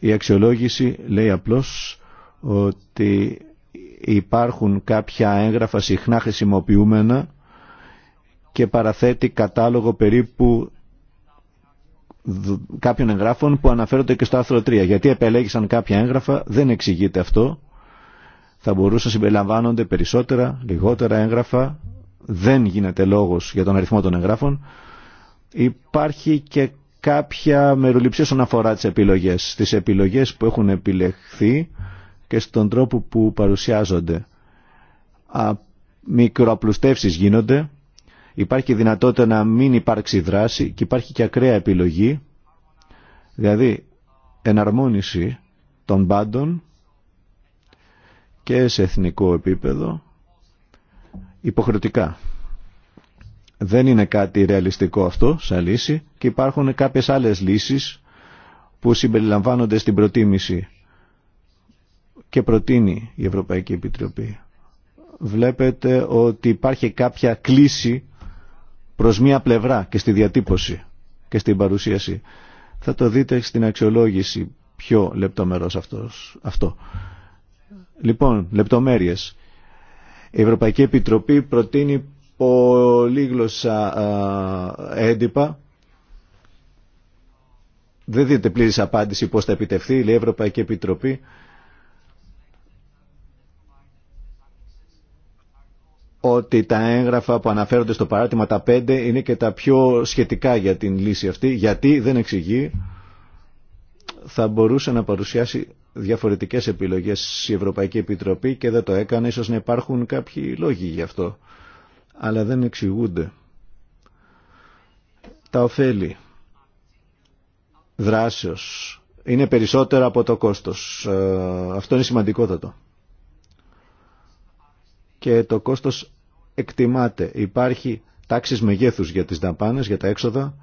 Η αξιολόγηση λέει απλώς ότι υπάρχουν κάποια έγγραφα συχνά χρησιμοποιούμενα και παραθέτει κατάλογο περίπου κάποιων εγγράφων που αναφέρονται και στο άρθρο 3. Γιατί επελέγησαν κάποια έγγραφα, δεν εξηγείται αυτό. Θα μπορούσαν να συμπεριλαμβάνονται περισσότερα, λιγότερα έγγραφα. Δεν γίνεται λόγος για τον αριθμό των εγγράφων. Υπάρχει και κάποια μεροληψία όσον αφορά τις επιλογές. Στι επιλογές που έχουν επιλεχθεί και στον τρόπο που παρουσιάζονται. Μικροαπλουστεύσεις γίνονται Υπάρχει δυνατότητα να μην υπάρξει δράση και υπάρχει και ακραία επιλογή, δηλαδή εναρμόνιση των πάντων και σε εθνικό επίπεδο υποχρεωτικά. Δεν είναι κάτι ρεαλιστικό αυτό σαν λύση και υπάρχουν κάποιες άλλες λύσεις που συμπεριλαμβάνονται στην προτίμηση και προτείνει η Ευρωπαϊκή Επιτροπή. Βλέπετε ότι υπάρχει κάποια κλίση προς μία πλευρά και στη διατύπωση και στην παρουσίαση. Θα το δείτε στην αξιολόγηση πιο λεπτομέρο αυτός, αυτό. Λοιπόν, λεπτομέρειες. Η Ευρωπαϊκή Επιτροπή προτείνει πολύγλωσσα έντυπα. Δεν δείτε πλήρης απάντηση πώς θα επιτευχθεί, η Ευρωπαϊκή Επιτροπή. ότι τα έγγραφα που αναφέρονται στο παράδειγμα, τα πέντε, είναι και τα πιο σχετικά για την λύση αυτή, γιατί δεν εξηγεί, θα μπορούσε να παρουσιάσει διαφορετικές επιλογές η Ευρωπαϊκή Επιτροπή και δεν το έκανε, ίσως να υπάρχουν κάποιοι λόγοι γι' αυτό, αλλά δεν εξηγούνται. Τα ωφέλη δράσεως είναι περισσότερα από το κόστος. Ε, αυτό είναι σημαντικότατο και το κόστος εκτιμάται. Υπάρχει τάξεις μεγέθους για τις δαπάνες, για τα έξοδα.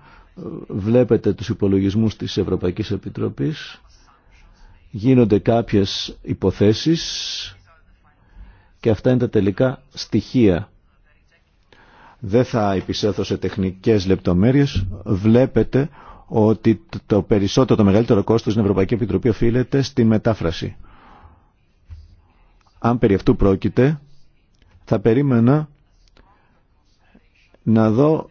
Βλέπετε τους υπολογισμούς της Ευρωπαϊκής Επιτροπής. Γίνονται κάποιες υποθέσεις και αυτά είναι τα τελικά στοιχεία. Δεν θα επισέθω σε τεχνικές λεπτομέρειες. Βλέπετε ότι το περισσότερο, το μεγαλύτερο κόστος στην Ευρωπαϊκή Επιτροπή οφείλεται στη μετάφραση. Αν περί αυτού πρόκειται, θα περίμενα να δω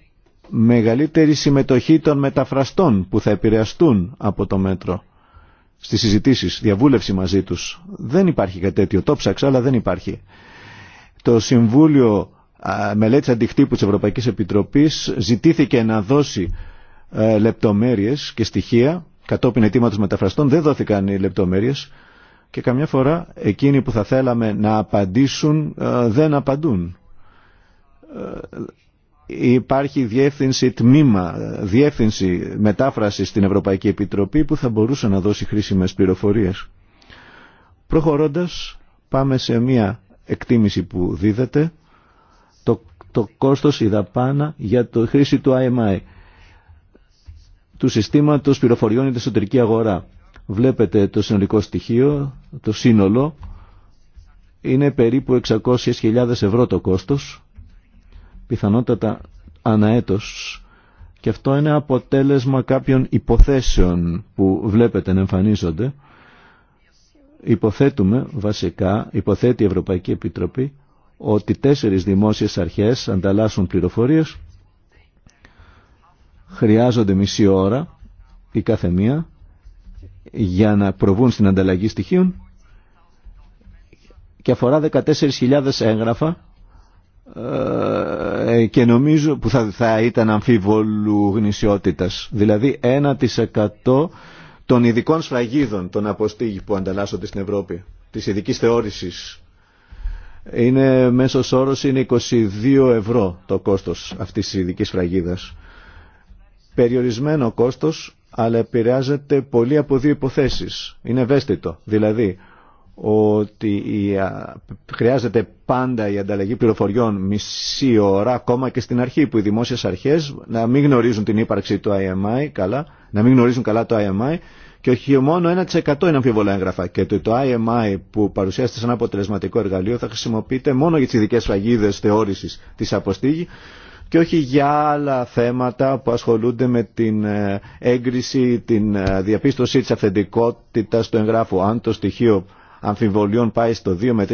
μεγαλύτερη συμμετοχή των μεταφραστών που θα επηρεαστούν από το μέτρο στις συζητήσεις, διαβούλευση μαζί τους. Δεν υπάρχει κάτι τέτοιο. Το ψάξα, αλλά δεν υπάρχει. Το Συμβούλιο Μελέτης Αντιχτύπου της Ευρωπαϊκής Επιτροπής ζητήθηκε να δώσει ε, λεπτομέρειες και στοιχεία κατόπιν αιτήματος μεταφραστών. Δεν δόθηκαν οι λεπτομέρειες και καμιά φορά εκείνοι που θα θέλαμε να απαντήσουν ε, δεν απαντούν. Ε, υπάρχει διεύθυνση τμήμα, διεύθυνση μετάφραση στην Ευρωπαϊκή Επιτροπή που θα μπορούσε να δώσει χρήσιμες πληροφορίες. Προχωρώντας πάμε σε μια εκτίμηση που δίδεται το, το κόστος η δαπάνα για το χρήση του IMI του συστήματος πληροφοριών για την εσωτερική αγορά Βλέπετε το συνολικό στοιχείο, το σύνολο. Είναι περίπου 600.000 ευρώ το κόστος, πιθανότατα αναέτος. Και αυτό είναι αποτέλεσμα κάποιων υποθέσεων που βλέπετε να εμφανίζονται. Υποθέτουμε βασικά, υποθέτει η Ευρωπαϊκή Επιτροπή, ότι τέσσερις δημόσιες αρχές ανταλλάσσουν πληροφορίες, χρειάζονται μισή ώρα η καθεμία για να προβούν στην ανταλλαγή στοιχείων και αφορά 14.000 έγγραφα ε, ε, και νομίζω που θα, θα ήταν αμφίβολου γνησιότητας. Δηλαδή 1% των ειδικών σφραγίδων των αποστήγων που ανταλλάσσονται στην Ευρώπη, της ειδική θεώρησης. Είναι μέσος όρος είναι 22 ευρώ το κόστος αυτής της ειδική σφραγίδας. Περιορισμένο κόστος αλλά επηρεάζεται πολύ από δύο υποθέσεις. Είναι ευαίσθητο. Δηλαδή, ότι η, χρειάζεται πάντα η ανταλλαγή πληροφοριών μισή ώρα ακόμα και στην αρχή που οι δημόσιες αρχές να μην γνωρίζουν την ύπαρξη του IMI καλά, να μην γνωρίζουν καλά το IMI και όχι μόνο 1% είναι αμφιβολά έγγραφα και το, το IMI που παρουσιάζεται σαν αποτελεσματικό εργαλείο θα χρησιμοποιείται μόνο για τις ειδικές φαγίδες θεώρησης της αποστήγη και όχι για άλλα θέματα που ασχολούνται με την ε, έγκριση, την ε, διαπίστωση της αυθεντικότητας του εγγράφου. Αν το στοιχείο αμφιβολιών πάει στο 2 με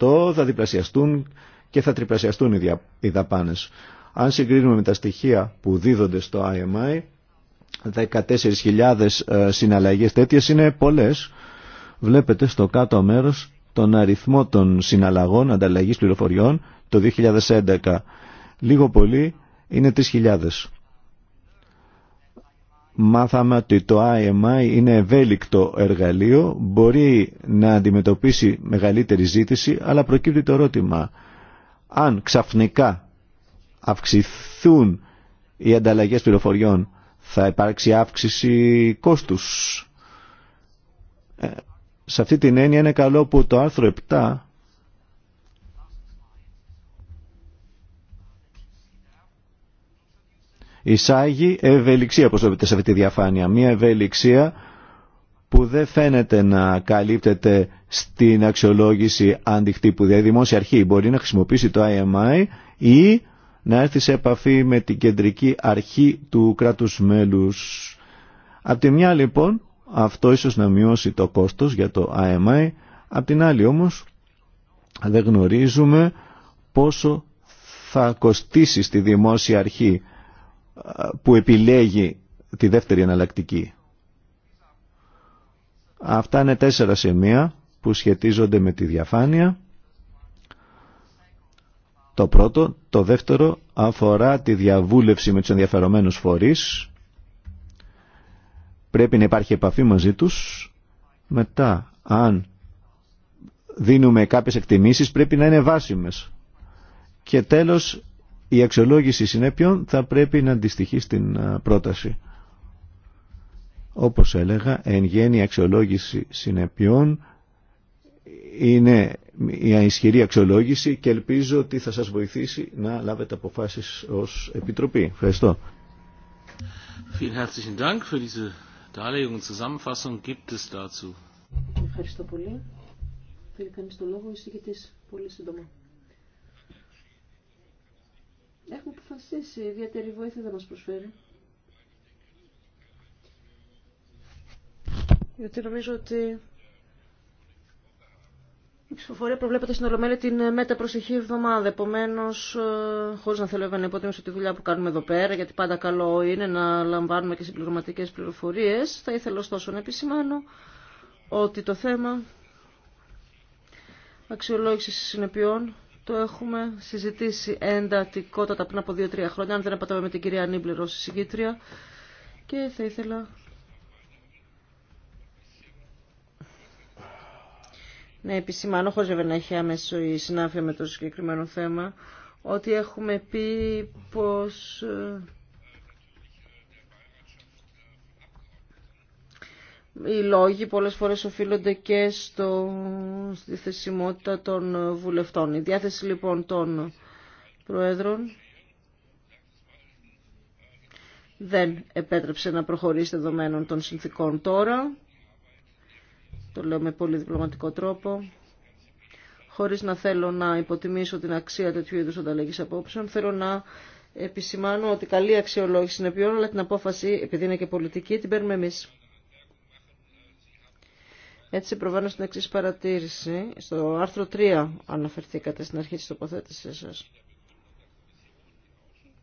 3% θα διπλασιαστούν και θα τριπλασιαστούν οι δαπάνες. Αν συγκρίνουμε με τα στοιχεία που δίδονται στο IMI, 14.000 ε, συναλλαγές τέτοιες είναι πολλές. Βλέπετε στο κάτω μέρος τον αριθμό των συναλλαγών ανταλλαγής πληροφοριών το 2011 λίγο πολύ είναι 3.000. Μάθαμε ότι το IMI είναι ευέλικτο εργαλείο, μπορεί να αντιμετωπίσει μεγαλύτερη ζήτηση, αλλά προκύπτει το ερώτημα. Αν ξαφνικά αυξηθούν οι ανταλλαγές πληροφοριών, θα υπάρξει αύξηση κόστους. Ε, σε αυτή την έννοια είναι καλό που το άρθρο 7 εισάγει ευελιξία, όπως βλέπετε σε αυτή τη διαφάνεια. Μία ευελιξία που δεν φαίνεται να καλύπτεται στην αξιολόγηση αντιχτύπου. Δηλαδή η δημόσια αρχή μπορεί να χρησιμοποιήσει το IMI ή να έρθει σε επαφή με την κεντρική αρχή του κράτους μέλους. Απ' τη μια λοιπόν αυτό ίσως να μειώσει το κόστος για το IMI, απ' την άλλη όμως δεν γνωρίζουμε πόσο θα κοστίσει στη δημόσια αρχή που επιλέγει τη δεύτερη εναλλακτική. Αυτά είναι τέσσερα σημεία που σχετίζονται με τη διαφάνεια. Το πρώτο. Το δεύτερο αφορά τη διαβούλευση με τους ενδιαφερομένους φορείς. Πρέπει να υπάρχει επαφή μαζί τους. Μετά, αν δίνουμε κάποιες εκτιμήσεις, πρέπει να είναι βάσιμες. Και τέλος, η αξιολόγηση συνέπειων θα πρέπει να αντιστοιχεί στην πρόταση. Όπως έλεγα, εν γέννη η αξιολόγηση συνέπειων είναι μια ισχυρή αξιολόγηση και ελπίζω ότι θα σας βοηθήσει να λάβετε αποφάσεις ως Επιτροπή. Ευχαριστώ. Ευχαριστώ πολύ. Θέλει κανείς το λόγο, εισηγητής πολύ σύντομα. Έχουμε αποφασίσει, η ιδιαίτερη βοήθεια να μας προσφέρει. Γιατί νομίζω ότι η ψηφοφορία προβλέπεται στην Ολομέλεια την ε, μεταπροσεχή εβδομάδα. Επομένω, ε, χωρί να θέλω να υποτιμήσω τη δουλειά που κάνουμε εδώ πέρα, γιατί πάντα καλό είναι να λαμβάνουμε και συμπληρωματικέ πληροφορίε, θα ήθελα ωστόσο να επισημάνω ότι το θέμα αξιολόγηση συνεπειών το έχουμε συζητήσει εντατικότατα πριν από δύο-τρία χρόνια, αν δεν απατάμε με την κυρία Νίμπλη ως συγκήτρια. Και θα ήθελα να επισημάνω, χωρίς βέβαια να έχει άμεσο η συνάφεια με το συγκεκριμένο θέμα, ότι έχουμε πει πως ε, Οι λόγοι πολλές φορές οφείλονται και στο, στη θεσιμότητα των βουλευτών. Η διάθεση λοιπόν των Προέδρων δεν επέτρεψε να προχωρήσει δεδομένων των συνθήκων τώρα. Το λέω με πολύ διπλωματικό τρόπο. Χωρίς να θέλω να υποτιμήσω την αξία τέτοιου είδους ανταλλαγής απόψεων, θέλω να επισημάνω ότι καλή αξιολόγηση είναι ποιόν, αλλά την απόφαση, επειδή είναι και πολιτική, την παίρνουμε εμείς. Έτσι προβάλλω στην εξή παρατήρηση. Στο άρθρο 3 αναφερθήκατε στην αρχή της τοποθέτησής σας.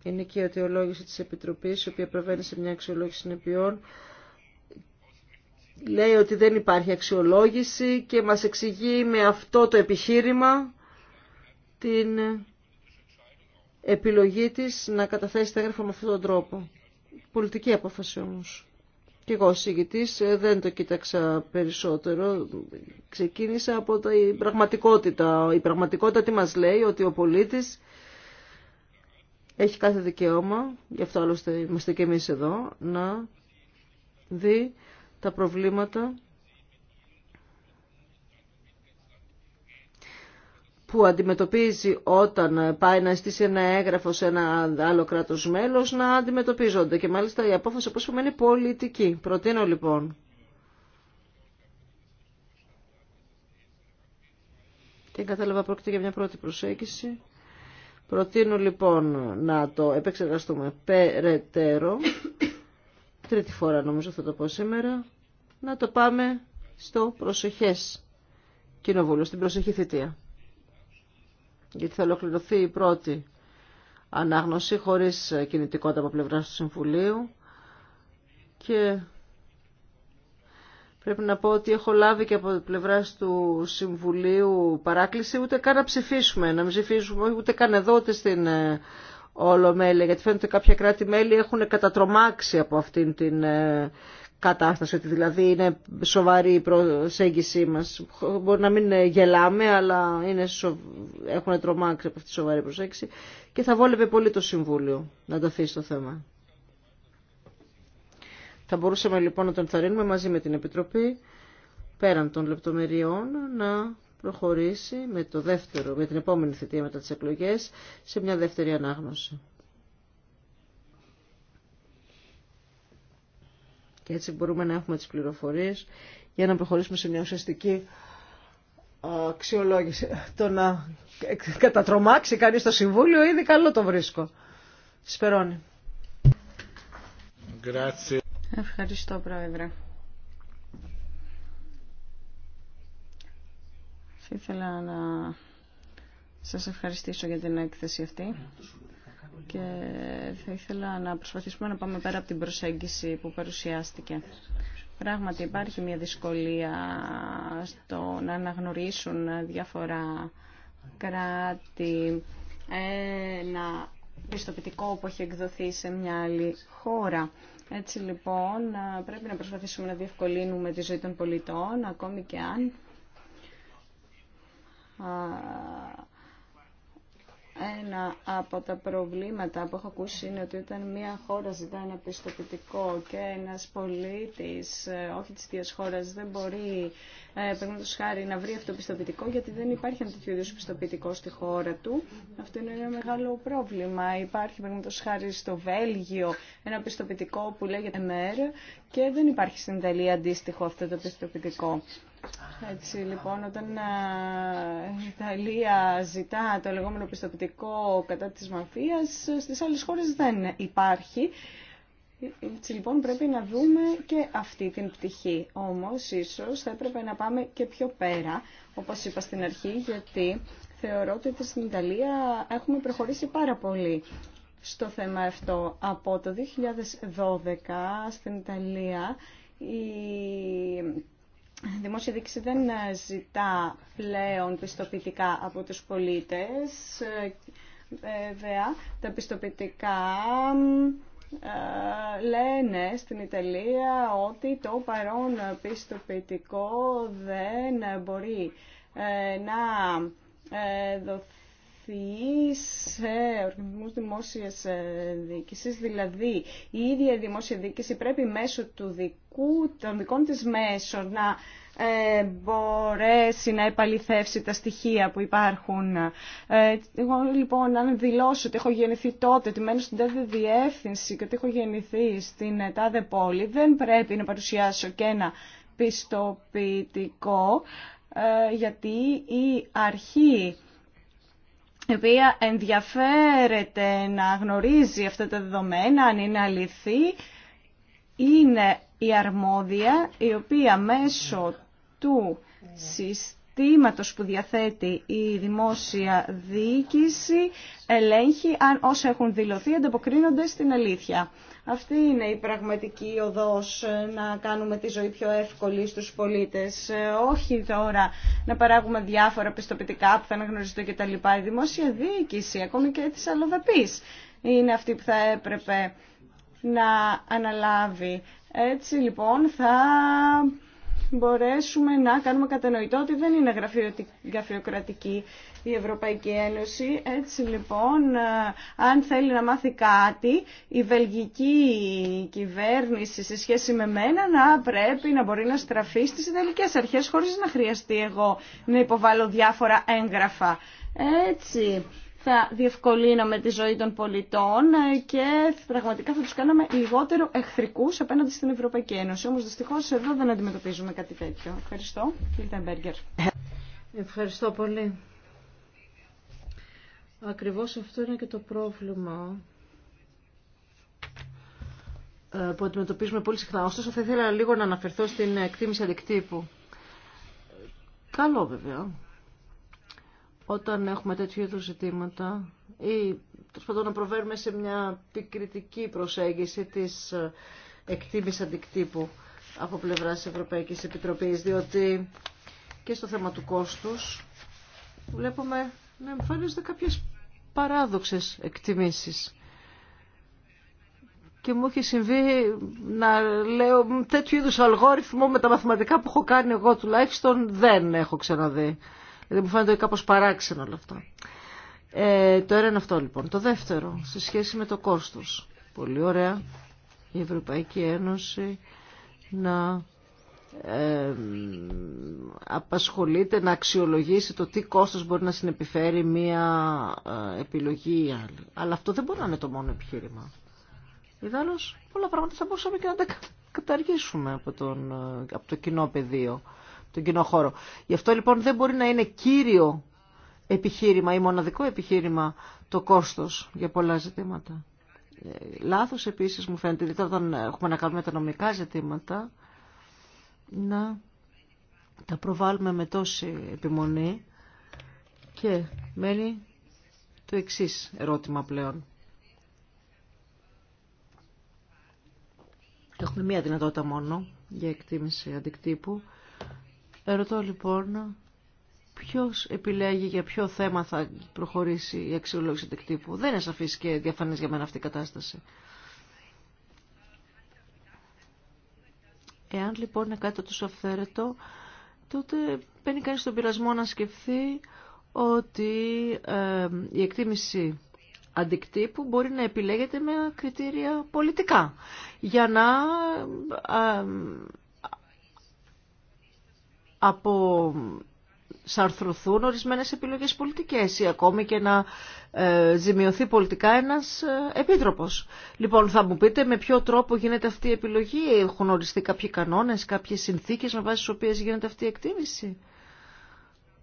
Είναι και η αιτιολόγηση της Επιτροπής, η οποία προβαίνει σε μια αξιολόγηση συνεπιών. Λέει ότι δεν υπάρχει αξιολόγηση και μας εξηγεί με αυτό το επιχείρημα την επιλογή της να καταθέσει τα έγγραφα με αυτόν τον τρόπο. Πολιτική απόφαση όμως και εγώ συγητής ε, δεν το κοίταξα περισσότερο. Ξεκίνησα από τα, πραγματικότητα. Η πραγματικότητα τι μας λέει, ότι ο πολίτης έχει κάθε δικαίωμα, γι' αυτό άλλωστε είμαστε και εμείς εδώ, να δει τα προβλήματα που αντιμετωπίζει όταν πάει να αισθήσει ένα έγγραφο σε ένα άλλο κράτος μέλος να αντιμετωπίζονται. Και μάλιστα η απόφαση, όπως είπαμε, είναι πολιτική. Προτείνω λοιπόν. Δεν κατάλαβα πρόκειται για μια πρώτη προσέγγιση. Προτείνω λοιπόν να το επεξεργαστούμε περαιτέρω. Τρίτη φορά νομίζω θα το πω σήμερα. Να το πάμε στο προσεχές κοινοβούλιο, στην προσεχή θητεία γιατί θα ολοκληρωθεί η πρώτη ανάγνωση χωρίς κινητικότητα από πλευρά του Συμβουλίου και πρέπει να πω ότι έχω λάβει και από πλευρά του Συμβουλίου παράκληση ούτε καν να ψηφίσουμε, να ψηφίσουμε ούτε καν εδώ ούτε στην ε, Ολομέλεια, γιατί φαίνεται κάποια κράτη-μέλη έχουν κατατρομάξει από αυτήν την ε, κατάσταση, ότι δηλαδή είναι σοβαρή η προσέγγιση μας. Μπορεί να μην γελάμε, αλλά είναι έχουν τρομάξει από αυτή τη σοβαρή προσέγγιση και θα βόλευε πολύ το Συμβούλιο να ανταθεί στο θέμα. Θα μπορούσαμε λοιπόν να τον θαρρύνουμε μαζί με την Επιτροπή, πέραν των λεπτομεριών, να προχωρήσει με, το δεύτερο, με την επόμενη θητεία μετά τις εκλογές σε μια δεύτερη ανάγνωση. Και έτσι μπορούμε να έχουμε τις πληροφορίες για να προχωρήσουμε σε μια ουσιαστική αξιολόγηση. Το να κατατρομάξει κανείς το Συμβούλιο ήδη καλό το βρίσκω. Σπερώνει. Ευχαριστώ Πρόεδρε. Θα ήθελα να σας ευχαριστήσω για την έκθεση αυτή και θα ήθελα να προσπαθήσουμε να πάμε πέρα από την προσέγγιση που παρουσιάστηκε. Πράγματι υπάρχει μια δυσκολία στο να αναγνωρίσουν διάφορα κράτη ένα πιστοποιητικό που έχει εκδοθεί σε μια άλλη χώρα. Έτσι λοιπόν πρέπει να προσπαθήσουμε να διευκολύνουμε τη ζωή των πολιτών ακόμη και αν ένα από τα προβλήματα που έχω ακούσει είναι ότι όταν μια χώρα ζητά ένα πιστοποιητικό και ένας πολίτης, ε, όχι της ίδιας χώρας, δεν μπορεί, ε, το χάρη, να βρει αυτό το πιστοποιητικό γιατί δεν υπάρχει ένα τέτοιο πιστοποιητικό στη χώρα του. Αυτό είναι ένα μεγάλο πρόβλημα. Υπάρχει, το χάρη, στο Βέλγιο ένα πιστοποιητικό που λέγεται ΜΕΡ και δεν υπάρχει στην Ιταλία αντίστοιχο αυτό το πιστοποιητικό. Έτσι λοιπόν, όταν η Ιταλία ζητά το λεγόμενο πιστοποιητικό κατά της μαφίας, στις άλλες χώρες δεν υπάρχει. Έτσι λοιπόν πρέπει να δούμε και αυτή την πτυχή. Όμως ίσως θα έπρεπε να πάμε και πιο πέρα, όπως είπα στην αρχή, γιατί θεωρώ ότι στην Ιταλία έχουμε προχωρήσει πάρα πολύ στο θέμα αυτό. Από το 2012 στην Ιταλία η δημόσια δίκηση δεν ε, ζητά πλέον πιστοποιητικά από τους πολίτες. Ε, βέβαια, τα πιστοποιητικά ε, λένε στην Ιταλία ότι το παρόν πιστοποιητικό δεν μπορεί να δοθεί προωθεί σε οργανισμούς δημόσιας ε, δηλαδή η ίδια δημόσια διοίκηση πρέπει μέσω του δικού, των δικών της μέσων να ε, μπορέσει να επαληθεύσει τα στοιχεία που υπάρχουν. Ε, εγώ λοιπόν αν δηλώσω ότι έχω γεννηθεί τότε, ότι μένω στην τάδε διεύθυνση και ότι έχω γεννηθεί στην ε, τάδε πόλη, δεν πρέπει να παρουσιάσω και ένα πιστοποιητικό, γιατί η αρχή η οποία ενδιαφέρεται να γνωρίζει αυτά τα δεδομένα, αν είναι αληθή, είναι η αρμόδια η οποία μέσω του συστήματος που διαθέτει η δημόσια διοίκηση ελέγχει αν όσα έχουν δηλωθεί ανταποκρίνονται στην αλήθεια. Αυτή είναι η πραγματική οδός ε, να κάνουμε τη ζωή πιο εύκολη στους πολίτες. Ε, όχι τώρα να παράγουμε διάφορα πιστοποιητικά που θα αναγνωριστούν λοιπά. Η δημόσια διοίκηση, ακόμη και της αλλοδαπής, είναι αυτή που θα έπρεπε να αναλάβει. Έτσι λοιπόν θα μπορέσουμε να κάνουμε κατανοητό ότι δεν είναι γραφειοκρατική η Ευρωπαϊκή Ένωση. Έτσι λοιπόν, ε, αν θέλει να μάθει κάτι, η βελγική κυβέρνηση σε σχέση με μένα να πρέπει να μπορεί να στραφεί στις ιταλικές αρχές χωρίς να χρειαστεί εγώ να υποβάλω διάφορα έγγραφα. Έτσι, θα διευκολύναμε τη ζωή των πολιτών ε, και πραγματικά θα τους κάναμε λιγότερο εχθρικούς απέναντι στην Ευρωπαϊκή Ένωση. Όμως δυστυχώς εδώ δεν αντιμετωπίζουμε κάτι τέτοιο. Ευχαριστώ. Ευχαριστώ πολύ. Ακριβώς αυτό είναι και το πρόβλημα ε, που αντιμετωπίζουμε πολύ συχνά. Ωστόσο θα ήθελα λίγο να αναφερθώ στην εκτίμηση αντικτύπου. Καλό βέβαια όταν έχουμε τέτοιου είδου ζητήματα ή τόσο να προβαίνουμε σε μια πικριτική προσέγγιση της ε, εκτίμησης αντικτύπου από πλευράς Ευρωπαϊκής Επιτροπής, διότι και στο θέμα του κόστους βλέπουμε να εμφανίζονται κάποιες παράδοξες εκτιμήσεις. Και μου έχει συμβεί να λέω τέτοιου είδους αλγόριθμο με τα μαθηματικά που έχω κάνει εγώ τουλάχιστον δεν έχω ξαναδεί. Δεν μου φαίνεται κάπως παράξενο όλα αυτά. Ε, το ένα είναι αυτό λοιπόν. Το δεύτερο, σε σχέση με το κόστος. Πολύ ωραία η Ευρωπαϊκή Ένωση να ε, απασχολείται να αξιολογήσει το τι κόστος μπορεί να συνεπιφέρει μία ε, επιλογή ή άλλη. Αλλά αυτό δεν μπορεί να είναι το μόνο επιχείρημα. Ιδάλλως πολλά πράγματα θα μπορούσαμε και να τα καταργήσουμε τον, ε, από το κοινό πεδίο τον κοινό χώρο. Γι' αυτό λοιπόν δεν μπορεί να είναι κύριο επιχείρημα ή μοναδικό επιχείρημα το κόστος για πολλά ζητήματα. Ε, λάθος επίσης μου φαίνεται, δηλαδή όταν έχουμε να κάνουμε τα νομικά ζητήματα, να τα προβάλλουμε με τόση επιμονή και μένει το εξής ερώτημα πλέον. Έχουμε μία δυνατότητα μόνο για εκτίμηση αντικτύπου Ερωτώ λοιπόν ποιος επιλέγει για ποιο θέμα θα προχωρήσει η αξιολόγηση αντικτύπου. Δεν είναι σαφής και διαφανής για μένα αυτή η κατάσταση. Εάν λοιπόν είναι κάτι τόσο αυθαίρετο, τότε παίρνει κανείς τον πειρασμό να σκεφτεί ότι η εκτίμηση αντικτύπου μπορεί να επιλέγεται με κριτήρια πολιτικά για να από σαρθρωθούν ορισμένες επιλογές πολιτικές ή ακόμη και να ε, ζημιωθεί πολιτικά ένας ε, επίτροπος. Λοιπόν, θα μου πείτε με ποιο τρόπο γίνεται αυτή η επιλογή, έχουν οριστεί κάποιοι κανόνες, κάποιες συνθήκες με βάση τις οποίες γίνεται αυτή η εκτίμηση.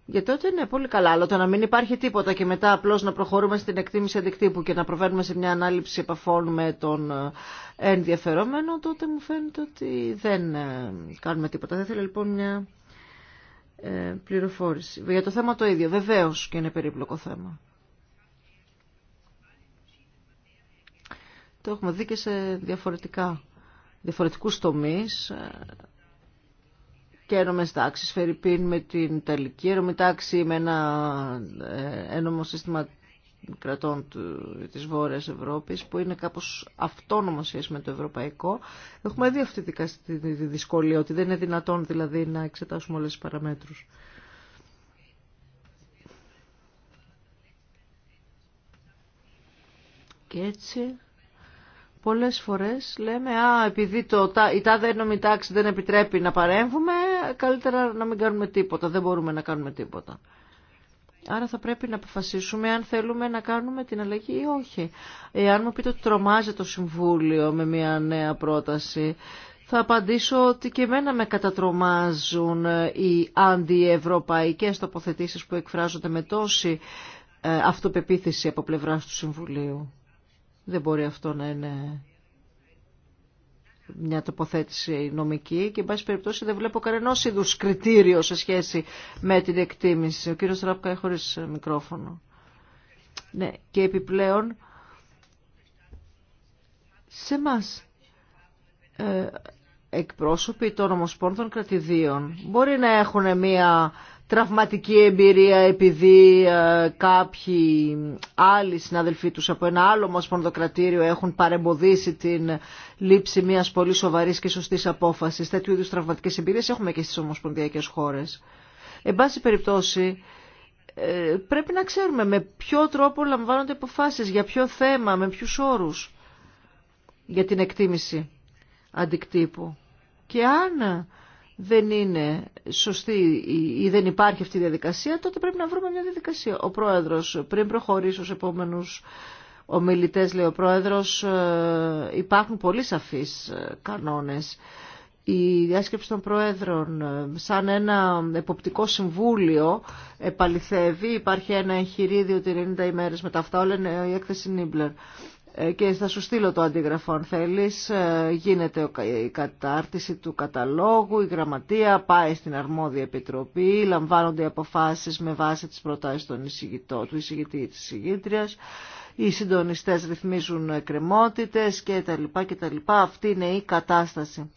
Γιατί τότε είναι πολύ καλά. Αλλά το να μην υπάρχει τίποτα και μετά απλώ να προχωρούμε στην εκτίμηση αντικτύπου και να προβαίνουμε σε μια ανάληψη επαφών με τον ε, ενδιαφερόμενο, τότε μου φαίνεται ότι δεν κάνουμε τίποτα. Δεν ήθελα λοιπόν μια ε, πληροφόρηση. Για το θέμα το ίδιο, βεβαίως και είναι περίπλοκο θέμα. Το έχουμε δει και σε διαφορετικά, διαφορετικούς τομείς ε, και ένομες τάξεις, Φερρυπίν με την Ιταλική, ένομη τάξη με ένα ε, ένομο σύστημα κρατών της Βόρειας Ευρώπης που είναι κάπως αυτόνομα σχέση με το ευρωπαϊκό. Έχουμε δει αυτή τη δυσκολία ότι δεν είναι δυνατόν δηλαδή να εξετάσουμε όλες τις παραμέτρους. Και έτσι πολλές φορές λέμε «Α, επειδή το, η τάδε ένωμη τάξη δεν επιτρέπει να παρέμβουμε, καλύτερα να μην κάνουμε τίποτα, δεν μπορούμε να κάνουμε τίποτα». Άρα θα πρέπει να αποφασίσουμε αν θέλουμε να κάνουμε την αλλαγή ή όχι. Εάν μου πείτε ότι τρομάζει το Συμβούλιο με μια νέα πρόταση, θα απαντήσω ότι και εμένα με κατατρομάζουν ε, οι αντιευρωπαϊκές τοποθετήσεις που εκφράζονται με τόση ε, αυτοπεποίθηση από πλευράς του Συμβουλίου. Δεν μπορεί αυτό να είναι μια τοποθέτηση νομική και, εν πάση περιπτώσει, δεν βλέπω κανένα είδου κριτήριο σε σχέση με την εκτίμηση. Ο κύριος Ράπκα χωρί μικρόφωνο. Ναι, και επιπλέον, σε εμά εκπρόσωποι των ομοσπόνδων κρατηδίων μπορεί να έχουν μια τραυματική εμπειρία επειδή ε, κάποιοι άλλοι συνάδελφοί τους από ένα άλλο ομοσπονδοκρατήριο έχουν παρεμποδίσει την λήψη μιας πολύ σοβαρής και σωστής απόφασης. Τέτοιου είδους τραυματικές εμπειρίες έχουμε και στις ομοσπονδιακές χώρες. Εν πάση περιπτώσει, ε, πρέπει να ξέρουμε με ποιο τρόπο λαμβάνονται αποφάσει για ποιο θέμα, με ποιους όρους για την εκτίμηση αντικτύπου. Και αν δεν είναι σωστή ή δεν υπάρχει αυτή η διαδικασία, τότε πρέπει να βρούμε μια διαδικασία. Ο Πρόεδρος, πριν προχωρήσει στους επόμενους ομιλητές, λέει ο Πρόεδρος, ε, υπάρχουν πολύ σαφείς ε, κανόνες. Η διάσκεψη των Προέδρων ε, σαν ένα εποπτικό συμβούλιο επαληθεύει. Υπάρχει ένα εγχειρίδιο 90 ημέρες μετά αυτά, όλα είναι η έκθεση Νίμπλερ και θα σου στείλω το αντίγραφο αν θέλεις. Ε, γίνεται η κατάρτιση του καταλόγου, η γραμματεία πάει στην αρμόδια επιτροπή, λαμβάνονται οι αποφάσεις με βάση τις προτάσεις των εισηγητών, του εισηγητή ή της εισηγήτριας. Οι συντονιστές ρυθμίζουν κρεμότητες και τα λοιπά και τα λοιπά. Αυτή είναι η κατάσταση.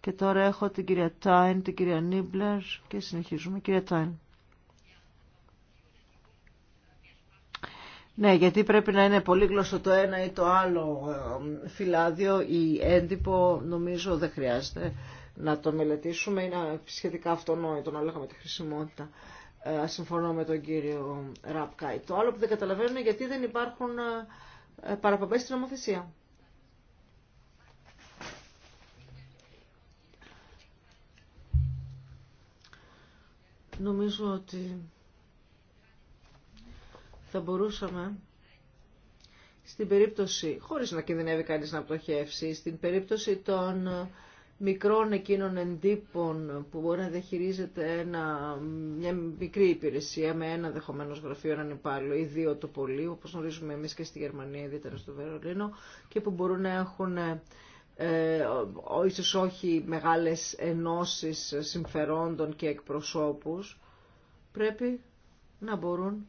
Και τώρα έχω την κυρία Τάιν, την κυρία Νίμπλερ και συνεχίζουμε. Κυρία Τάιν. Ναι, γιατί πρέπει να είναι πολύ γλώσσο το ένα ή το άλλο φυλάδιο ή έντυπο, νομίζω δεν χρειάζεται να το μελετήσουμε, είναι σχετικά αυτονόητο να λέγαμε τη χρησιμότητα. Ε, συμφωνώ με τον κύριο Ραπκάη. Το άλλο που δεν καταλαβαίνω είναι γιατί δεν υπάρχουν ε, ε, παραπομπές στην νομοθεσία. Νομίζω ότι θα μπορούσαμε στην περίπτωση, χωρίς να κινδυνεύει κανείς να πτωχεύσει, στην περίπτωση των μικρών εκείνων εντύπων που μπορεί να διαχειρίζεται ένα, μια μικρή υπηρεσία με ένα δεχομένο γραφείο, έναν υπάλληλο ή δύο το πολύ, όπως γνωρίζουμε εμείς και στη Γερμανία, ιδιαίτερα στο Βερολίνο, και που μπορούν να έχουν ε, ίσως όχι μεγάλες ενώσεις συμφερόντων και εκπροσώπους, πρέπει να μπορούν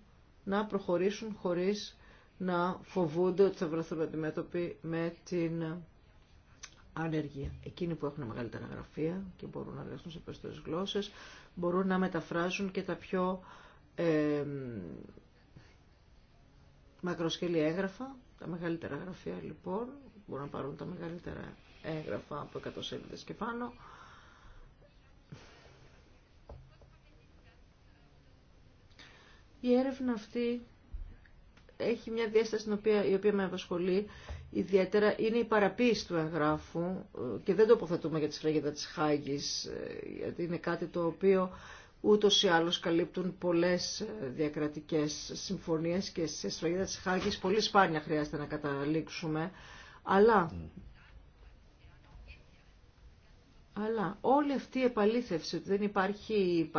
να προχωρήσουν χωρίς να φοβούνται ότι θα βρεθούν αντιμέτωποι με την ανεργία. Εκείνοι που έχουν μεγαλύτερα γραφεία και μπορούν να εργαστούν σε περισσότερες γλώσσες μπορούν να μεταφράζουν και τα πιο ε, μακροσκελή έγγραφα. Τα μεγαλύτερα γραφεία λοιπόν μπορούν να πάρουν τα μεγαλύτερα έγγραφα από 100 σελίδες και πάνω Η έρευνα αυτή έχει μια διάσταση οποία, η οποία με απασχολεί ιδιαίτερα. Είναι η παραποίηση του εγγράφου ε, και δεν τοποθετούμε για τη σφραγίδα της Χάγης, ε, γιατί είναι κάτι το οποίο ούτως ή άλλως καλύπτουν πολλές ε, διακρατικές συμφωνίες και σε σφραγίδα της Χάγης πολύ σπάνια χρειάζεται να καταλήξουμε. Αλλά, αλλά όλη αυτή η επαλήθευση ότι δεν υπάρχει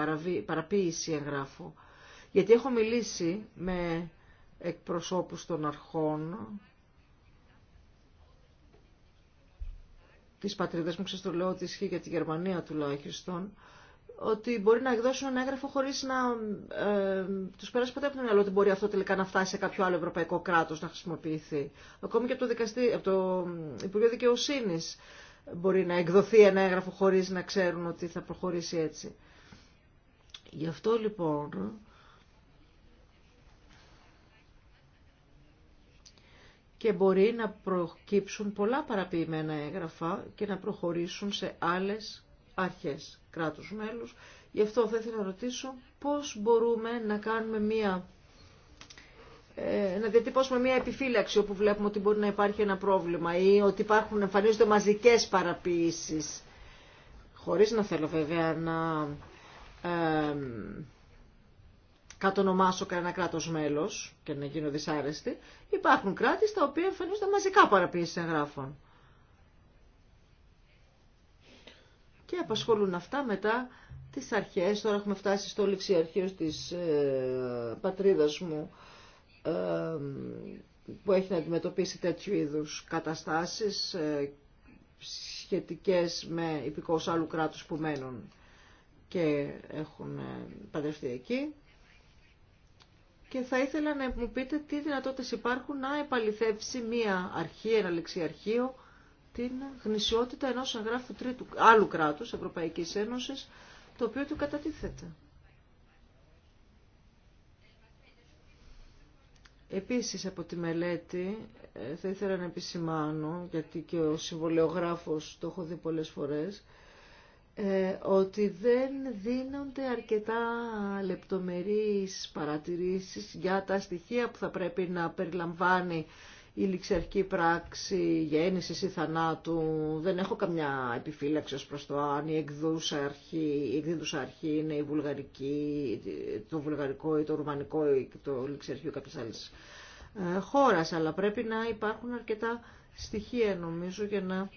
παραποίηση εγγράφου, γιατί έχω μιλήσει με εκπροσώπους των αρχών της πατρίδας μου, ξέρω το λέω ότι ισχύει για τη Γερμανία τουλάχιστον, ότι μπορεί να εκδώσουν ένα έγγραφο χωρίς να ε, του περάσει ποτέ από το μυαλό ότι μπορεί αυτό τελικά να φτάσει σε κάποιο άλλο ευρωπαϊκό κράτος να χρησιμοποιηθεί. Ακόμη και από το, δικαστή, από το Υπουργείο Δικαιοσύνη μπορεί να εκδοθεί ένα έγγραφο χωρίς να ξέρουν ότι θα προχωρήσει έτσι. Γι' αυτό λοιπόν και μπορεί να προκύψουν πολλά παραποιημένα έγγραφα και να προχωρήσουν σε άλλες αρχές κράτους μέλους. Γι' αυτό θα ήθελα να ρωτήσω πώς μπορούμε να κάνουμε μία ε, να διατυπώσουμε μια επιφύλαξη όπου βλέπουμε ότι μπορεί να υπάρχει ένα πρόβλημα ή ότι υπάρχουν, εμφανίζονται μαζικές παραποίησεις χωρίς να θέλω βέβαια να ε, κατονομάσω κανένα κράτος μέλος και να γίνω δυσάρεστη, υπάρχουν κράτη στα οποία εμφανίζονται μαζικά παραποίηση εγγράφων. Και απασχολούν αυτά μετά τις αρχές, τώρα έχουμε φτάσει στο ληξιαρχείο της ε, πατρίδας μου, ε, που έχει να αντιμετωπίσει τέτοιου είδους καταστάσεις ε, σχετικές με υπηκόους άλλου κράτους που μένουν και έχουν ε, παντρευτεί εκεί και θα ήθελα να μου πείτε τι δυνατότητες υπάρχουν να επαληθεύσει μία αρχή, ένα λεξιαρχείο, την γνησιότητα ενός εγγράφου τρίτου, άλλου κράτους, Ευρωπαϊκής Ένωσης, το οποίο του κατατίθεται. Επίσης από τη μελέτη ε, θα ήθελα να επισημάνω, γιατί και ο συμβολεογράφος το έχω δει πολλές φορές, ε, ότι δεν δίνονται αρκετά λεπτομερείς παρατηρήσεις για τα στοιχεία που θα πρέπει να περιλαμβάνει η ληξιαρχική πράξη γέννηση ή θανάτου. Δεν έχω καμιά επιφύλαξη ως προς το αν η εκδούσα αρχή, αρχή είναι η βουλγαρική, το βουλγαρικό ή το ρουμανικό ή το ληξιαρχείο κάποιες άλλες ε, χώρας, αλλά πρέπει να υπάρχουν αρκετά στοιχεία νομίζω για να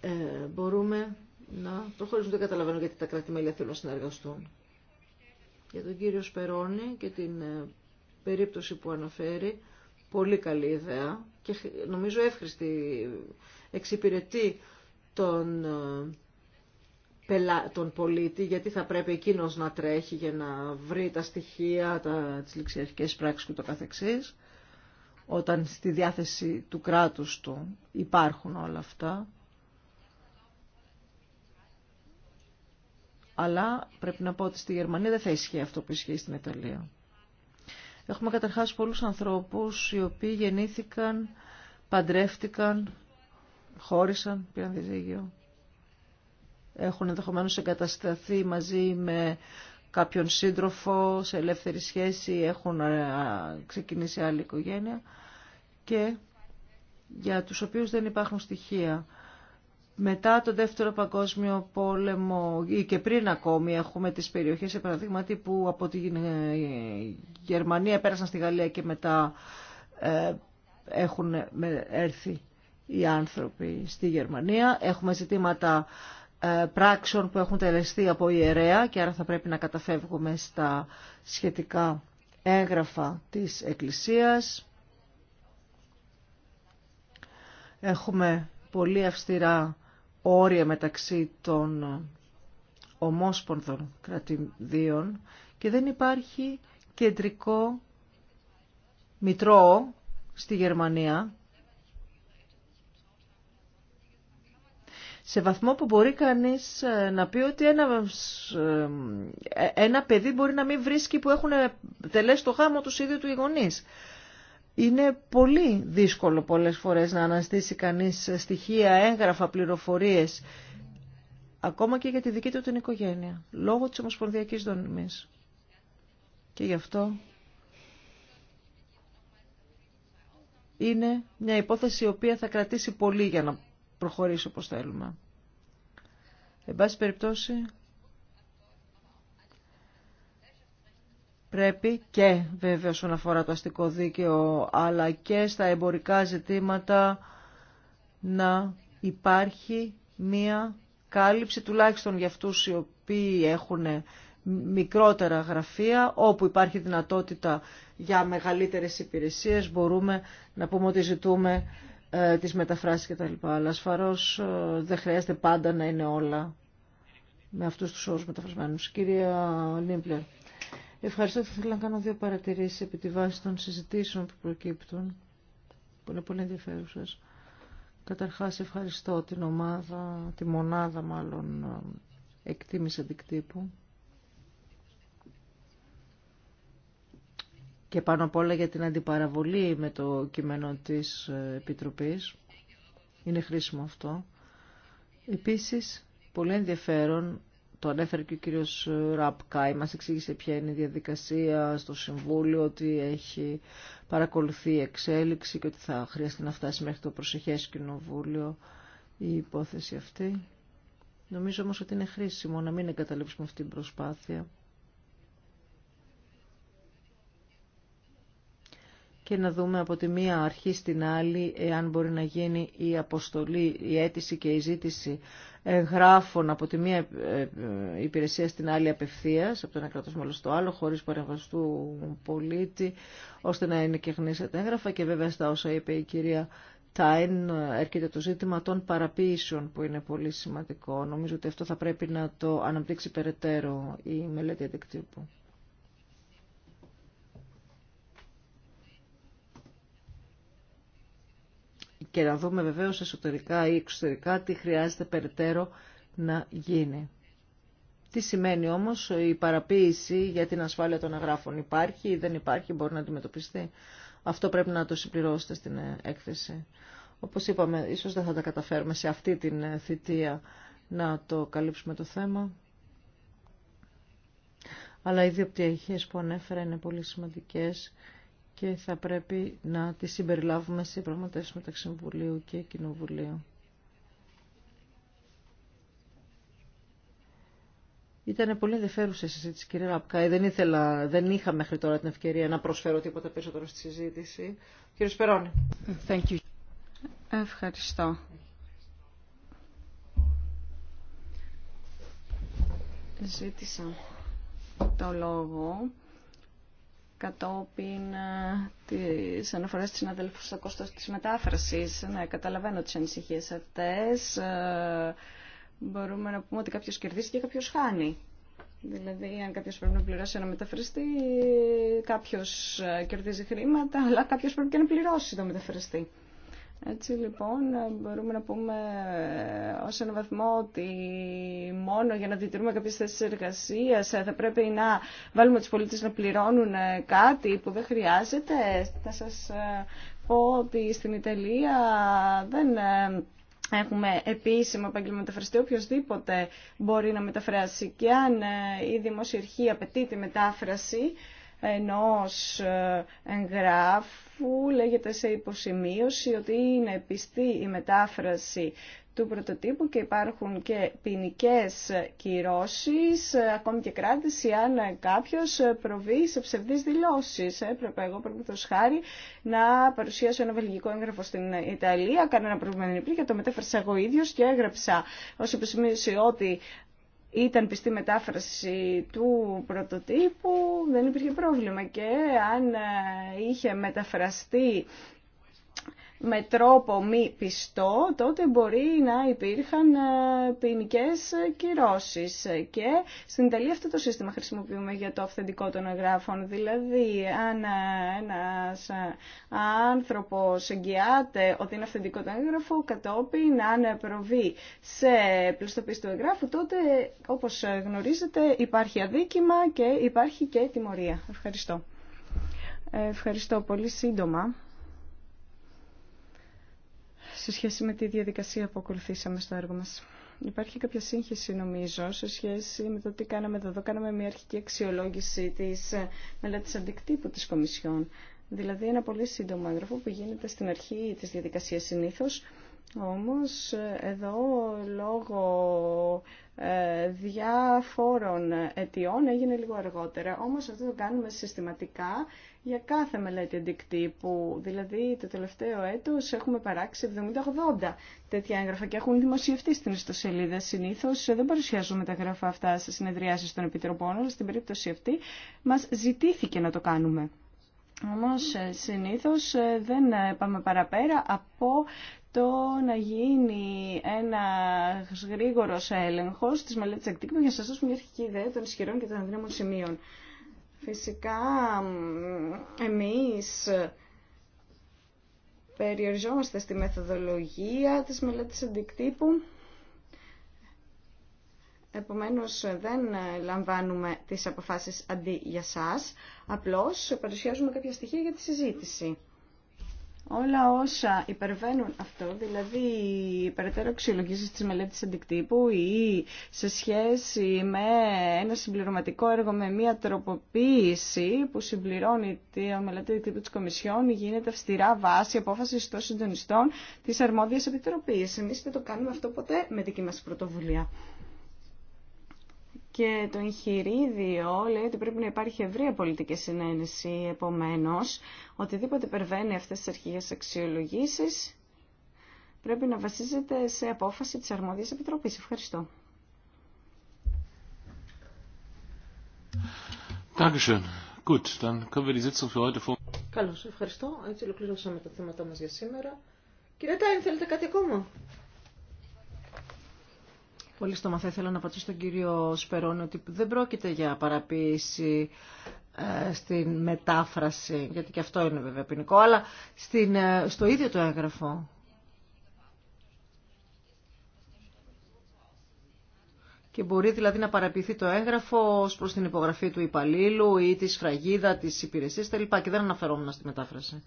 ε, μπορούμε να προχωρήσουν. Δεν καταλαβαίνω γιατί τα κρατη θέλουν να συνεργαστούν. Για τον κύριο Σπερώνη και την ε, περίπτωση που αναφέρει, πολύ καλή ιδέα και νομίζω εύχριστη εξυπηρετεί τον, ε, τον πολίτη γιατί θα πρέπει εκείνος να τρέχει για να βρει τα στοιχεία, τα, τις ληξιαρχικές πράξεις και το καθεξής όταν στη διάθεση του κράτους του υπάρχουν όλα αυτά. αλλά πρέπει να πω ότι στη Γερμανία δεν θα ισχύει αυτό που ισχύει στην Ιταλία. Έχουμε καταρχάς πολλούς ανθρώπους οι οποίοι γεννήθηκαν, παντρεύτηκαν, χώρισαν, πήραν διζύγιο. Έχουν ενδεχομένω εγκατασταθεί μαζί με κάποιον σύντροφο σε ελεύθερη σχέση, έχουν ε, ξεκινήσει άλλη οικογένεια και για τους οποίους δεν υπάρχουν στοιχεία μετά το Δεύτερο Παγκόσμιο Πόλεμο ή και πριν ακόμη έχουμε τις περιοχές σε που από τη ε, Γερμανία πέρασαν στη Γαλλία και μετά ε, έχουν έρθει οι άνθρωποι στη Γερμανία. Έχουμε ζητήματα ε, πράξεων που έχουν τελεστεί από ιερέα και άρα θα πρέπει να καταφεύγουμε στα σχετικά έγγραφα της Εκκλησίας. Έχουμε πολύ αυστηρά όρια μεταξύ των ομόσπονδων κρατηδίων και δεν υπάρχει κεντρικό μητρό στη Γερμανία σε βαθμό που μπορεί κανείς ε, να πει ότι ένα, ε, ε, ένα παιδί μπορεί να μην βρίσκει που έχουν τελέσει το γάμο τους ίδιου του οι είναι πολύ δύσκολο πολλές φορές να αναστήσει κανείς στοιχεία, έγγραφα, πληροφορίες, ακόμα και για τη δική του την οικογένεια, λόγω της ομοσπονδιακής δονημής. Και γι' αυτό είναι μια υπόθεση η οποία θα κρατήσει πολύ για να προχωρήσει όπως θέλουμε. Εν πάση περιπτώσει, πρέπει και βέβαια όσον αφορά το αστικό δίκαιο αλλά και στα εμπορικά ζητήματα να υπάρχει μία κάλυψη τουλάχιστον για αυτούς οι οποίοι έχουν μικρότερα γραφεία όπου υπάρχει δυνατότητα για μεγαλύτερες υπηρεσίες μπορούμε να πούμε ότι ζητούμε ε, τις μεταφράσεις κτλ. Αλλά ασφαρώς ε, δεν χρειάζεται πάντα να είναι όλα με αυτούς τους όρους μεταφρασμένους. Κυρία Λίμπλερ. Ευχαριστώ. Θα ήθελα να κάνω δύο παρατηρήσεις επί τη βάση των συζητήσεων που προκύπτουν, που είναι πολύ ενδιαφέρουσες. Καταρχάς ευχαριστώ την ομάδα, τη μονάδα μάλλον εκτίμηση αντικτύπου. Και πάνω απ' όλα για την αντιπαραβολή με το κείμενο της Επιτροπής. Είναι χρήσιμο αυτό. Επίσης, πολύ ενδιαφέρον το ανέφερε και ο κύριος Ραπκάη, μας εξήγησε ποια είναι η διαδικασία στο Συμβούλιο, ότι έχει παρακολουθεί η εξέλιξη και ότι θα χρειαστεί να φτάσει μέχρι το προσεχές Κοινοβούλιο η υπόθεση αυτή. Νομίζω όμως ότι είναι χρήσιμο να μην εγκαταλείψουμε αυτή την προσπάθεια. και να δούμε από τη μία αρχή στην άλλη εάν μπορεί να γίνει η αποστολή, η αίτηση και η ζήτηση εγγράφων από τη μία ε, ε, υπηρεσία στην άλλη απευθείας, από το ένα κράτος μόλις στο άλλο, χωρίς παρεμβαστού πολίτη, ώστε να είναι και γνήσια τα έγγραφα και βέβαια στα όσα είπε η κυρία Τάιν έρχεται το ζήτημα των παραποίησεων που είναι πολύ σημαντικό. Νομίζω ότι αυτό θα πρέπει να το αναπτύξει περαιτέρω η μελέτη αντικτύπου. και να δούμε βεβαίως εσωτερικά ή εξωτερικά τι χρειάζεται περαιτέρω να γίνει. Τι σημαίνει όμως η παραποίηση για την ασφάλεια των αγράφων. Υπάρχει ή δεν υπάρχει, μπορεί να αντιμετωπιστεί. Αυτό πρέπει να το συμπληρώσετε στην ε, έκθεση. Όπως είπαμε, ίσως δεν θα τα καταφέρουμε σε αυτή την ε, θητεία να το καλύψουμε το θέμα. Αλλά οι δύο που ανέφερα είναι πολύ σημαντικές και θα πρέπει να τη συμπεριλάβουμε σε πραγματεύσεις μεταξύ Βουλίου και Κοινοβουλίου. Ήταν πολύ ενδιαφέρουσα η συζήτηση, κύριε Ραπκάη. Ε, δεν, ήθελα, δεν είχα μέχρι τώρα την ευκαιρία να προσφέρω τίποτα περισσότερο στη συζήτηση. Κύριε Σπερώνη. Ευχαριστώ. Ζήτησα το λόγο κατόπιν ε, της αναφοράς της συναδέλφου στο κόστος της μετάφρασης. να καταλαβαίνω τις ανησυχίες αυτές. Ε, μπορούμε να πούμε ότι κάποιος κερδίσει και κάποιος χάνει. Δηλαδή, αν κάποιος πρέπει να πληρώσει ένα μεταφραστή, κάποιος ε, κερδίζει χρήματα, αλλά κάποιος πρέπει και να πληρώσει το μεταφραστή. Έτσι λοιπόν μπορούμε να πούμε ε, ως έναν βαθμό ότι μόνο για να διατηρούμε κάποιες θέσεις εργασίας ε, θα πρέπει να βάλουμε τους πολίτες να πληρώνουν ε, κάτι που δεν χρειάζεται. Θα σας πω ότι στην Ιταλία δεν Έχουμε επίσημο επάγγελμα μεταφραστή, οποιοδήποτε μπορεί να μεταφράσει και αν η δημοσιορχή απαιτεί τη μετάφραση ενός εγγράφου, αφού λέγεται σε υποσημείωση ότι είναι πιστή η μετάφραση του πρωτοτύπου και υπάρχουν και ποινικέ κυρώσεις, ακόμη και κράτηση αν κάποιος προβεί σε ψευδείς δηλώσεις. Έπρεπε εγώ πρέπει χάρη να παρουσιάσω ένα βελγικό έγγραφο στην Ιταλία, ένα πρόβλημα δεν υπήρχε, το μετέφρασα εγώ ίδιος και έγραψα ως υποσημείωση ότι ήταν πιστή μετάφραση του πρωτοτύπου, δεν υπήρχε πρόβλημα. Και αν ε, είχε μεταφραστεί με τρόπο μη πιστό, τότε μπορεί να υπήρχαν ε, ποινικέ κυρώσει. Και στην Ιταλία αυτό το σύστημα χρησιμοποιούμε για το αυθεντικό των εγγράφων. Δηλαδή, αν ε, ένα ε, άνθρωπο εγγυάται ότι είναι αυθεντικό το έγγραφο, κατόπιν αν προβεί σε πλουστοποίηση του εγγράφου, τότε όπω γνωρίζετε υπάρχει αδίκημα και υπάρχει και τιμωρία. Ευχαριστώ. Ευχαριστώ πολύ σύντομα σε σχέση με τη διαδικασία που ακολουθήσαμε στο έργο μας. Υπάρχει κάποια σύγχυση νομίζω σε σχέση με το τι κάναμε εδώ. Κάναμε μια αρχική αξιολόγηση της ε, μελέτης αντικτύπου της Κομισιόν. Δηλαδή ένα πολύ σύντομο έγγραφο που γίνεται στην αρχή της διαδικασίας συνήθως. Όμως ε, εδώ λόγω ε, διάφορων αιτιών έγινε λίγο αργότερα. Όμως αυτό το κάνουμε συστηματικά για κάθε μελέτη αντικτύπου. Δηλαδή το τελευταίο έτος έχουμε παράξει 70-80 τέτοια έγγραφα και έχουν δημοσιευτεί στην ιστοσελίδα. Συνήθως δεν παρουσιάζουμε τα έγγραφα αυτά σε συνεδριάσεις των Επιτροπών, αλλά στην περίπτωση αυτή μας ζητήθηκε να το κάνουμε. Όμως ε, συνήθως ε, δεν πάμε παραπέρα από το να γίνει ένα γρήγορο έλεγχο τη μελέτη αντικτύπου για να σα δώσουμε μια αρχική ιδέα των ισχυρών και των αδύναμων σημείων. Φυσικά, εμείς περιοριζόμαστε στη μεθοδολογία της μελέτης αντικτύπου. Επομένως, δεν λαμβάνουμε τις αποφάσεις αντί για σας. Απλώς παρουσιάζουμε κάποια στοιχεία για τη συζήτηση όλα όσα υπερβαίνουν αυτό, δηλαδή περαιτέρω αξιολογήση τη μελέτη αντικτύπου ή σε σχέση με ένα συμπληρωματικό έργο με μία τροποποίηση που συμπληρώνει τη μελέτη αντικτύπου τη Κομισιόν γίνεται αυστηρά βάση απόφαση των συντονιστών τη αρμόδιας επιτροπή. Εμεί δεν το κάνουμε αυτό ποτέ με δική μα πρωτοβουλία. Και το εγχειρίδιο λέει ότι πρέπει να υπάρχει ευρεία πολιτική συνένεση. Επομένως, οτιδήποτε υπερβαίνει αυτές τις αρχικέ αξιολογήσει πρέπει να βασίζεται σε απόφαση της αρμόδιας επιτροπής. Ευχαριστώ. Καλώς, ευχαριστώ. Έτσι ολοκληρώσαμε τα θέματα μας για σήμερα. Κύριε Τάιν, θέλετε κάτι ακόμα. Πολύ στόμα θα ήθελα να απαντήσω στον κύριο Σπερώνη ότι δεν πρόκειται για παραποίηση ε, στην μετάφραση, γιατί και αυτό είναι βέβαια ποινικό, αλλά στην, ε, στο ίδιο το έγγραφο. Και μπορεί δηλαδή να παραποιηθεί το έγγραφο ως προς την υπογραφή του υπαλλήλου ή τη σφραγίδα, της Υπηρεσία κτλ. Και δεν αναφερόμουν στη μετάφραση.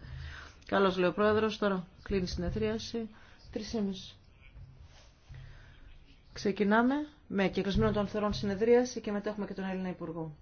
Καλώς λέει ο Πρόεδρος, τώρα κλείνει η συνεδρίαση. Τρεις Ξεκινάμε με κεκλεισμένο των θερών συνεδρίαση και μετά έχουμε και τον Έλληνα Υπουργό.